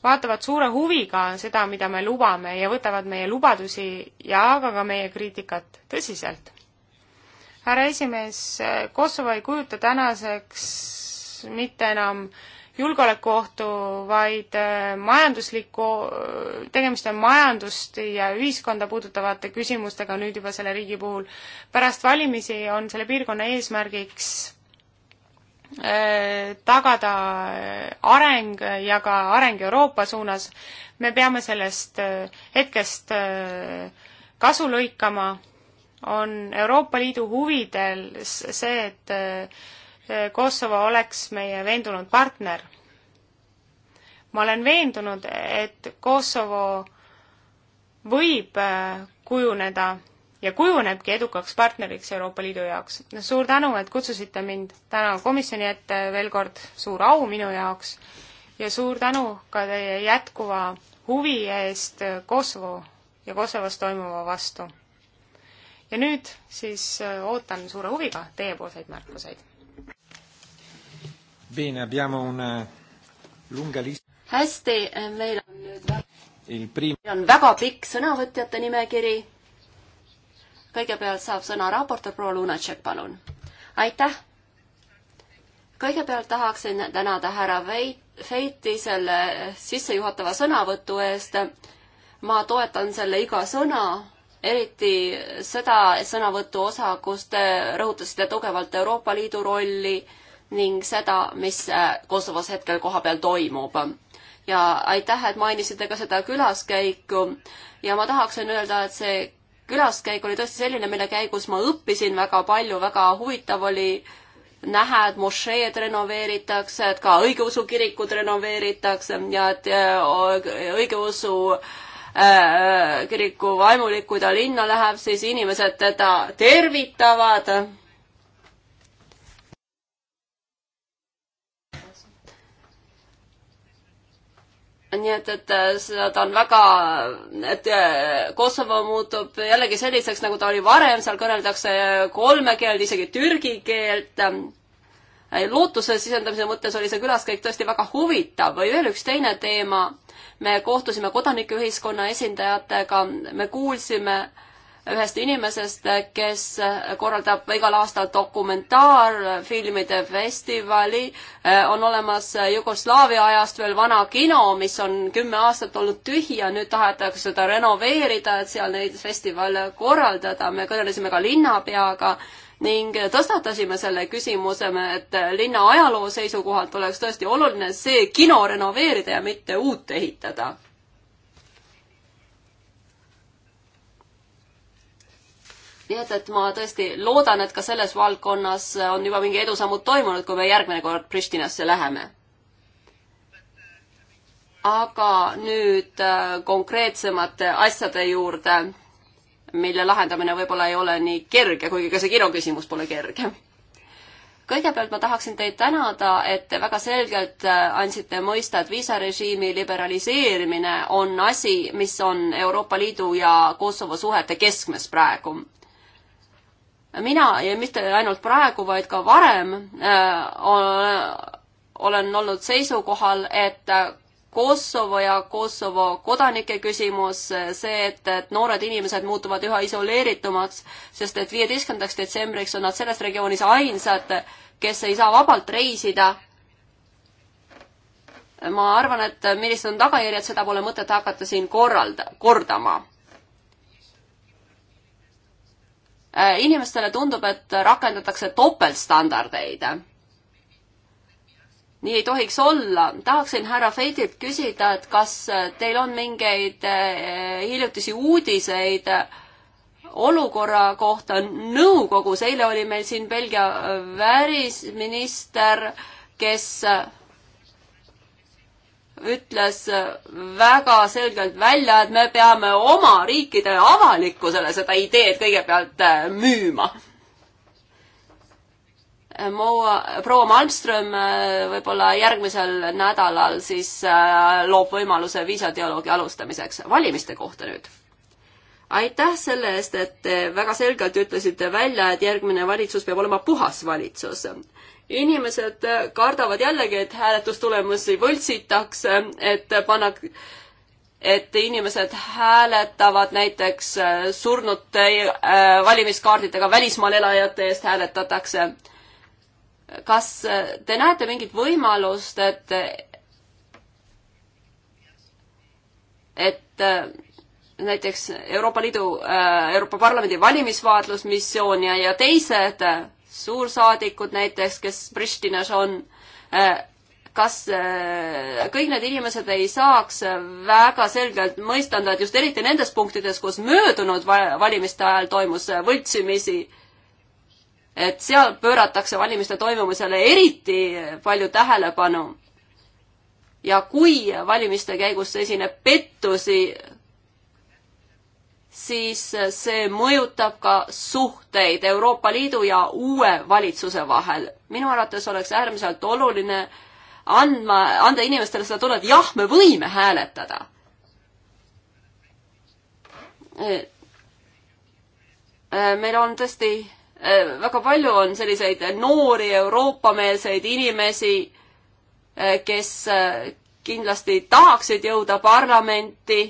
vaatavad suure huviga seda, mida me lubame ja võtavad meie lubadusi ja aga ka meie kriitikat tõsiselt. härra esimees, Kosovo ei kujuta tänaseks mitte enam äh, julgeolekuohtu, vaid äh, majanduslikku, äh, tegemist on majandust ja ühiskonda puudutavate küsimustega nüüd juba selle riigi puhul. pärast valimisi on selle piirkonna eesmärgiks äh, tagada areng ja ka areng Euroopa suunas. me peame sellest hetkest kasu lõikama. on Euroopa Liidu huvides see, et Eh, Kosovo oleks meie veendunud partner. ma olen veendunud, et Kosovo võib eh, kujuneda ja kujunebki edukaks partneriks Euroopa Liidu jaoks. suur tänu, et kutsusite mind täna komisjoni ette, veel kord suur au minu jaoks ja suur tänu ka teie jätkuva huvi eest Kosovo ja Kosovos toimuva vastu. ja nüüd siis eh, ootan suure huviga teiepoolseid märkuseid Bene, abbiamo una lunga lista. hästi, eh, meil on nüüd prim... meil on väga pikk sõnavõtjate nimekiri. kõigepealt saab sõna raportöör proua Lunatšek, palun. aitäh. kõigepealt tahaksin tänada härra Veit, Feiti selle sissejuhatava sõnavõtu eest. ma toetan selle iga sõna eriti seda sõnavõtu osa, kus te rõhutasite tugevalt Euroopa Liidu rolli ning seda, mis äh, Kosovos hetkel kohapeal toimub. ja aitäh, et mainisite ka seda külaskäiku ja ma tahaksin öelda, et see külaskäik oli tõesti selline, mille käigus ma õppisin väga palju, väga huvitav oli näha, et mošeed renoveeritakse, et ka õigeusu kirikud renoveeritakse ja et äh, õigeusu äh, kiriku vaimulik, kui ta linna läheb, siis inimesed teda tervitavad nii et, et äh, seda on väga, et äh, Kosovo muutub jällegi selliseks, nagu ta oli varem, seal kõneldakse kolme keelt, isegi türgi keelt. Äh, lootuse sisendamise mõttes oli see külaskäik tõesti väga huvitav või veel üks teine teema. me kohtusime kodanikuühiskonna esindajatega, me kuulsime äh, ühest inimesest, kes korraldab igal aastal dokumentaarfilmide festivali. on olemas Jugoslaavia ajast veel vana kino, mis on kümme aastat olnud tühi ja nüüd tahetakse seda renoveerida, et seal neid festivale korraldada. me kõnelesime ka linnapeaga ning tõstatasime selle küsimuse, et linna ajaloo seisukohalt oleks tõesti oluline see kino renoveerida ja mitte uut ehitada nii et, et ma tõesti loodan, et ka selles valdkonnas on juba mingi edusammud toimunud, kui me järgmine kord Pristinasse läheme. aga nüüd äh, konkreetsemate asjade juurde, mille lahendamine võib-olla ei ole nii kerge, kuigi ka see Kiro küsimus pole kerge kõigepealt ma tahaksin teid tänada, et te väga selgelt äh, andsite mõista, et viisarežiimi liberaliseerimine on asi, mis on Euroopa Liidu ja Kosovo suhete keskmes praegu mina ja mitte ainult praegu, vaid ka varem äh, olen olnud seisukohal, et äh, Kosovo ja Kosovo kodanike küsimus, äh, see, et, et noored inimesed muutuvad üha isoleeritumaks, sest et viieteistkümnendaks detsembriks on nad selles regioonis ainsad, kes ei saa vabalt reisida. ma arvan, et millised on tagajärjed, seda pole mõtet hakata siin korralda, kordama Äh, inimestele tundub, et rakendatakse topeltstandardeid. nii ei tohiks olla. tahaksin härra Feidilt küsida, et kas äh, teil on mingeid äh, hiljutisi uudiseid olukorra kohta nõukogus. eile oli meil siin Belgia välisminister, kes ütles väga selgelt välja, et me peame oma riikide avalikkusele seda ideed kõigepealt äh, müüma. Moa, proua Malmström äh, võib-olla järgmisel nädalal siis äh, loob võimaluse viisadialoogi alustamiseks valimiste kohta nüüd. aitäh selle eest, et te väga selgelt ütlesite välja, et järgmine valitsus peab olema puhas valitsus inimesed kardavad jällegi, et hääletustulemusi võltsitakse, et panna, et inimesed hääletavad näiteks äh, surnute äh, valimiskaardidega välismaal elajate eest hääletatakse. kas äh, te näete mingit võimalust, et, et näiteks Euroopa Liidu, Euroopa Parlamendi valimisvaatlusmissioon ja, ja teised suursaadikud näiteks, kes Pristinas on, äh, kas äh, kõik need inimesed ei saaks väga selgelt mõistanda, et just eriti nendes punktides, kus möödunud valimiste ajal toimus võltsimisi, et seal pööratakse valimiste toimumisele eriti palju tähelepanu. ja kui valimiste käigus esineb pettusi, siis see mõjutab ka suhteid Euroopa Liidu ja uue valitsuse vahel. minu arvates oleks äärmiselt oluline andma, anda inimestele seda tunnet, jah, me võime hääletada. E, e, meil on tõesti, e, väga palju on selliseid noori Euroopa-meelseid inimesi, kes kindlasti tahaksid jõuda parlamenti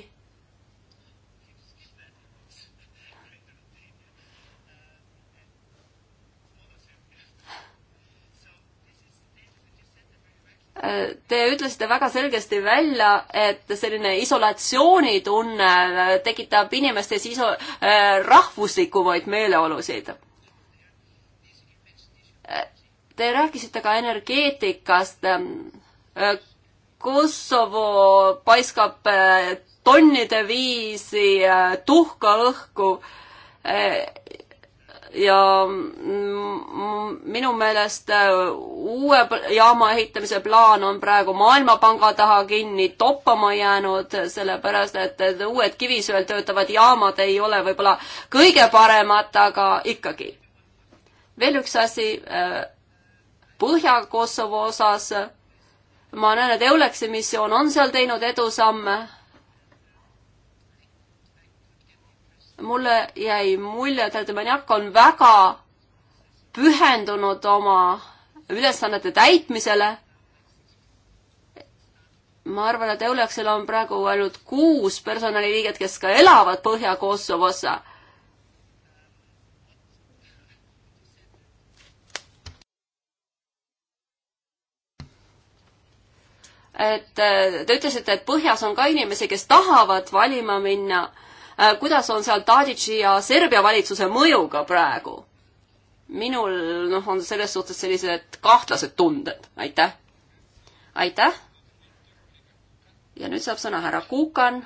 Te ütlesite väga selgesti välja, et selline isolatsioonitunne tekitab inimestes iso-, äh, rahvuslikumaid meeleolusid. Te rääkisite ka energeetikast. Kosovo paiskab äh, tonnide viisi äh, tuhka õhku ja minu meelest äh, uue jaama ehitamise plaan on praegu Maailmapanga taha kinni toppama jäänud, sellepärast et uued kivisöel töötavad jaamad ei ole võib-olla kõige paremad, aga ikkagi. veel üks asi äh, Põhja-Kosovo osas. ma näen, et Euleksi missioon on seal teinud edusamme mulle jäi mulje, et Altemanjak on väga pühendunud oma ülesannete täitmisele. ma arvan, et Euliaksil on praegu ainult kuus personaliliiget, kes ka elavad Põhja-Kosovos. et äh, te ütlesite, et põhjas on ka inimesi, kes tahavad valima minna Äh, kuidas on seal Tadži ja Serbia valitsuse mõjuga praegu? minul noh, on selles suhtes sellised kahtlased tunded, aitäh. aitäh. ja nüüd saab sõna härra Kukan.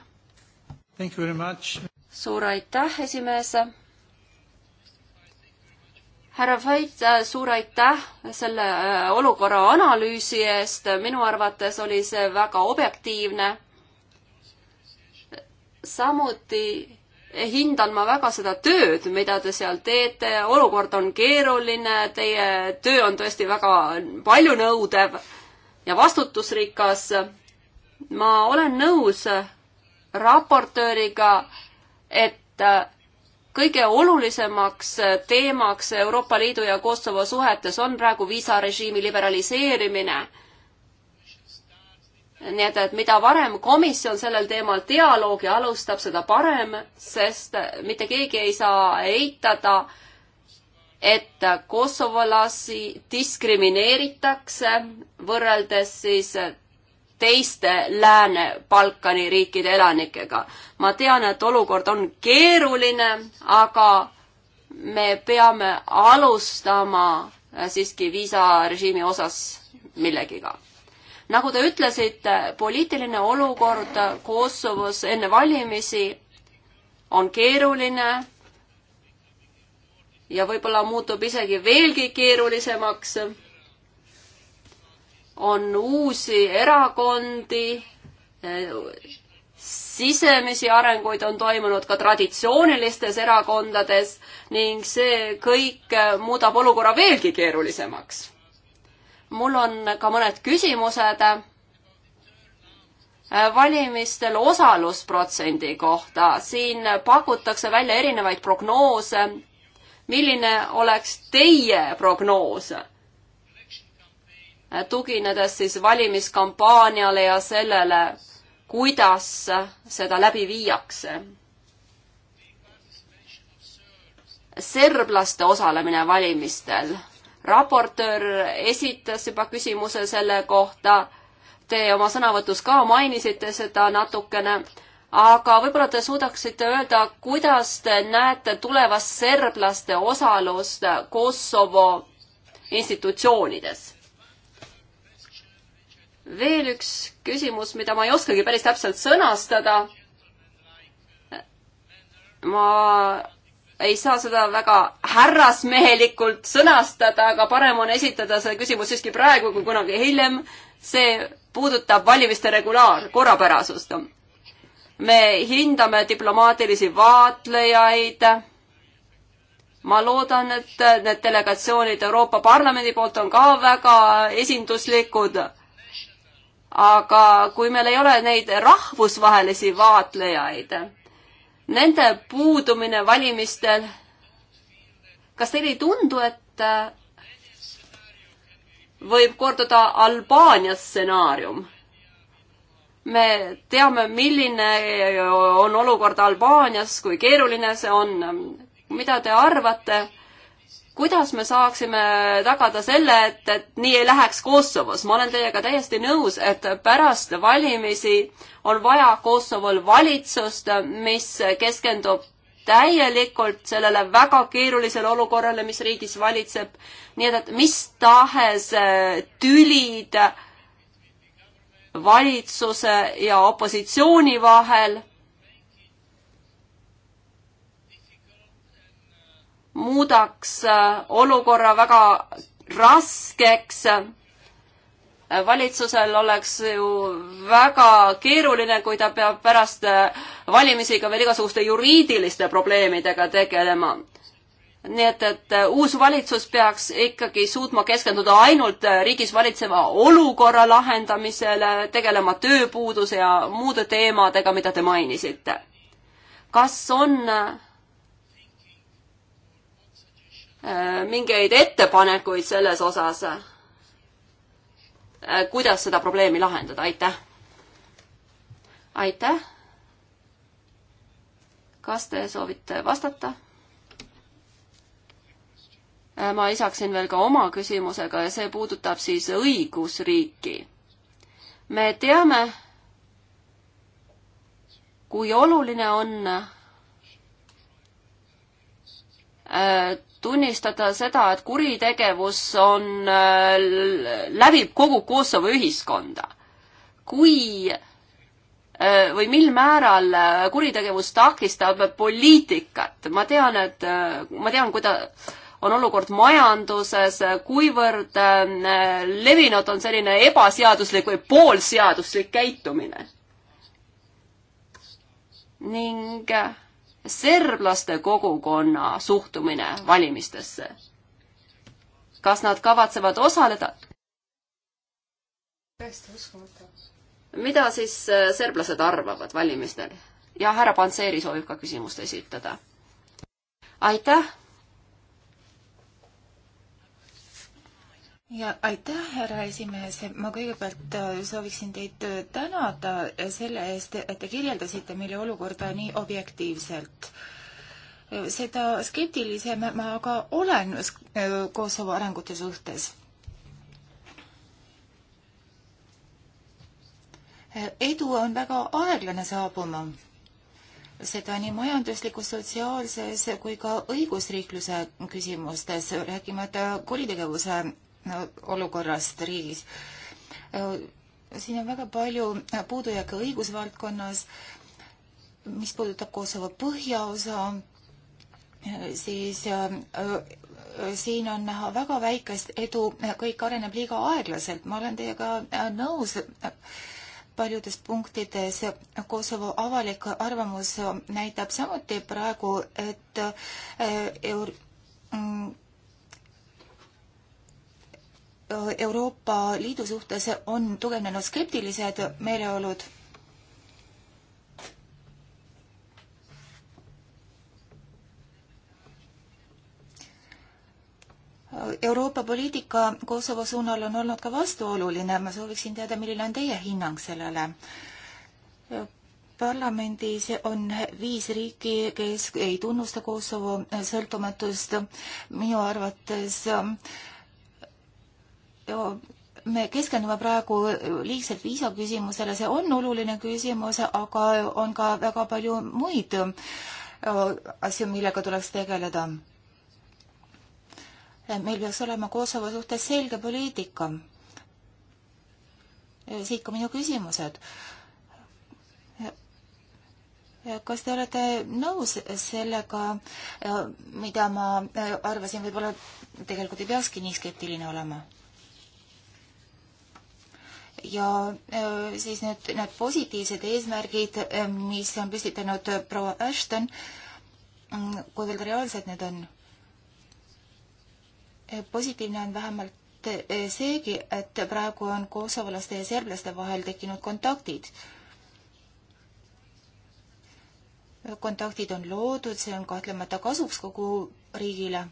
suur aitäh, esimees. härra Feit, suur aitäh selle äh, olukorra analüüsi eest, minu arvates oli see väga objektiivne samuti hindan ma väga seda tööd, mida te seal teete, olukord on keeruline, teie töö on tõesti väga paljunõudev ja vastutusrikas. ma olen nõus raportööriga, et kõige olulisemaks teemaks Euroopa Liidu ja Kosovo suhetes on praegu viisarežiimi liberaliseerimine nii et, et mida varem komisjon sellel teemal dialoogi alustab, seda parem, sest mitte keegi ei saa eitada, et kosovolasi diskrimineeritakse võrreldes siis teiste Lääne-Balkani riikide elanikega. ma tean, et olukord on keeruline, aga me peame alustama siiski viisarežiimi osas millegiga nagu te ütlesite, poliitiline olukord Kosovos enne valimisi on keeruline ja võib-olla muutub isegi veelgi keerulisemaks. on uusi erakondi, sisemisi arenguid on toimunud ka traditsioonilistes erakondades ning see kõik muudab olukorra veelgi keerulisemaks mul on ka mõned küsimused äh, valimistel osalusprotsendi kohta. siin pakutakse välja erinevaid prognoose. milline oleks teie prognoos? Äh, tuginedes siis valimiskampaaniale ja sellele, kuidas seda läbi viiakse. serblaste osalemine valimistel raportöör esitas juba küsimuse selle kohta. Te oma sõnavõtus ka mainisite seda natukene, aga võib-olla te suudaksite öelda, kuidas te näete tulevast serblaste osalust Kosovo institutsioonides? veel üks küsimus, mida ma ei oskagi päris täpselt sõnastada. ma ei saa seda väga härrasmehelikult sõnastada, aga parem on esitada see küsimus siiski praegu kui kunagi hiljem. see puudutab valimiste regulaar, korrapärasust. me hindame diplomaatilisi vaatlejaid. ma loodan, et need delegatsioonid Euroopa Parlamendi poolt on ka väga esinduslikud. aga kui meil ei ole neid rahvusvahelisi vaatlejaid nende puudumine valimistel, kas teile ei tundu, et äh, võib korduda Albaania stsenaarium? me teame, milline on olukord Albaanias, kui keeruline see on. mida te arvate, kuidas me saaksime tagada selle, et, et nii ei läheks Kosovos. ma olen teiega täiesti nõus, et pärast valimisi on vaja Kosovol valitsust, mis keskendub täielikult sellele väga keerulisele olukorrale, mis riigis valitseb. nii et, et mis tahes eh, tülid valitsuse ja opositsiooni vahel muudaks äh, olukorra väga raskeks. Äh, valitsusel oleks ju väga keeruline, kui ta peab pärast äh, valimisi ka veel igasuguste juriidiliste probleemidega tegelema nii et, et uus valitsus peaks ikkagi suutma keskenduda ainult riigis valitseva olukorra lahendamisele, tegelema tööpuuduse ja muude teemadega, mida te mainisite. kas on Äh, mingeid ettepanekuid selles osas, äh, kuidas seda probleemi lahendada, aitäh! aitäh! kas te soovite vastata? Äh, ma lisaksin veel ka oma küsimusega ja see puudutab siis õigusriiki. me teame, kui oluline on tunnistada seda, et kuritegevus on, äh, läbib kogu Kosovo ühiskonda. kui äh, või mil määral äh, kuritegevus takistab poliitikat, ma tean, et ma tean, kuida-, on olukord majanduses, kuivõrd levinud on selline ebaseaduslik või poolseaduslik käitumine? ning äh, serblaste kogukonna suhtumine valimistesse? kas nad kavatsevad osaleda? täiesti uskumatu. mida siis äh, serblased arvavad valimistel? ja härra Panseri soovib ka küsimust esitada. aitäh ja aitäh, härra esimees, ma kõigepealt äh, sooviksin teid äh, tänada äh, selle eest, et te kirjeldasite meile olukorda nii objektiivselt. seda skeptilisem ma aga olen Kosovo arengute suhtes. edu on väga aeglane saabuma, seda nii majanduslikus, sotsiaalses kui ka õigusriikluse küsimustes, rääkimata kuritegevuse olukorrast riigis. siin on väga palju puudujääke õigusvaldkonnas, mis puudutab Kosovo põhjaosa, siis äh, siin on näha väga väikest edu, kõik areneb liiga aeglaselt, ma olen teiega nõus paljudes punktides Kosovo avalik arvamus näitab samuti praegu, et äh, eur-, mm, Euroopa Liidu suhtes on tugevnenud skeptilised meeleolud. Euroopa poliitika Kosovo suunal on olnud ka vastuoluline. ma sooviksin teada, milline on teie hinnang sellele? parlamendis on viis riiki, kes ei tunnusta Kosovo sõltumatust. minu arvates äh, me keskendume praegu liigselt viisaküsimusele, see on oluline küsimus, aga on ka väga palju muid äh, asju, millega tuleks tegeleda. meil peaks olema Kosovo suhtes selge poliitika. siit ka minu küsimused kas te olete nõus sellega, äh, mida ma äh, arvasin, võib-olla tegelikult ei peakski nii skeptiline olema? ja äh, siis need, need positiivsed eesmärgid, äh, mis on püstitanud proua Ashton, mm, kuivõrd reaalsed need on? Äh, positiivne on vähemalt seegi, et praegu on kosovolaste ja serblaste vahel tekkinud kontaktid. kontaktid on loodud, see on kahtlemata kasuks kogu riigile.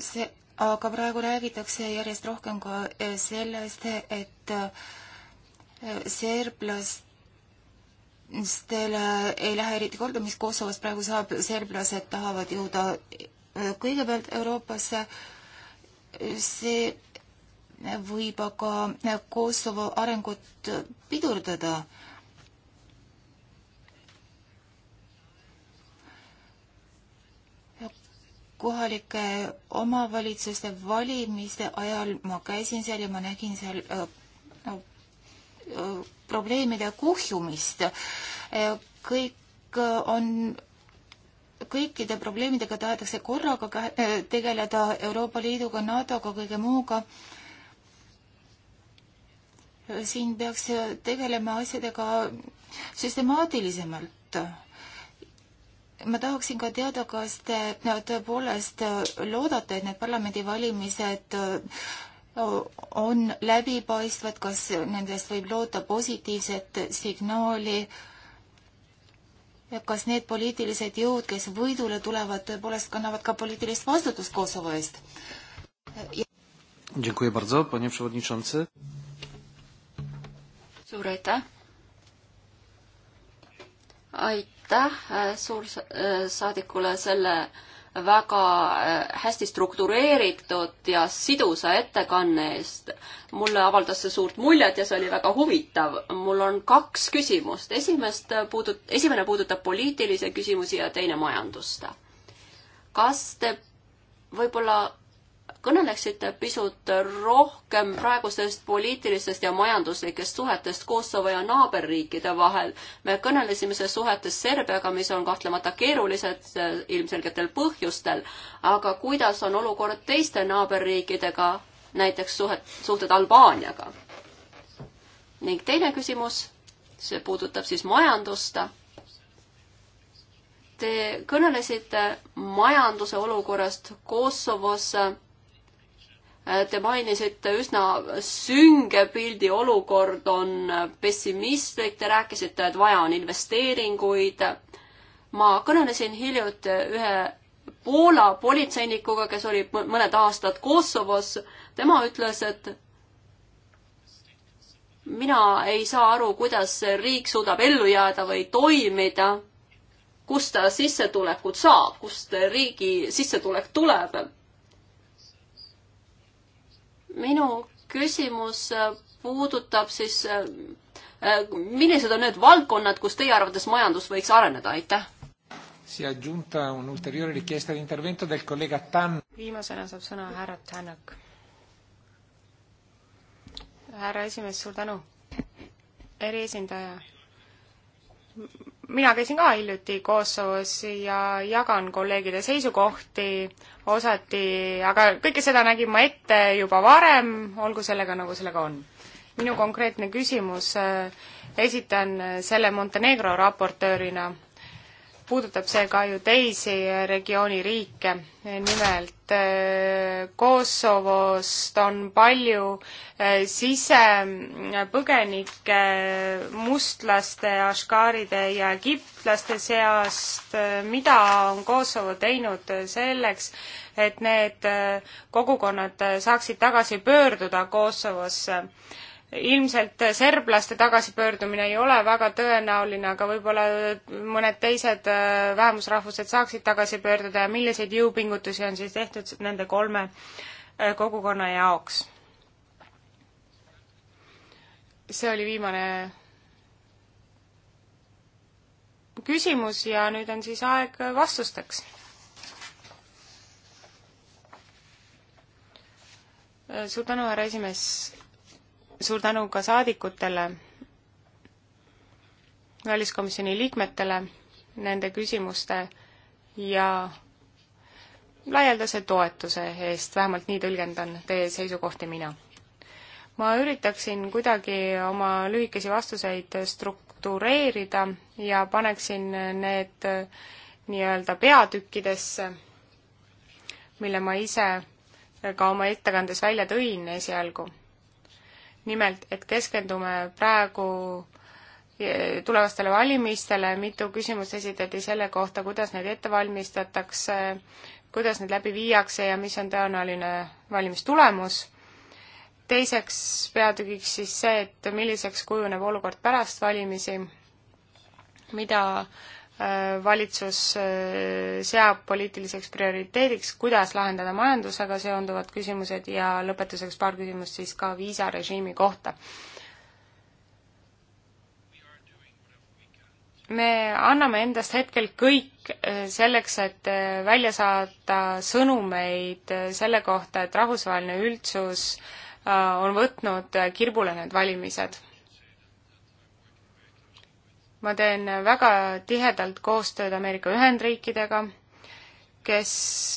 see aga praegu räägitakse järjest rohkem ka eh, sellest, et eh, serblastele ei lähe eriti korda, mis Kosovos praegu saab, serblased tahavad jõuda eh, kõigepealt Euroopasse, see võib aga Kosovo arengut pidurdada kohalike omavalitsuste valimiste ajal ma käisin seal ja ma nägin seal äh, no, äh, probleemide kuhjumist. Äh, kõik on kõikide probleemidega tahetakse korraga tegeleda Euroopa Liiduga, NATO-ga, kõige muuga. siin peaks tegelema asjadega süstemaatilisemalt ma tahaksin ka teada, kas te tõepoolest äh, loodate, et need parlamendivalimised äh, on läbipaistvad, kas nendest võib loota positiivset signaali? kas need poliitilised jõud, kes võidule tulevad, tõepoolest kannavad ka poliitilist vastutust Kosovo eest? Dziękuję bardzo, panie przewodniczący. Suur aitäh! Aitäh! aitäh äh, suursaadikule äh, selle äh, väga hästi struktureeritud ja sidusa ettekanne eest. mulle avaldas see suurt muljet ja see oli väga huvitav. mul on kaks küsimust. esimest puudut-, esimene puudutab poliitilisi küsimusi ja teine majandust. kas te võib-olla kõneleksite pisut rohkem praegusest poliitilisest ja majanduslikest suhetest Kosovo ja naaberriikide vahel. me kõnelesime sellest suhetest Serbiaga, mis on kahtlemata keerulised äh, ilmselgetel põhjustel, aga kuidas on olukord teiste naaberriikidega, näiteks suhet, suhted Albaaniaga? ning teine küsimus, see puudutab siis majandust Te kõnelesite majanduse olukorrast Kosovos. Äh, Äh, te mainisite üsna sünge pildi, olukord on äh, pessimistlik, te rääkisite, et vaja on investeeringuid. ma kõnelesin hiljuti ühe Poola politseinikuga, kes oli mõned aastad Kosovos. tema ütles, et mina ei saa aru, kuidas riik suudab ellu jääda või toimida, kust ta sissetulekut saab, kust riigi sissetulek tuleb minu küsimus äh, puudutab siis, äh, äh, millised on need valdkonnad, kus teie arvates majandus võiks areneda, aitäh? viimasena saab sõna härra Tänak. härra esimees, suur tänu. eriesindaja mina käisin ka hiljuti Kosovos ja jagan kolleegide seisukohti osati, aga kõike seda nägin ma ette juba varem, olgu sellega, nagu sellega on. minu konkreetne küsimus äh, esitan selle Montenegro raportöörina puudutab see ka ju teisi regiooni riike. nimelt äh, Kosovost on palju äh, sisepõgenikke mustlaste, aškaaride ja egiptlaste seast. Äh, mida on Kosovo teinud selleks, et need kogukonnad saaksid tagasi pöörduda Kosovosse? ilmselt serblaste tagasipöördumine ei ole väga tõenäoline, aga võib-olla mõned teised äh, vähemusrahvused saaksid tagasi pöörduda ja milliseid jõupingutusi on siis tehtud nende kolme äh, kogukonna jaoks? see oli viimane küsimus ja nüüd on siis aeg vastusteks. Äh, suur tänu, härra esimees suur tänu ka saadikutele, väliskomisjoni liikmetele nende küsimuste ja laialdase toetuse eest, vähemalt nii tõlgendan teie seisukohti mina. ma üritaksin kuidagi oma lühikesi vastuseid struktureerida ja paneksin need nii-öelda peatükkidesse, mille ma ise ka oma ettekandes välja tõin esialgu nimelt, et keskendume praegu e, tulevastele valimistele, mitu küsimust esitati selle kohta, kuidas neid ette valmistatakse, kuidas neid läbi viiakse ja mis on tõenäoline valimistulemus. teiseks peatükiks siis see, et milliseks kujuneb olukord pärast valimisi, mida Äh, valitsus äh, seab poliitiliseks prioriteediks, kuidas lahendada majandusega seonduvad küsimused ja lõpetuseks paar küsimust siis ka viisarežiimi kohta. me anname endast hetkel kõik äh, selleks, et välja saata sõnumeid selle kohta, et rahvusvaheline üldsus on võtnud kirbule need valimised ma teen väga tihedalt koostööd Ameerika Ühendriikidega, kes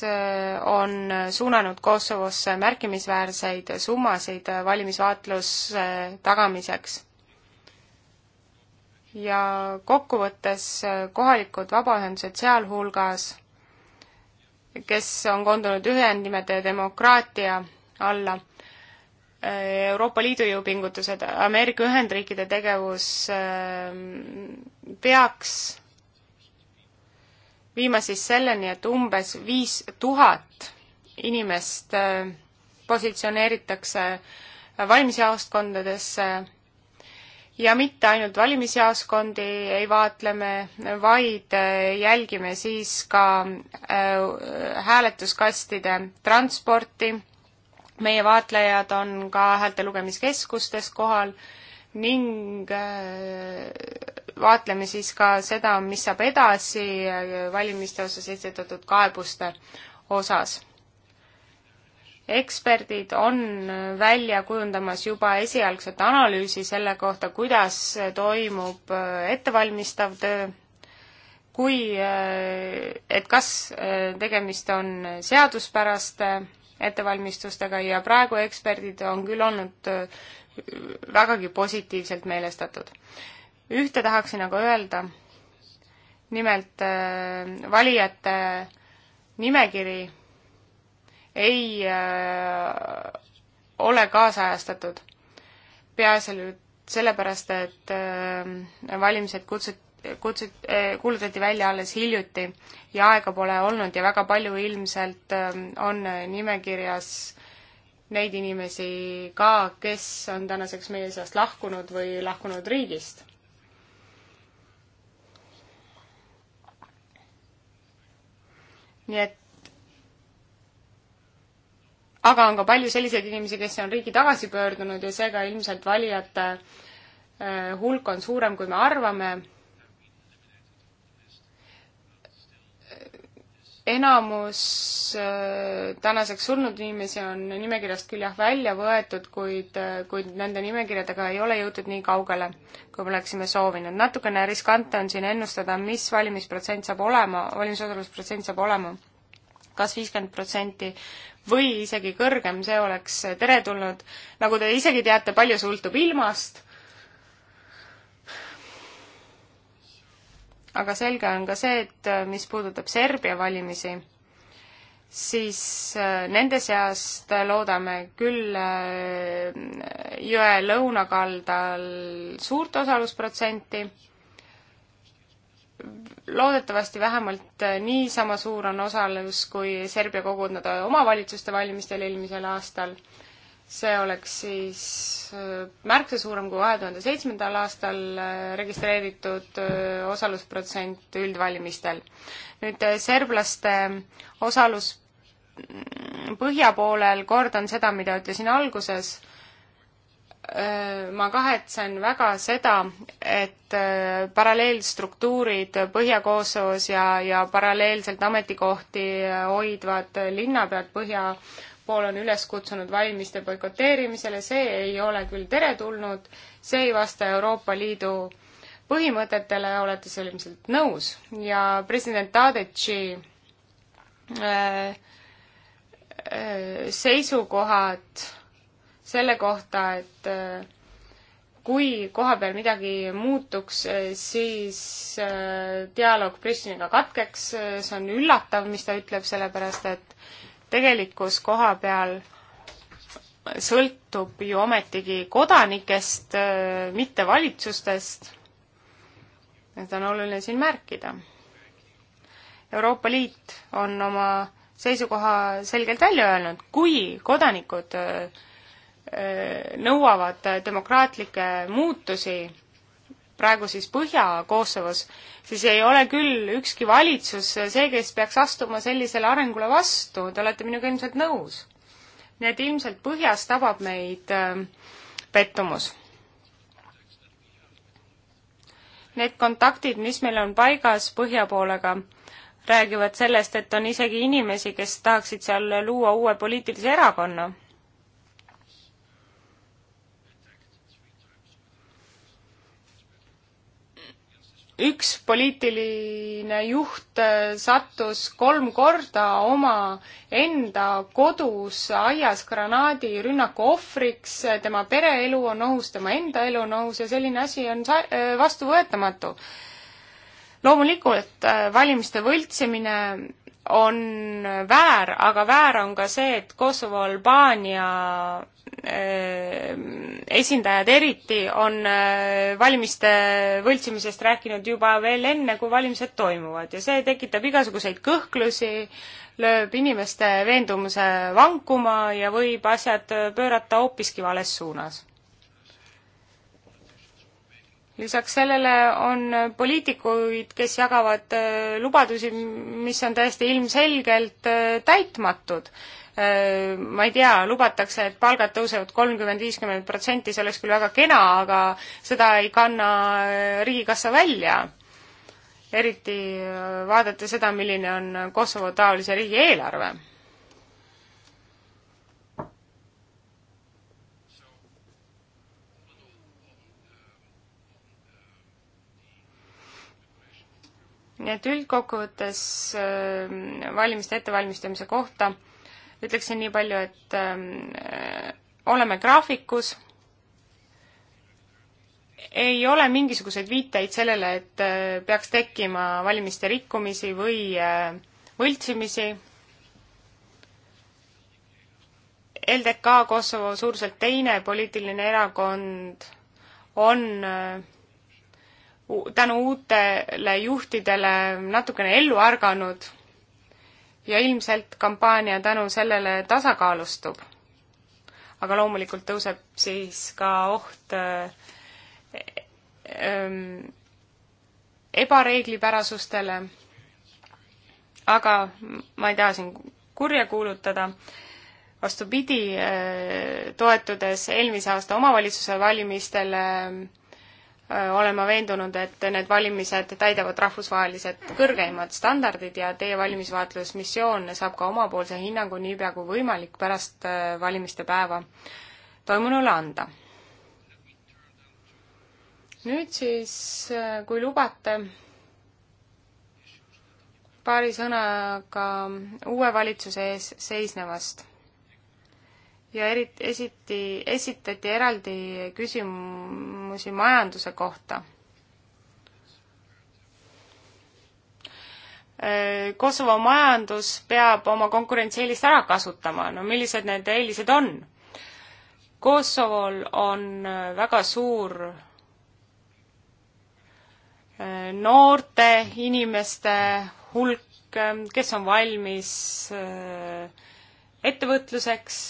äh, on suunanud Kosovosse märkimisväärseid summasid valimisvaatluse tagamiseks. ja kokkuvõttes äh, kohalikud vabaühendused sealhulgas, kes on koondunud ühendnimetaja demokraatia alla Euroopa Liidu jõupingutused, Ameerika Ühendriikide tegevus ähm, peaks viima siis selleni, et umbes viis tuhat inimest ähm, positsioneeritakse valimisjaoskondadesse ja mitte ainult valimisjaoskondi ei vaatle me, vaid äh, jälgime siis ka äh, hääletuskastide transporti meie vaatlejad on ka häälte lugemiskeskustes kohal ning äh, vaatleme siis ka seda, mis saab edasi äh, valimiste osas esitatud kaebuste osas. eksperdid on välja kujundamas juba esialgset analüüsi selle kohta, kuidas toimub äh, ettevalmistav töö, kui, et kas tegemist on seaduspäraste ettevalmistustega ja praegu eksperdid on küll olnud äh, vägagi positiivselt meelestatud. ühte tahaksin aga öelda, nimelt äh, valijate nimekiri ei äh, ole kaasajastatud. peaasjalikult sellepärast, et valimised kutsut-, kutset-, eh, kuulutati välja alles hiljuti ja aega pole olnud ja väga palju ilmselt ähm, on äh, nimekirjas neid inimesi ka, kes on tänaseks meie seast lahkunud või lahkunud riigist. nii et aga on ka palju selliseid inimesi, kes on riigi tagasi pöördunud ja seega ilmselt valijate äh, hulk on suurem, kui me arvame enamus äh, tänaseks surnud inimesi on nimekirjast küll jah välja võetud, kuid, äh, kuid nende nimekirjadega ei ole jõutud nii kaugele, kui me oleksime soovinud. natukene riskantne on siin ennustada, mis valimisprotsent saab olema, valimisosalusprotsent saab olema kas viiskümmend protsenti või isegi kõrgem, see oleks teretulnud. nagu te isegi teate, palju sõltub ilmast aga selge on ka see, et äh, mis puudutab Serbia valimisi, siis äh, nende seast äh, loodame küll jõe lõunakaldal suurt osalusprotsenti, loodetavasti vähemalt niisama suur on osalus, kui Serbia kogunud omavalitsuste valimistel eelmisel aastal see oleks siis äh, märksa suurem kui kahe tuhande seitsmendal aastal äh, registreeritud äh, osalusprotsent üldvalimistel. nüüd serblaste osalus mm, põhja poolel, kordan seda, mida ütlesin alguses, ma kahetsen väga seda, et paralleelstruktuurid Põhja-Koosovos ja, ja paralleelselt ametikohti hoidvad linnapead põhja pool on üles kutsunud valimiste boikoteerimisele, see ei ole küll teretulnud, see ei vasta Euroopa Liidu põhimõtetele, olete seal ilmselt nõus ja president Tadetši äh, äh, seisukohad selle kohta, et äh, kui kohapeal midagi muutuks, äh, siis dialoog Brežneviga katkeks, see on üllatav, mis ta ütleb, sellepärast et tegelikkus koha peal sõltub ju ometigi kodanikest, äh, mitte valitsustest. seda on oluline siin märkida. Euroopa Liit on oma seisukoha selgelt välja öelnud, kui kodanikud äh, äh, nõuavad demokraatlikke muutusi praegu siis Põhja-Kosovos, siis ei ole küll ükski valitsus see, kes peaks astuma sellisele arengule vastu, te olete minuga ilmselt nõus. nii et ilmselt põhjas tabab meid ähm, pettumus. Need kontaktid, mis meil on paigas põhja poolega, räägivad sellest, et on isegi inimesi, kes tahaksid seal luua uue poliitilise erakonna üks poliitiline juht äh, sattus kolm korda oma enda kodus aias granaadirünnaku ohvriks, tema pereelu on ohus, tema enda elu on ohus ja selline asi on äh, vastuvõetamatu. loomulikult äh, valimiste võltsimine on väär, aga väär on ka see, et Kosovo Albaania eh, esindajad eriti on eh, valimiste võltsimisest rääkinud juba veel enne, kui valimised toimuvad ja see tekitab igasuguseid kõhklusi, lööb inimeste veendumuse vankuma ja võib asjad pöörata hoopiski vales suunas lisaks sellele on poliitikuid, kes jagavad äh, lubadusi, mis on täiesti ilmselgelt äh, täitmatud. Äh, ma ei tea, lubatakse, et palgad tõusevad kolmkümmend, viiskümmend protsenti, see oleks küll väga kena, aga seda ei kanna Riigikassa välja. eriti vaadata seda, milline on Kosovo taolise riigi eelarve nii et üldkokkuvõttes ähm, valimiste ettevalmistamise kohta ütleksin nii palju, et ähm, äh, oleme graafikus, ei ole mingisuguseid viiteid sellele, et äh, peaks tekkima valimiste rikkumisi või äh, võltsimisi. LDK Kosovo suuruselt teine poliitiline erakond on tänu uutele juhtidele natukene ellu ärganud ja ilmselt kampaania tänu sellele tasakaalustub. aga loomulikult tõuseb siis ka oht äh, ähm, ebareeglipärasustele, aga ma ei taha siin kurja kuulutada, vastupidi, äh, toetudes eelmise aasta omavalitsuse valimistele Äh, olen ma veendunud, et need valimised täidavad rahvusvahelised kõrgeimad standardid ja teie valimisvaatlusmissioon saab ka omapoolse hinnangu niipea kui võimalik pärast äh, valimiste päeva toimunule anda. nüüd siis, äh, kui lubate, paari sõnaga uue valitsuse ees seisnevast ja eriti esiti, esitati eraldi küsimusi majanduse kohta. Kosovo majandus peab oma konkurentsieelist ära kasutama, no millised need eelised on? Kosovol on väga suur noorte inimeste hulk, kes on valmis ettevõtluseks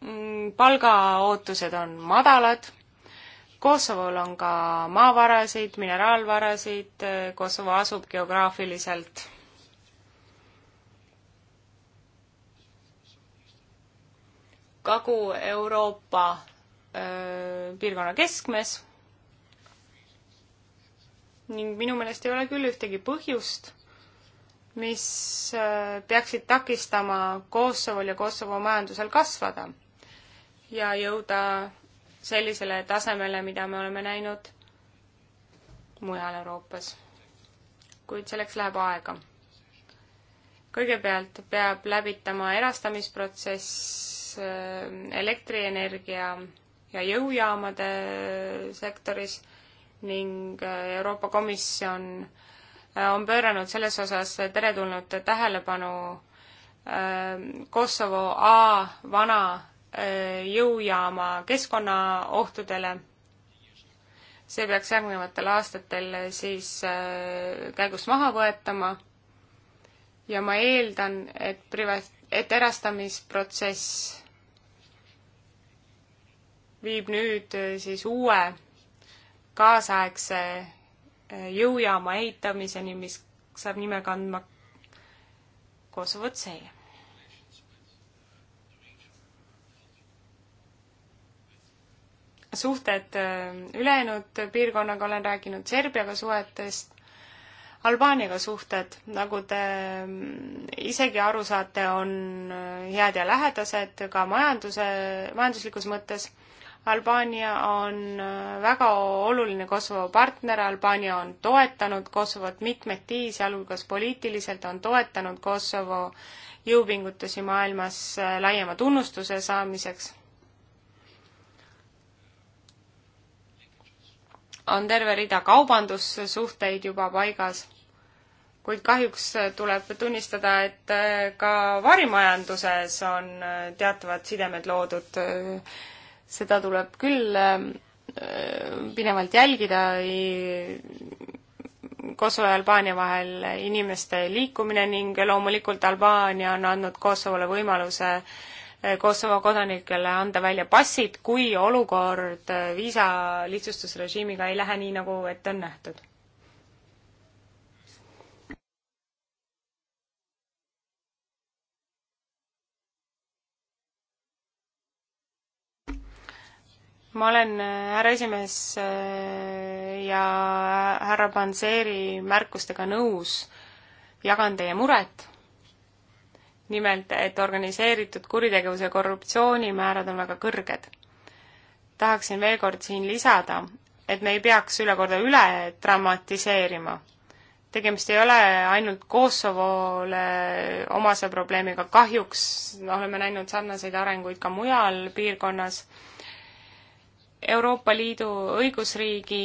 Mm, palgaootused on madalad, Kosovol on ka maavarasid, mineraalvarasid, Kosovo asub geograafiliselt Kagu-Euroopa piirkonna keskmes ning minu meelest ei ole küll ühtegi põhjust, mis peaksid takistama Kosovol ja Kosovo majandusel kasvada ja jõuda sellisele tasemele, mida me oleme näinud mujal Euroopas. kuid selleks läheb aega. kõigepealt peab läbitama erastamisprotsess äh, elektrienergia ja jõujaamade sektoris ning äh, Euroopa Komisjon äh, on pööranud selles osas teretulnud tähelepanu Kosovo A vana Äh, jõujaama keskkonnaohtudele. see peaks järgnevatel aastatel äh, siis äh, käigust maha võetama ja ma eeldan, et priva-, et erastamisprotsess viib nüüd siis uue kaasaegse jõujaama ehitamiseni, mis saab nime kandma Kosovo C suhted äh, ülejäänud piirkonnaga, olen rääkinud Serbiaga suhetest, Albaaniaga suhted, nagu te mm, isegi aru saate, on äh, head ja lähedased ka majanduse, majanduslikus mõttes. Albaania on äh, väga oluline Kosovo partner, Albaania on toetanud Kosovot mitmeti, sealhulgas poliitiliselt on toetanud Kosovo jõupingutusi maailmas laiema tunnustuse saamiseks on terve rida kaubandussuhteid juba paigas, kuid kahjuks tuleb tunnistada, et äh, ka varimajanduses on äh, teatavad sidemed loodud. seda tuleb küll äh, pinevalt jälgida Kosovo ja Albaania vahel inimeste liikumine ning loomulikult Albaania on andnud Kosovole võimaluse äh, Eh, Kosovo kodanikele anda välja passid, kui olukord eh, viisa lihtsustusrežiimiga ei lähe nii, nagu ette on nähtud? ma olen eh, härra esimees ja härra Panseri märkustega nõus, jagan teie muret nimelt, et organiseeritud kuritegevuse ja korruptsiooni määrad on väga kõrged. tahaksin veel kord siin lisada, et me ei peaks üle korda üle dramatiseerima. tegemist ei ole ainult Kosovole omase probleemiga, kahjuks oleme näinud sarnaseid arenguid ka mujal piirkonnas Euroopa Liidu õigusriigi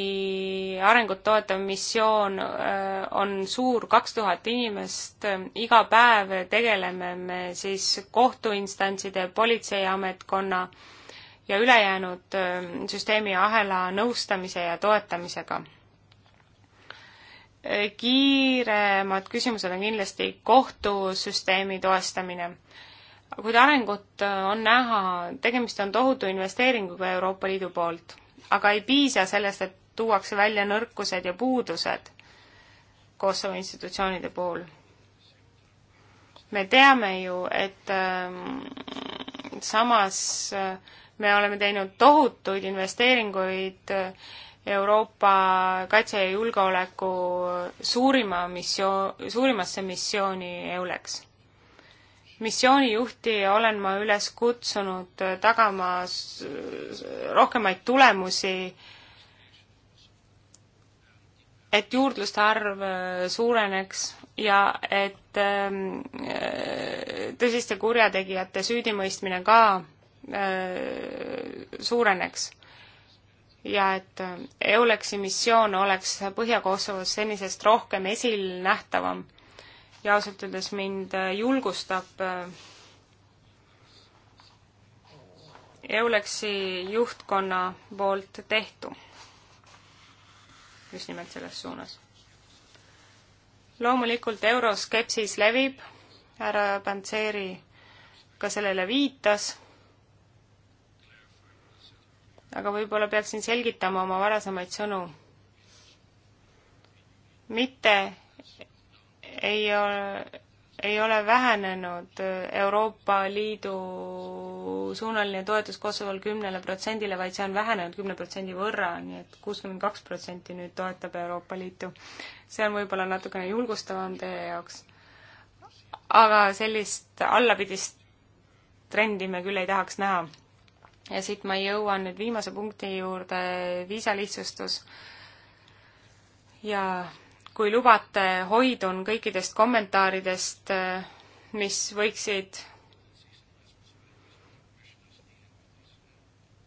arengut toetav missioon äh, on suur, kaks tuhat inimest, äh, iga päev tegeleme me siis kohtuinstantside, politseiametkonna ja ülejäänud äh, süsteemi ahela nõustamise ja toetamisega. kiiremad küsimused on kindlasti kohtusüsteemi toestamine kuid arengut äh, on näha, tegemist on tohutu investeeringuga Euroopa Liidu poolt. aga ei piisa sellest, et tuuakse välja nõrkused ja puudused Kosovo institutsioonide puhul. me teame ju, et äh, samas äh, me oleme teinud tohutuid investeeringuid äh, Euroopa kaitse ja julgeoleku suurima missioon, suurimasse missiooni EULEX missioonijuhti olen ma üles kutsunud äh, tagama rohkemaid tulemusi, et juurdluste arv äh, suureneks ja et ähm, äh, tõsiste kurjategijate süüdimõistmine ka suureneks ja et EULEX-i missioon oleks Põhja-Kosovos senisest rohkem esilnähtavam ja ausalt öeldes mind äh, julgustab äh, Euleksi juhtkonna poolt tehtu just nimelt selles suunas. loomulikult euroskepsis levib, härra Pantseri ka sellele viitas, aga võib-olla peaksin selgitama oma varasemaid sõnu. mitte ei ole ei ole vähenenud Euroopa Liidu suunaline toetus Kosovol kümnele protsendile, vaid see on vähenenud kümne protsendi võrra, nii et kuuskümmend kaks protsenti nüüd toetab Euroopa Liitu. see on võib-olla natukene julgustavam teie jaoks. aga sellist allapidist trendi me küll ei tahaks näha. ja siit ma jõuan nüüd viimase punkti juurde, viisalihtsustus ja kui lubate, hoidun kõikidest kommentaaridest, mis võiksid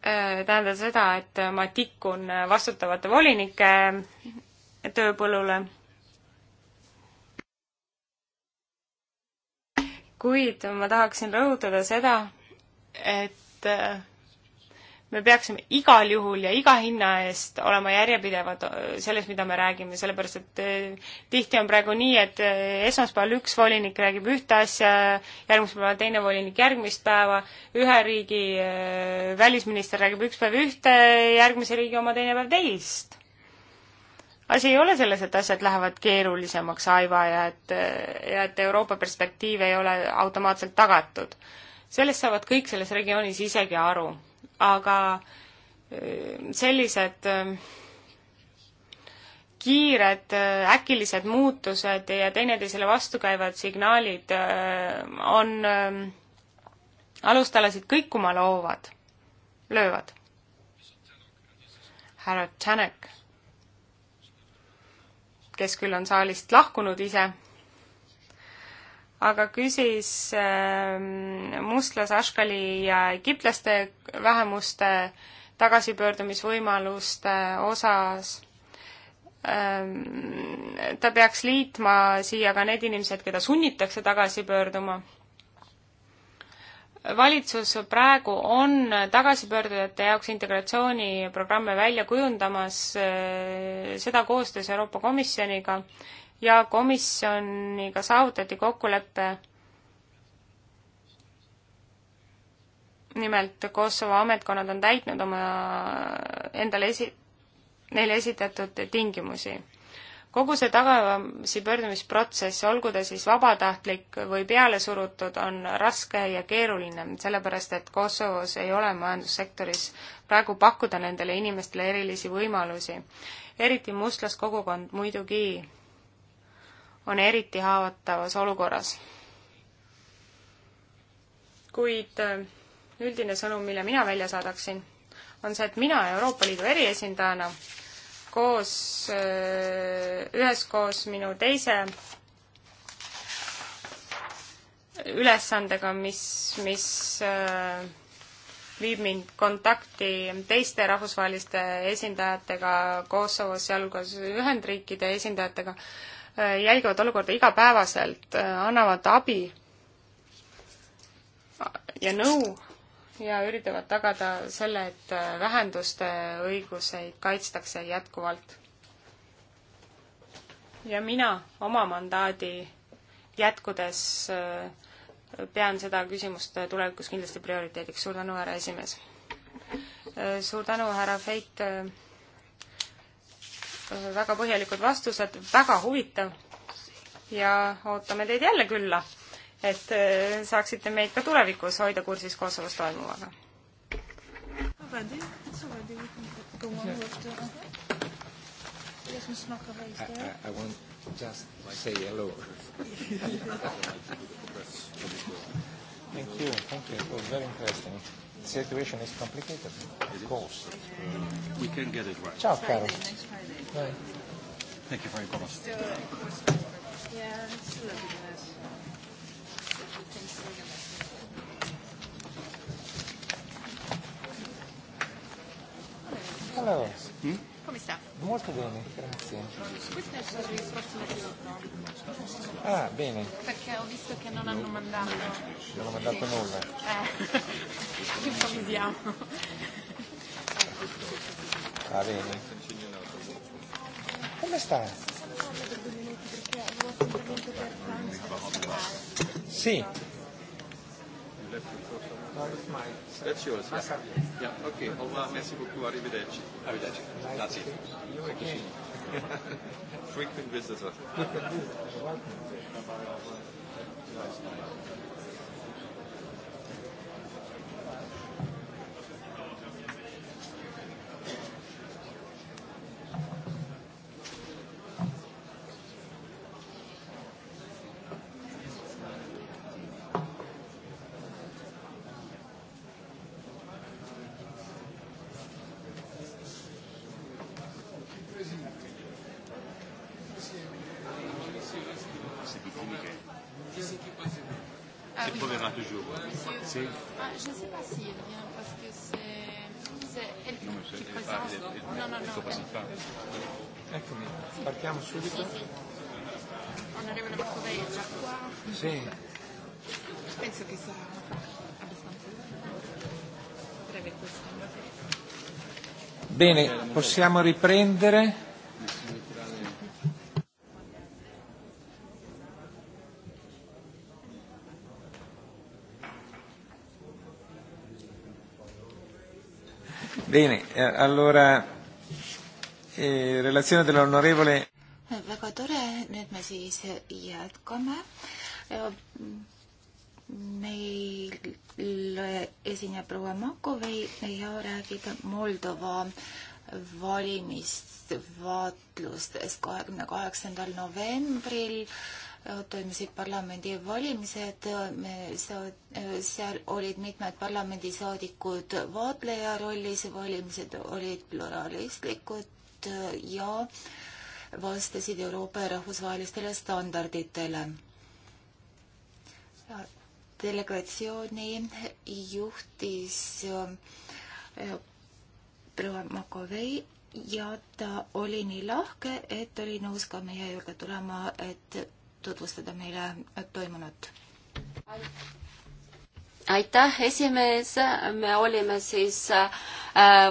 äh, tähendada seda, et ma tikun vastutavate volinike tööpõllule. kuid ma tahaksin rõhutada seda, et äh, me peaksime igal juhul ja iga hinna eest olema järjepidevad äh, selles, mida me räägime, sellepärast et äh, tihti on praegu nii, et äh, esmaspäeval üks volinik räägib ühte asja, järgmisel päeval teine volinik järgmist päeva, ühe riigi välisminister räägib üks päev ühte, järgmise riigi oma teine päev teist. asi ei ole selles, et asjad lähevad keerulisemaks, Aiva, ja et, ja et Euroopa perspektiiv ei ole automaatselt tagatud. sellest saavad kõik selles regioonis isegi aru aga sellised kiired äkilised muutused ja teineteisele vastukäivad signaalid on alustalasid kõikuma loovad, löövad. härra Tšanek, kes küll on saalist lahkunud ise aga küsis ähm, mustlase, aškali ja egiptlaste vähemuste tagasipöördumisvõimaluste osas. Ähm, ta peaks liitma siia ka need inimesed, keda sunnitakse tagasi pöörduma valitsus praegu on tagasipöördujate jaoks integratsiooniprogramme välja kujundamas, äh, seda koostöös Euroopa Komisjoniga ja komisjoniga saavutati kokkulepe nimelt Kosovo ametkonnad on täitnud oma endale esi-, neile esitatud tingimusi. kogu see tagasipöördumisprotsess, olgu ta siis vabatahtlik või peale surutud, on raske ja keeruline, sellepärast et Kosovos ei ole majandussektoris praegu pakkuda nendele inimestele erilisi võimalusi. eriti mustlaskogukond muidugi on eriti haavatavas olukorras. kuid äh, üldine sõnum, mille mina välja saadaksin, on see, et mina Euroopa Liidu eriesindajana koos, äh, üheskoos minu teise ülesandega, mis, mis äh, viib mind kontakti teiste rahvusvaheliste esindajatega Kosovos, sealhulgas Ühendriikide esindajatega, jälgivad olukorda igapäevaselt, annavad abi ja nõu ja üritavad tagada selle, et vähenduste õiguseid kaitstakse jätkuvalt. ja mina oma mandaadi jätkudes äh, pean seda küsimust äh, tulevikus kindlasti prioriteediks. suur tänu, härra esimees! Äh, suur tänu, härra Feit! Äh, väga põhjalikud vastused, väga huvitav. ja ootame teid jälle külla, et äh, saaksite meid ka tulevikus hoida kursis Kosovos toimuvaga. Yes, Ms. Makava is there. I, I want just say hello. Thank you. Thank you. It was very interesting situation is complicated, is of course. It? We can get it right. Ciao, Friday, Caro. Next Friday. Bye. Thank you very much. So, yeah, it's a little mess. Hello come sta? Molto bene, grazie. Questo è il suo prossimo giorno. Ah, bene. Perché ho visto che non hanno mandato. Non hanno mandato sì. nulla. Eh, improvvisiamo. Va ah, bene. Come sta? Sì. No, it's mine. That's yours, yeah. Yeah, okay. Au revoir, merci beaucoup, arrivederci. Arrivederci. Grazie. You again. Frequent visitor. Frequent visitor. Welcome. passé ah, Je ne sais pas si elle vient parce que c'est elle non, qui présente. Pas, non, non, no, no. Eccomi, partiamo subito. Sì, sì. Onorevole Maccovei è già qua. Sì. Penso che sarà abbastanza breve questo. Bene, possiamo riprendere. Bene, eh, allora eh, relatsioon teil on onorevole. väga tore, nüüd me siis jätkame. Eh, meil esineb proua Makovei ja räägib Moldova valimist vaatlustest kahekümne kaheksandal novembril Äh, toimusid parlamendivalimised, me saad, äh, seal olid mitmed parlamendisaadikud vaatleja rollis, valimised olid pluralistlikud äh, ja vastasid Euroopa ja rahvusvahelistele standarditele. delegatsiooni juhtis proua Makovei ja ta oli nii lahke, et oli nõus ka meie juurde tulema, et tutvustada meile toimunut. aitäh, esimees, me olime siis äh,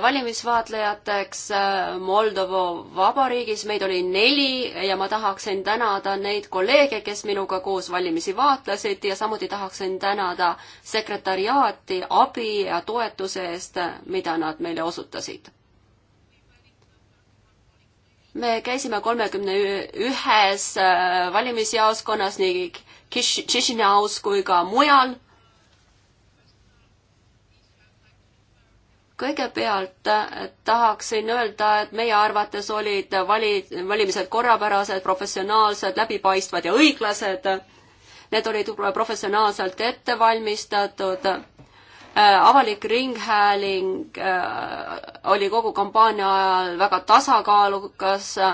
valimisvaatlejateks äh, Moldova Vabariigis, meid oli neli ja ma tahaksin tänada neid kolleege, kes minuga koos valimisi vaatlesid ja samuti tahaksin tänada sekretariaati abi ja toetuse eest, mida nad meile osutasid me käisime kolmekümne ühes äh, valimisjaoskonnas nii Kiš-, Kišinjaos kui ka mujal. kõigepealt äh, tahaksin öelda, et meie arvates olid vali, valimised korrapärased, professionaalsed, läbipaistvad ja õiglased. Need olid professionaalselt ette valmistatud Äh, avalik ringhääling äh, oli kogu kampaania ajal väga tasakaalukas, äh,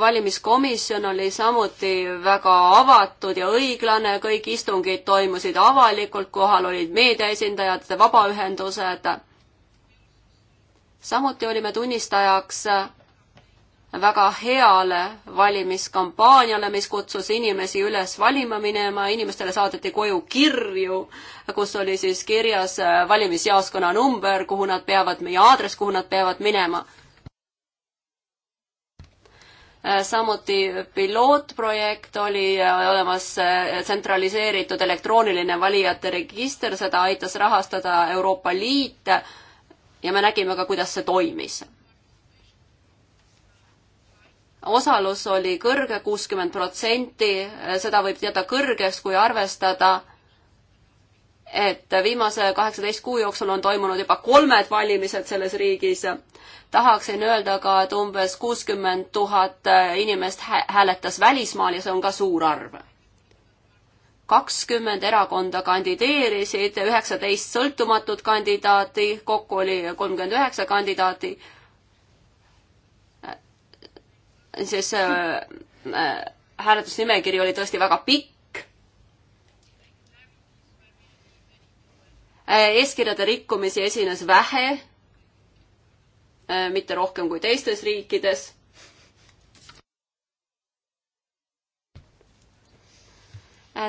valimiskomisjon oli samuti väga avatud ja õiglane, kõik istungid toimusid avalikult, kohal olid meediaesindajad, vabaühendused. samuti olime tunnistajaks väga heale valimiskampaaniale, mis kutsus inimesi üles valima minema, inimestele saadeti koju kirju, kus oli siis kirjas äh, valimisjaoskonna number, kuhu nad peavad, ja aadress, kuhu nad peavad minema. Äh, samuti pilootprojekt oli äh, olemas tsentraliseeritud elektrooniline valijate register, seda aitas rahastada Euroopa Liit ja me nägime ka, kuidas see toimis osalus oli kõrge, kuuskümmend protsenti, seda võib teada kõrgeks, kui arvestada, et viimase kaheksateist kuu jooksul on toimunud juba kolmed valimised selles riigis. tahaksin öelda ka, et umbes kuuskümmend tuhat inimest hääletas välismaal ja see on ka suur arv. kakskümmend erakonda kandideerisid, üheksateist sõltumatut kandidaati, kokku oli kolmkümmend üheksa kandidaati siis äh, äh, hääletusnimekiri oli tõesti väga pikk. Äh, eeskirjade rikkumisi esines vähe, mitte rohkem kui teistes riikides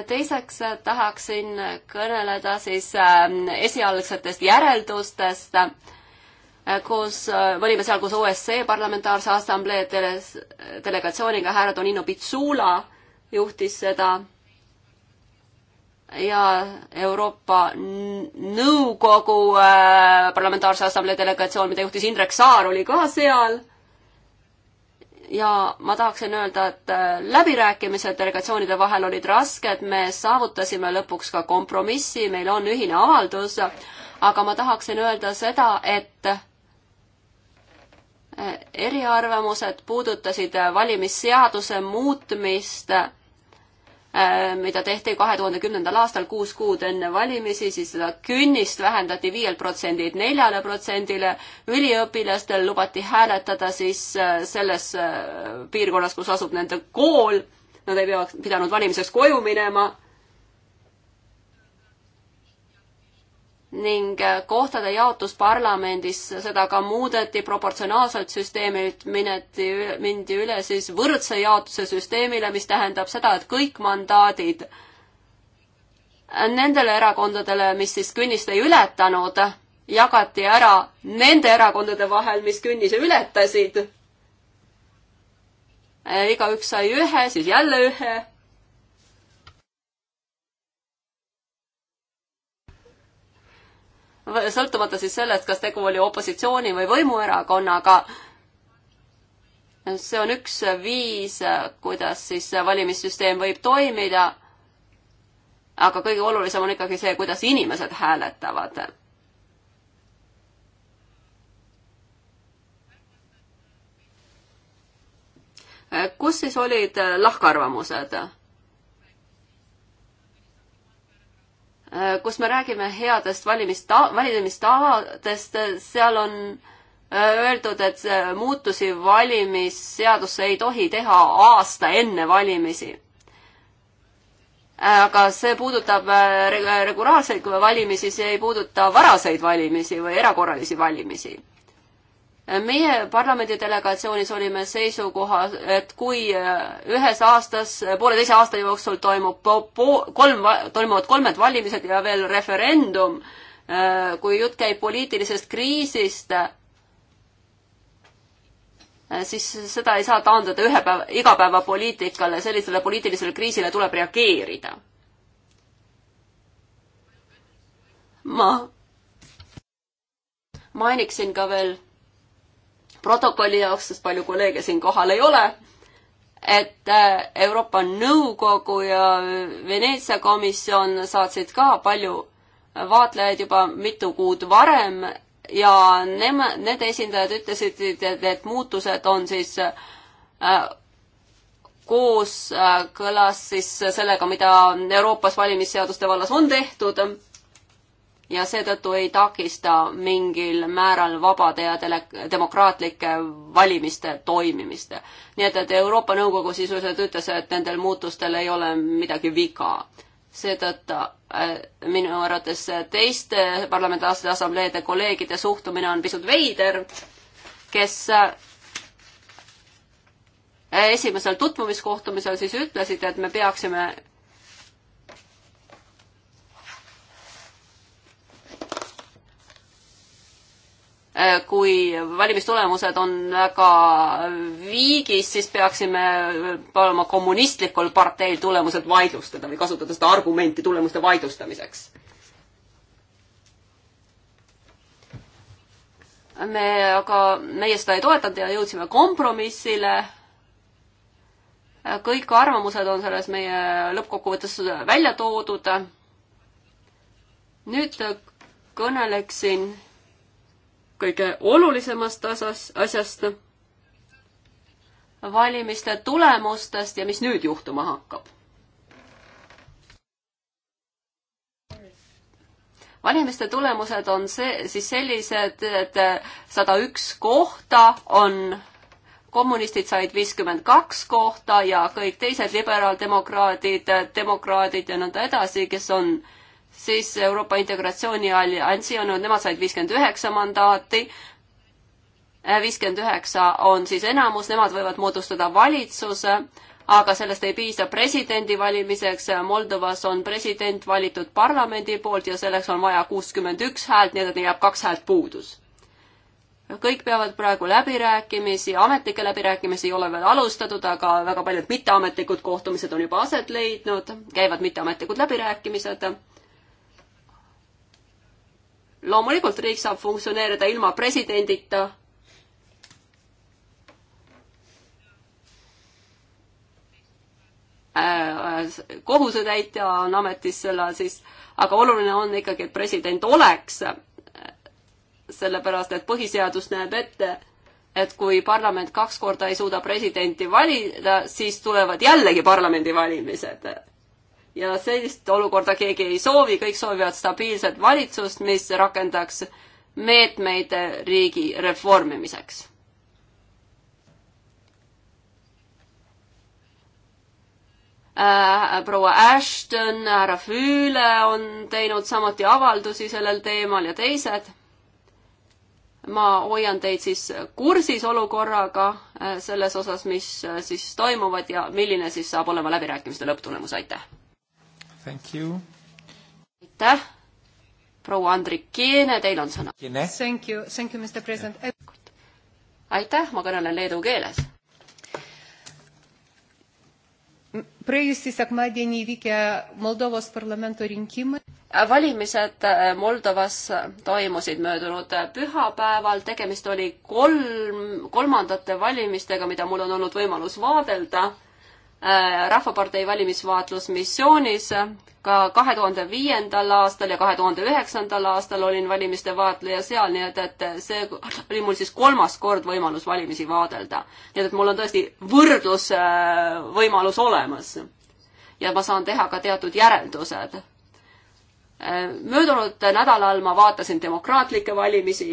teiseks tahaksin kõneleda siis esialgsetest järeldustest. Äh, koos, me äh, olime seal koos OSCE Parlamentaarse Assamblee teles, delegatsiooniga, härra Donino Pitsula juhtis seda ja Euroopa Nõukogu äh, Parlamentaarse Assamblee delegatsioon, mida juhtis Indrek Saar, oli ka seal. ja ma tahaksin öelda, et äh, läbirääkimised delegatsioonide vahel olid rasked, me saavutasime lõpuks ka kompromissi, meil on ühine avaldus, aga ma tahaksin öelda seda, et eriarvamused puudutasid valimisseaduse muutmist, äh, mida tehti kahe tuhande kümnendal aastal kuus kuud enne valimisi, siis seda künnist vähendati viielt protsendilt neljale protsendile. üliõpilastel lubati hääletada siis äh, selles äh, piirkonnas, kus asub nende kool. Nad ei peaks, pidanud valimiseks koju minema ning äh, kohtade jaotus parlamendis, seda ka muudeti proportsionaalselt süsteemilt, mineti, mindi üle siis võrdse jaotuse süsteemile, mis tähendab seda, et kõik mandaadid nendele erakondadele, mis siis künnist ei ületanud, jagati ära nende erakondade vahel, mis künnise ületasid. Äh, igaüks sai ühe, siis jälle ühe sõltumata siis sellest, kas tegu oli opositsiooni või võimuerakonnaga. see on üks viis, kuidas siis valimissüsteem võib toimida. aga kõige olulisem on ikkagi see, kuidas inimesed hääletavad kus siis olid lahkarvamused? Äh, kus me räägime headest valimista-, valimistavadest, äh, seal on äh, öeldud, et muutusi valimisseadusse ei tohi teha aasta enne valimisi. aga see puudutab regulaarseid valimisi, see ei puuduta varaseid valimisi või erakorralisi valimisi meie parlamendi delegatsioonis olime seisukohas, et kui äh, ühes aastas, pooleteise aasta jooksul toimub po-, po-, kolm, toimuvad kolmed valimised ja veel referendum, äh, kui jutt käib poliitilisest kriisist, äh, siis seda ei saa taandada ühe päeva, igapäevapoliitikale, sellisele poliitilisele kriisile tuleb reageerida. ma mainiksin ka veel protokolli jaoks, sest palju kolleege siin kohal ei ole, et äh, Euroopa Nõukogu ja Veneetsia komisjon saatsid ka palju vaatlejaid juba mitu kuud varem ja nema, need esindajad ütlesid, et need muutused on siis äh, kooskõlas äh, siis sellega, mida Euroopas valimisseaduste vallas on tehtud äh, ja seetõttu ei takista mingil määral vabade ja tele-, demokraatlike valimiste toimimist. nii et, et Euroopa Nõukogu sisuliselt ütles, et nendel muutustel ei ole midagi viga. seetõttu äh, minu arvates teiste parlamentaarse assambleede kolleegide suhtumine on pisut veider, kes äh, esimesel tutvumiskohtumisel siis ütlesid, et me peaksime kui valimistulemused on väga viigis, siis peaksime paluma kommunistlikul parteil tulemused vaidlustada või kasutada seda argumenti tulemuste vaidlustamiseks. me aga, meie seda ei toetanud ja jõudsime kompromissile. kõik arvamused on selles meie lõppkokkuvõttes välja toodud. nüüd kõneleksin kõige olulisemast asas, asjast, valimiste tulemustest ja mis nüüd juhtuma hakkab. valimiste tulemused on see, siis sellised, et sada üks kohta on kommunistid said viiskümmend kaks kohta ja kõik teised liberaaldemokraadid, demokraadid ja nõnda edasi, kes on siis Euroopa Integratsiooni Alliansi on, nemad said viiskümmend üheksa mandaati, äh, viiskümmend üheksa on siis enamus, nemad võivad moodustada valitsuse, aga sellest ei piisa presidendi valimiseks, Moldovas on president valitud parlamendi poolt ja selleks on vaja kuuskümmend üks häält, nii et jääb kaks häält puudus kõik peavad praegu läbirääkimisi, ametlikke läbirääkimisi ei ole veel alustatud, aga väga paljud mitteametlikud kohtumised on juba aset leidnud, käivad mitteametlikud läbirääkimised loomulikult riik saab funktsioneerida ilma presidendita. Äh, kohusetäitja on ametis selle siis, aga oluline on ikkagi, et president oleks. sellepärast, et põhiseadus näeb ette, et kui parlament kaks korda ei suuda presidenti valida, siis tulevad jällegi parlamendivalimised ja sellist olukorda keegi ei soovi, kõik soovivad stabiilset valitsust, mis rakendaks meetmeid riigi reformimiseks. Äh, proua Ashton, härra Füüle on teinud samuti avaldusi sellel teemal ja teised ma hoian teid siis kursis olukorraga äh, selles osas, mis äh, siis toimuvad ja milline siis saab olema läbirääkimiste lõpptulemus, aitäh! Thank you. aitäh, proua Andrik Kiene, teil on sõna. Thank you, thank you, Mr President. aitäh, ma kõnelen leedu keeles. praėjusį sekmadienį įvykę Moldovos parlamento rinkimai. valimised äh, Moldovas toimusid möödunud pühapäeval, tegemist oli kolm, kolmandate valimistega, mida mul on olnud võimalus vaadelda Äh, Rahvapartei valimisvaatlusmissioonis ka kahe tuhande viiendal aastal ja kahe tuhande üheksandal aastal olin valimiste vaatleja seal, nii et, et see oli mul siis kolmas kord võimalus valimisi vaadelda. nii et, et mul on tõesti võrdlusvõimalus äh, olemas. ja ma saan teha ka teatud järeldused. Äh, möödunud nädalal ma vaatasin demokraatlikke valimisi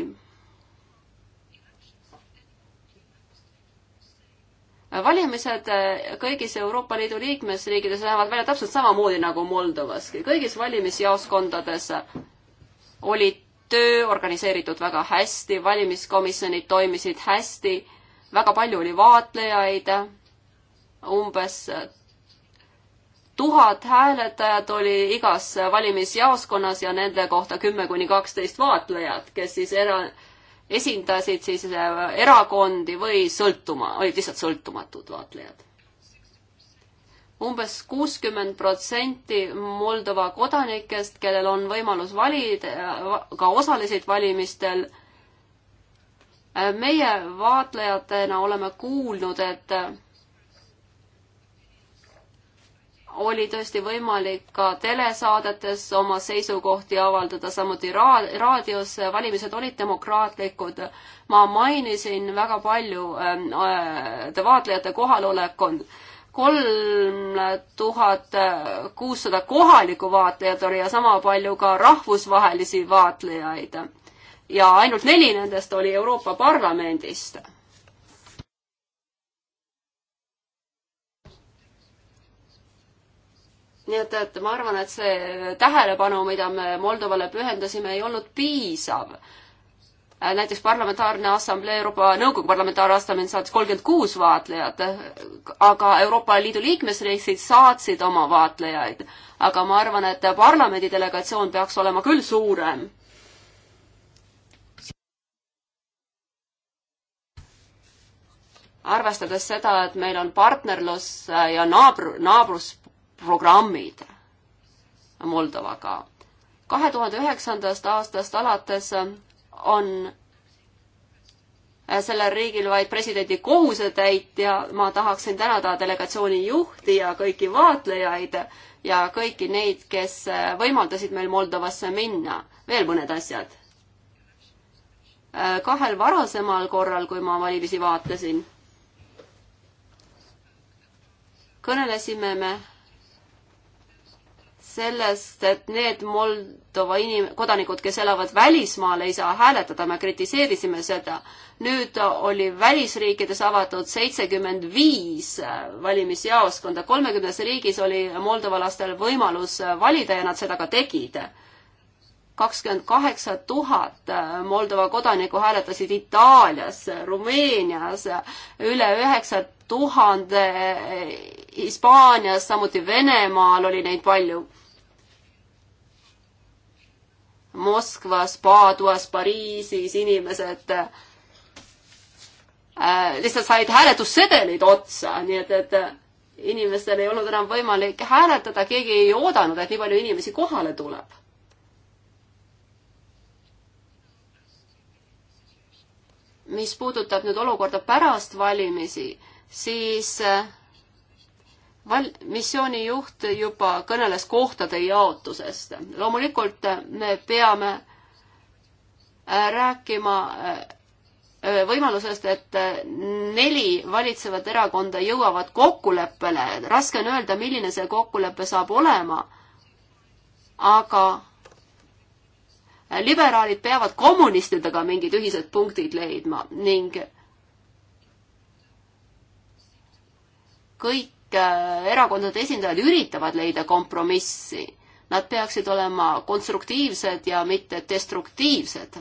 valimised äh, kõigis Euroopa Liidu liikmesriikides lähevad välja täpselt samamoodi nagu Moldovaski. kõigis valimisjaoskondades oli töö organiseeritud väga hästi, valimiskomisjonid toimisid hästi, väga palju oli vaatlejaid, umbes tuhat hääletajat oli igas valimisjaoskonnas ja nende kohta kümme kuni kaksteist vaatlejat, kes siis era-, esindasid siis äh, erakondi või sõltuma, olid lihtsalt sõltumatud vaatlejad umbes kuuskümmend protsenti Moldova kodanikest, kellel on võimalus valida, äh, ka osalesid valimistel. Äh, meie vaatlejatena oleme kuulnud, et oli tõesti võimalik ka telesaadetes oma seisukohti avaldada, samuti ra-, raadios, valimised olid demokraatlikud. ma mainisin väga palju ähm, äh, vaatlejate kohalolek on kolm tuhat kuussada kohalikku vaatlejat oli ja sama palju ka rahvusvahelisi vaatlejaid. ja ainult neli nendest oli Euroopa Parlamendist nii et, et ma arvan, et see tähelepanu, mida me Moldovale pühendasime, ei olnud piisav. Äh, näiteks parlamentaarne assamblee, Euroopa Nõukogu parlamentaarne assamblee saatis kolmkümmend kuus vaatlejat, aga Euroopa Liidu liikmesriigid saatsid oma vaatlejaid. aga ma arvan, et parlamendi delegatsioon peaks olema küll suurem. arvestades seda, et meil on partnerlus äh, ja naabr, naabrus programmid Moldovaga. kahe tuhande üheksandast aastast alates on sellel riigil vaid presidendi kohusetäitja. ma tahaksin tänada delegatsiooni juhti ja kõiki vaatlejaid ja kõiki neid, kes võimaldasid meil Moldovasse minna. veel mõned asjad. kahel varasemal korral, kui ma valimisi vaatasin, kõnelesime me sellest, et need Moldova inim-, kodanikud, kes elavad välismaal, ei saa hääletada, me kritiseerisime seda. nüüd oli välisriikides avatud seitsekümmend viis valimisjaoskonda, kolmekümnes riigis oli Moldova lastel võimalus valida ja nad seda ka tegid. kakskümmend kaheksa tuhat Moldova kodanikku hääletasid Itaalias, Rumeenias, üle üheksa tuhande Hispaanias, samuti Venemaal oli neid palju. Moskvas, Paaduas, Pariisis inimesed äh, lihtsalt said hääletussedelid otsa, nii et, et äh, inimestel ei olnud enam võimalik hääletada, keegi ei oodanud, et nii palju inimesi kohale tuleb. mis puudutab nüüd olukorda pärast valimisi, siis äh, val-, missiooni juht juba kõneles kohtade jaotusest. loomulikult me peame äh, rääkima äh, äh, võimalusest, et neli valitsevat erakonda jõuavad kokkuleppele, raske on öelda, milline see kokkulepe saab olema, aga liberaalid peavad kommunistidega mingid ühised punktid leidma ning kõik kõik äh, erakondade esindajad üritavad leida kompromissi. Nad peaksid olema konstruktiivsed ja mitte destruktiivsed.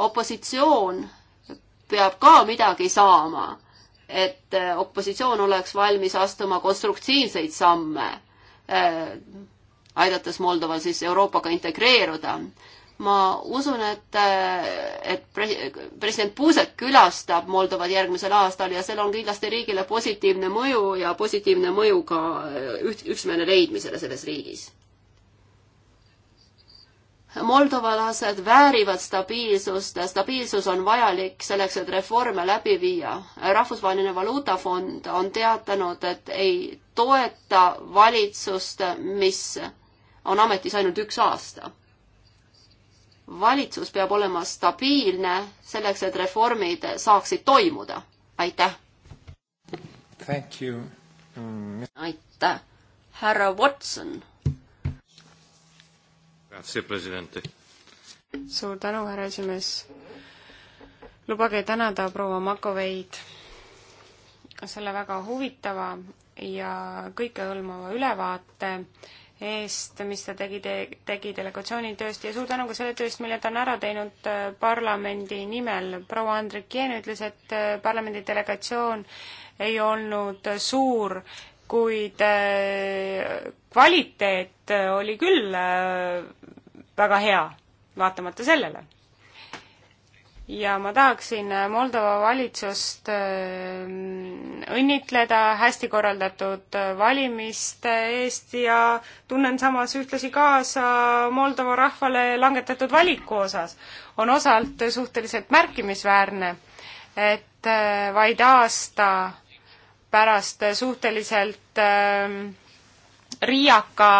opositsioon peab ka midagi saama, et äh, opositsioon oleks valmis astuma konstruktiivseid samme, äh, aidates Moldoval siis Euroopaga integreeruda ma usun, et, et president Puusek külastab Moldovat järgmisel aastal ja sel on kindlasti riigile positiivne mõju ja positiivne mõju ka äh, üht, üksmeele leidmisele selles riigis. moldovalased väärivad stabiilsust, stabiilsus on vajalik selleks, et reforme läbi viia. rahvusvaheline Valuutafond on teatanud, et ei toeta valitsust, mis on ametis ainult üks aasta valitsus peab olema stabiilne selleks, et reformid saaksid toimuda. aitäh! Mm. aitäh! härra Watson! suur tänu, härra esimees! lubage tänada proua Makoveid selle väga huvitava ja kõikehõlmava ülevaate eest, mis ta tegi te,, tegi delegatsiooni tööst ja suur tänu ka selle tööst, mille ta on ära teinud äh, parlamendi nimel. proua Andrikien ütles, et äh, parlamendi delegatsioon ei olnud suur, kuid äh, kvaliteet oli küll väga hea, vaatamata sellele ja ma tahaksin Moldova valitsust ähm, õnnitleda hästi korraldatud äh, valimiste eest ja tunnen samas ühtlasi kaasa Moldova rahvale langetatud valiku osas. on osalt suhteliselt märkimisväärne, et äh, vaid aasta pärast suhteliselt ähm, riiaka,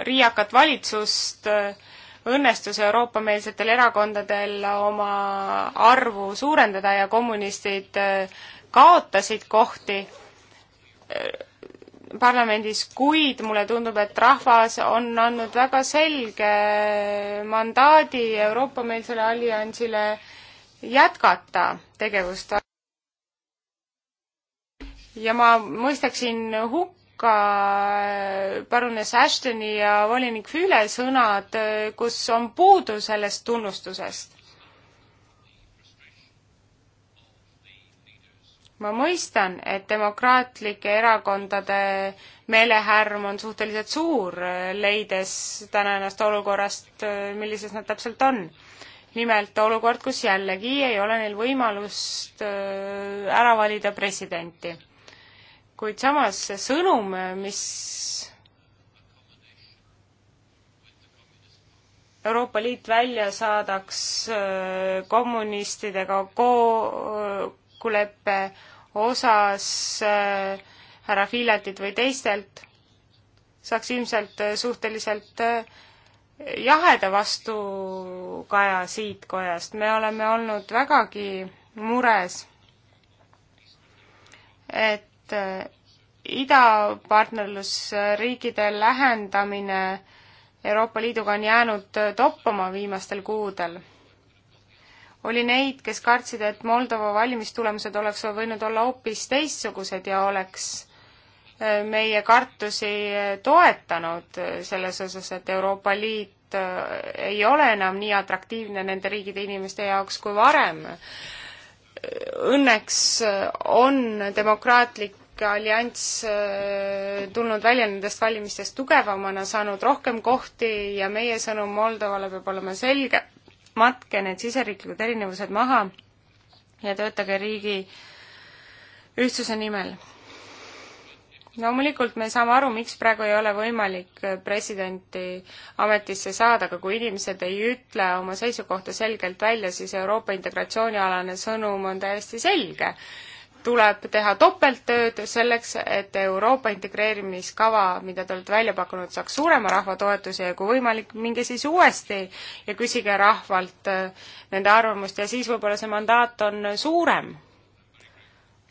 riiakat valitsust äh, õnnestus Euroopa-meelsetel erakondadel oma arvu suurendada ja kommunistid äh, kaotasid kohti äh, parlamendis, kuid mulle tundub, et rahvas on andnud väga selge mandaadi Euroopa-meelsele alliansile jätkata tegevust. ja ma mõistaksin hukka ka äh, parunes Ashtoni ja volinik Füüle sõnad, äh, kus on puudu sellest tunnustusest. ma mõistan, et demokraatlike erakondade meelehärm on suhteliselt suur, äh, leides täna ennast olukorrast, millises nad täpselt on nimelt olukord, kus jällegi ei ole neil võimalust ära valida presidenti kuid samas see sõnum, mis Euroopa Liit välja saadaks äh, kommunistidega kokkuleppe osas äh, härra Filatit või teistelt, saaks ilmselt äh, suhteliselt jaheda vastukaja siit kojast, me oleme olnud vägagi mures, et et äh, idapartnerlusriikide lähendamine Euroopa Liiduga on jäänud äh, toppama viimastel kuudel. oli neid, kes kartsid, et Moldova valimistulemused oleks võinud olla hoopis teistsugused ja oleks äh, meie kartusi toetanud selles osas, et Euroopa Liit ei ole enam nii atraktiivne nende riikide inimeste jaoks kui varem õnneks on demokraatlik allianss äh, tulnud välja nendest valimistest tugevamana, saanud rohkem kohti ja meie sõnum Moldovale peab olema selge, matke need siseriiklikud erinevused maha ja töötage riigi ühtsuse nimel. loomulikult me saame aru, miks praegu ei ole võimalik presidenti ametisse saada, aga kui inimesed ei ütle oma seisukohta selgelt välja, siis Euroopa integratsioonialane sõnum on täiesti selge tuleb teha topelttööd selleks, et Euroopa integreerimiskava, mida te olete välja pakkunud, saaks suurema rahva toetuse ja kui võimalik, minge siis uuesti ja küsige rahvalt äh, nende arvamust ja siis võib-olla see mandaat on suurem.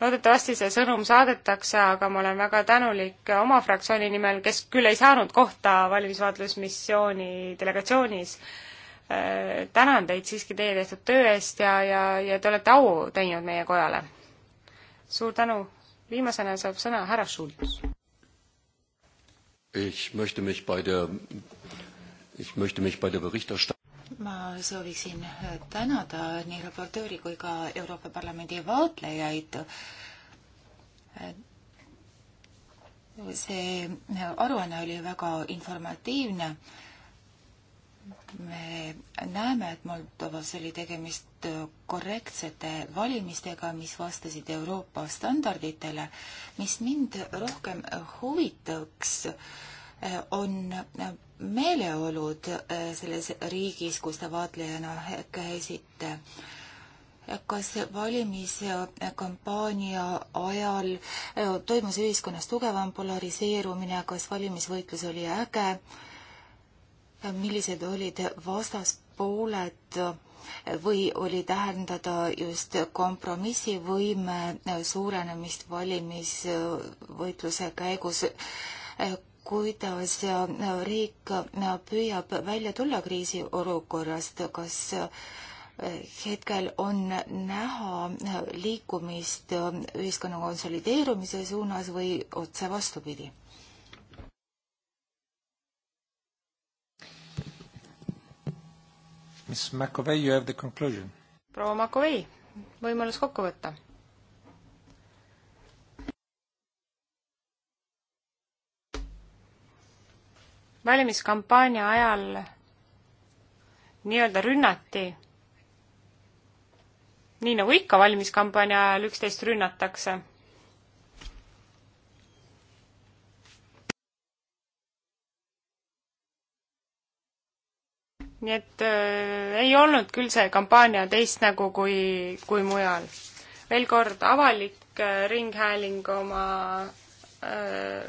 loodetavasti see sõnum saadetakse, aga ma olen väga tänulik oma fraktsiooni nimel, kes küll ei saanud kohta valimisvaatlusmissiooni delegatsioonis äh, tänan teid siiski teie tehtud töö eest ja, ja, ja te olete au teinud meie kojale suur tänu, viimasena saab sõna härra Schultz. Ich möchte mich bei der, ich möchte mich bei der Berichterstattung ma sooviksin tänada nii raportööri kui ka Euroopa Parlamendi vaatlejaid. see aruanne oli väga informatiivne me näeme, et Moldovas oli tegemist korrektsete valimistega, mis vastasid Euroopa standarditele. mis mind rohkem huvitaks, on meeleolud selles riigis, kus te vaatlejana käisite. kas valimiskampaania ajal toimus ühiskonnas tugevam polariseerumine, kas valimisvõitlus oli äge? millised olid vastaspooled või oli tähendada just kompromissivõime suurenemist valimisvõitluse käigus, kuidas riik püüab välja tulla kriisiolukorrast, kas hetkel on näha liikumist ühiskonna konsolideerumise suunas või otse vastupidi? Miss McAvey, you have the conclusion. proua McAvey, võimalus kokku võtta. valimiskampaania ajal nii-öelda rünnati, nii nagu ikka valimiskampaania ajal üksteist rünnatakse nii et äh, ei olnud küll see kampaania teist nägu kui, kui mujal. veel kord, avalik äh, ringhääling oma äh,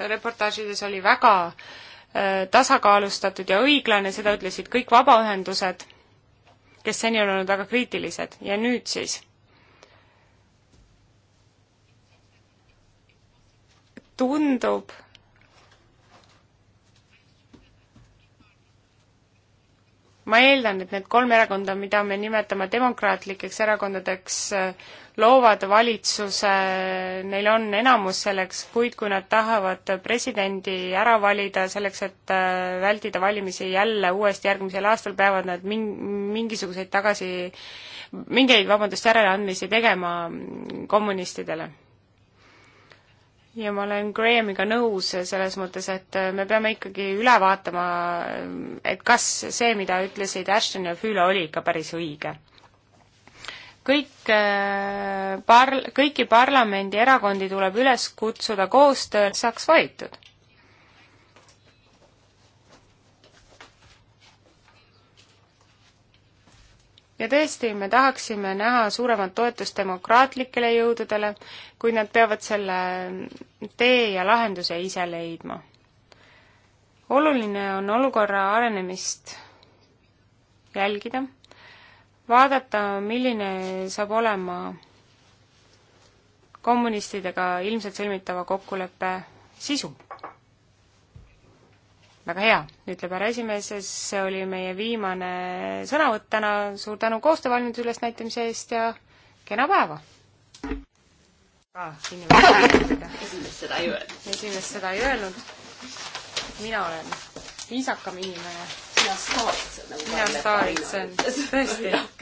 reportaažides oli väga äh, tasakaalustatud ja õiglane, seda ütlesid kõik vabaühendused, kes seni on olnud väga kriitilised ja nüüd siis tundub, ma eeldan, et need kolm erakonda, mida me nimetame demokraatlikeks erakondadeks, loovad valitsuse, neil on enamus selleks, kuid kui nad tahavad presidendi ära valida selleks, et äh, vältida valimisi jälle uuesti järgmisel aastal, peavad nad min-, mingisuguseid tagasi, mingeid, vabandust, järeleandmisi tegema mm, kommunistidele ja ma olen Grahamiga nõus selles mõttes, et äh, me peame ikkagi üle vaatama, et kas see, mida ütlesid Ashton ja Füüla, oli ikka päris õige. kõik äh, par-, kõiki parlamendierakondi tuleb üles kutsuda koostöö saaks valitud ja tõesti, me tahaksime näha suuremat toetust demokraatlikele jõududele, kuid nad peavad selle tee ja lahenduse ise leidma. oluline on olukorra arenemist jälgida, vaadata, milline saab olema kommunistidega ilmselt sõlmitava kokkuleppe sisu väga hea, ütleb härra esimees, see oli meie viimane sõnavõtt täna, suur tänu koostöövalmiduse ülesnäitamise eest ja kena päeva! Ah, esimest seda ei öelnud. esimest seda ei öelnud. mina olen viisakam inimene. sina staaritsen nagu. mina staaritsen, tõesti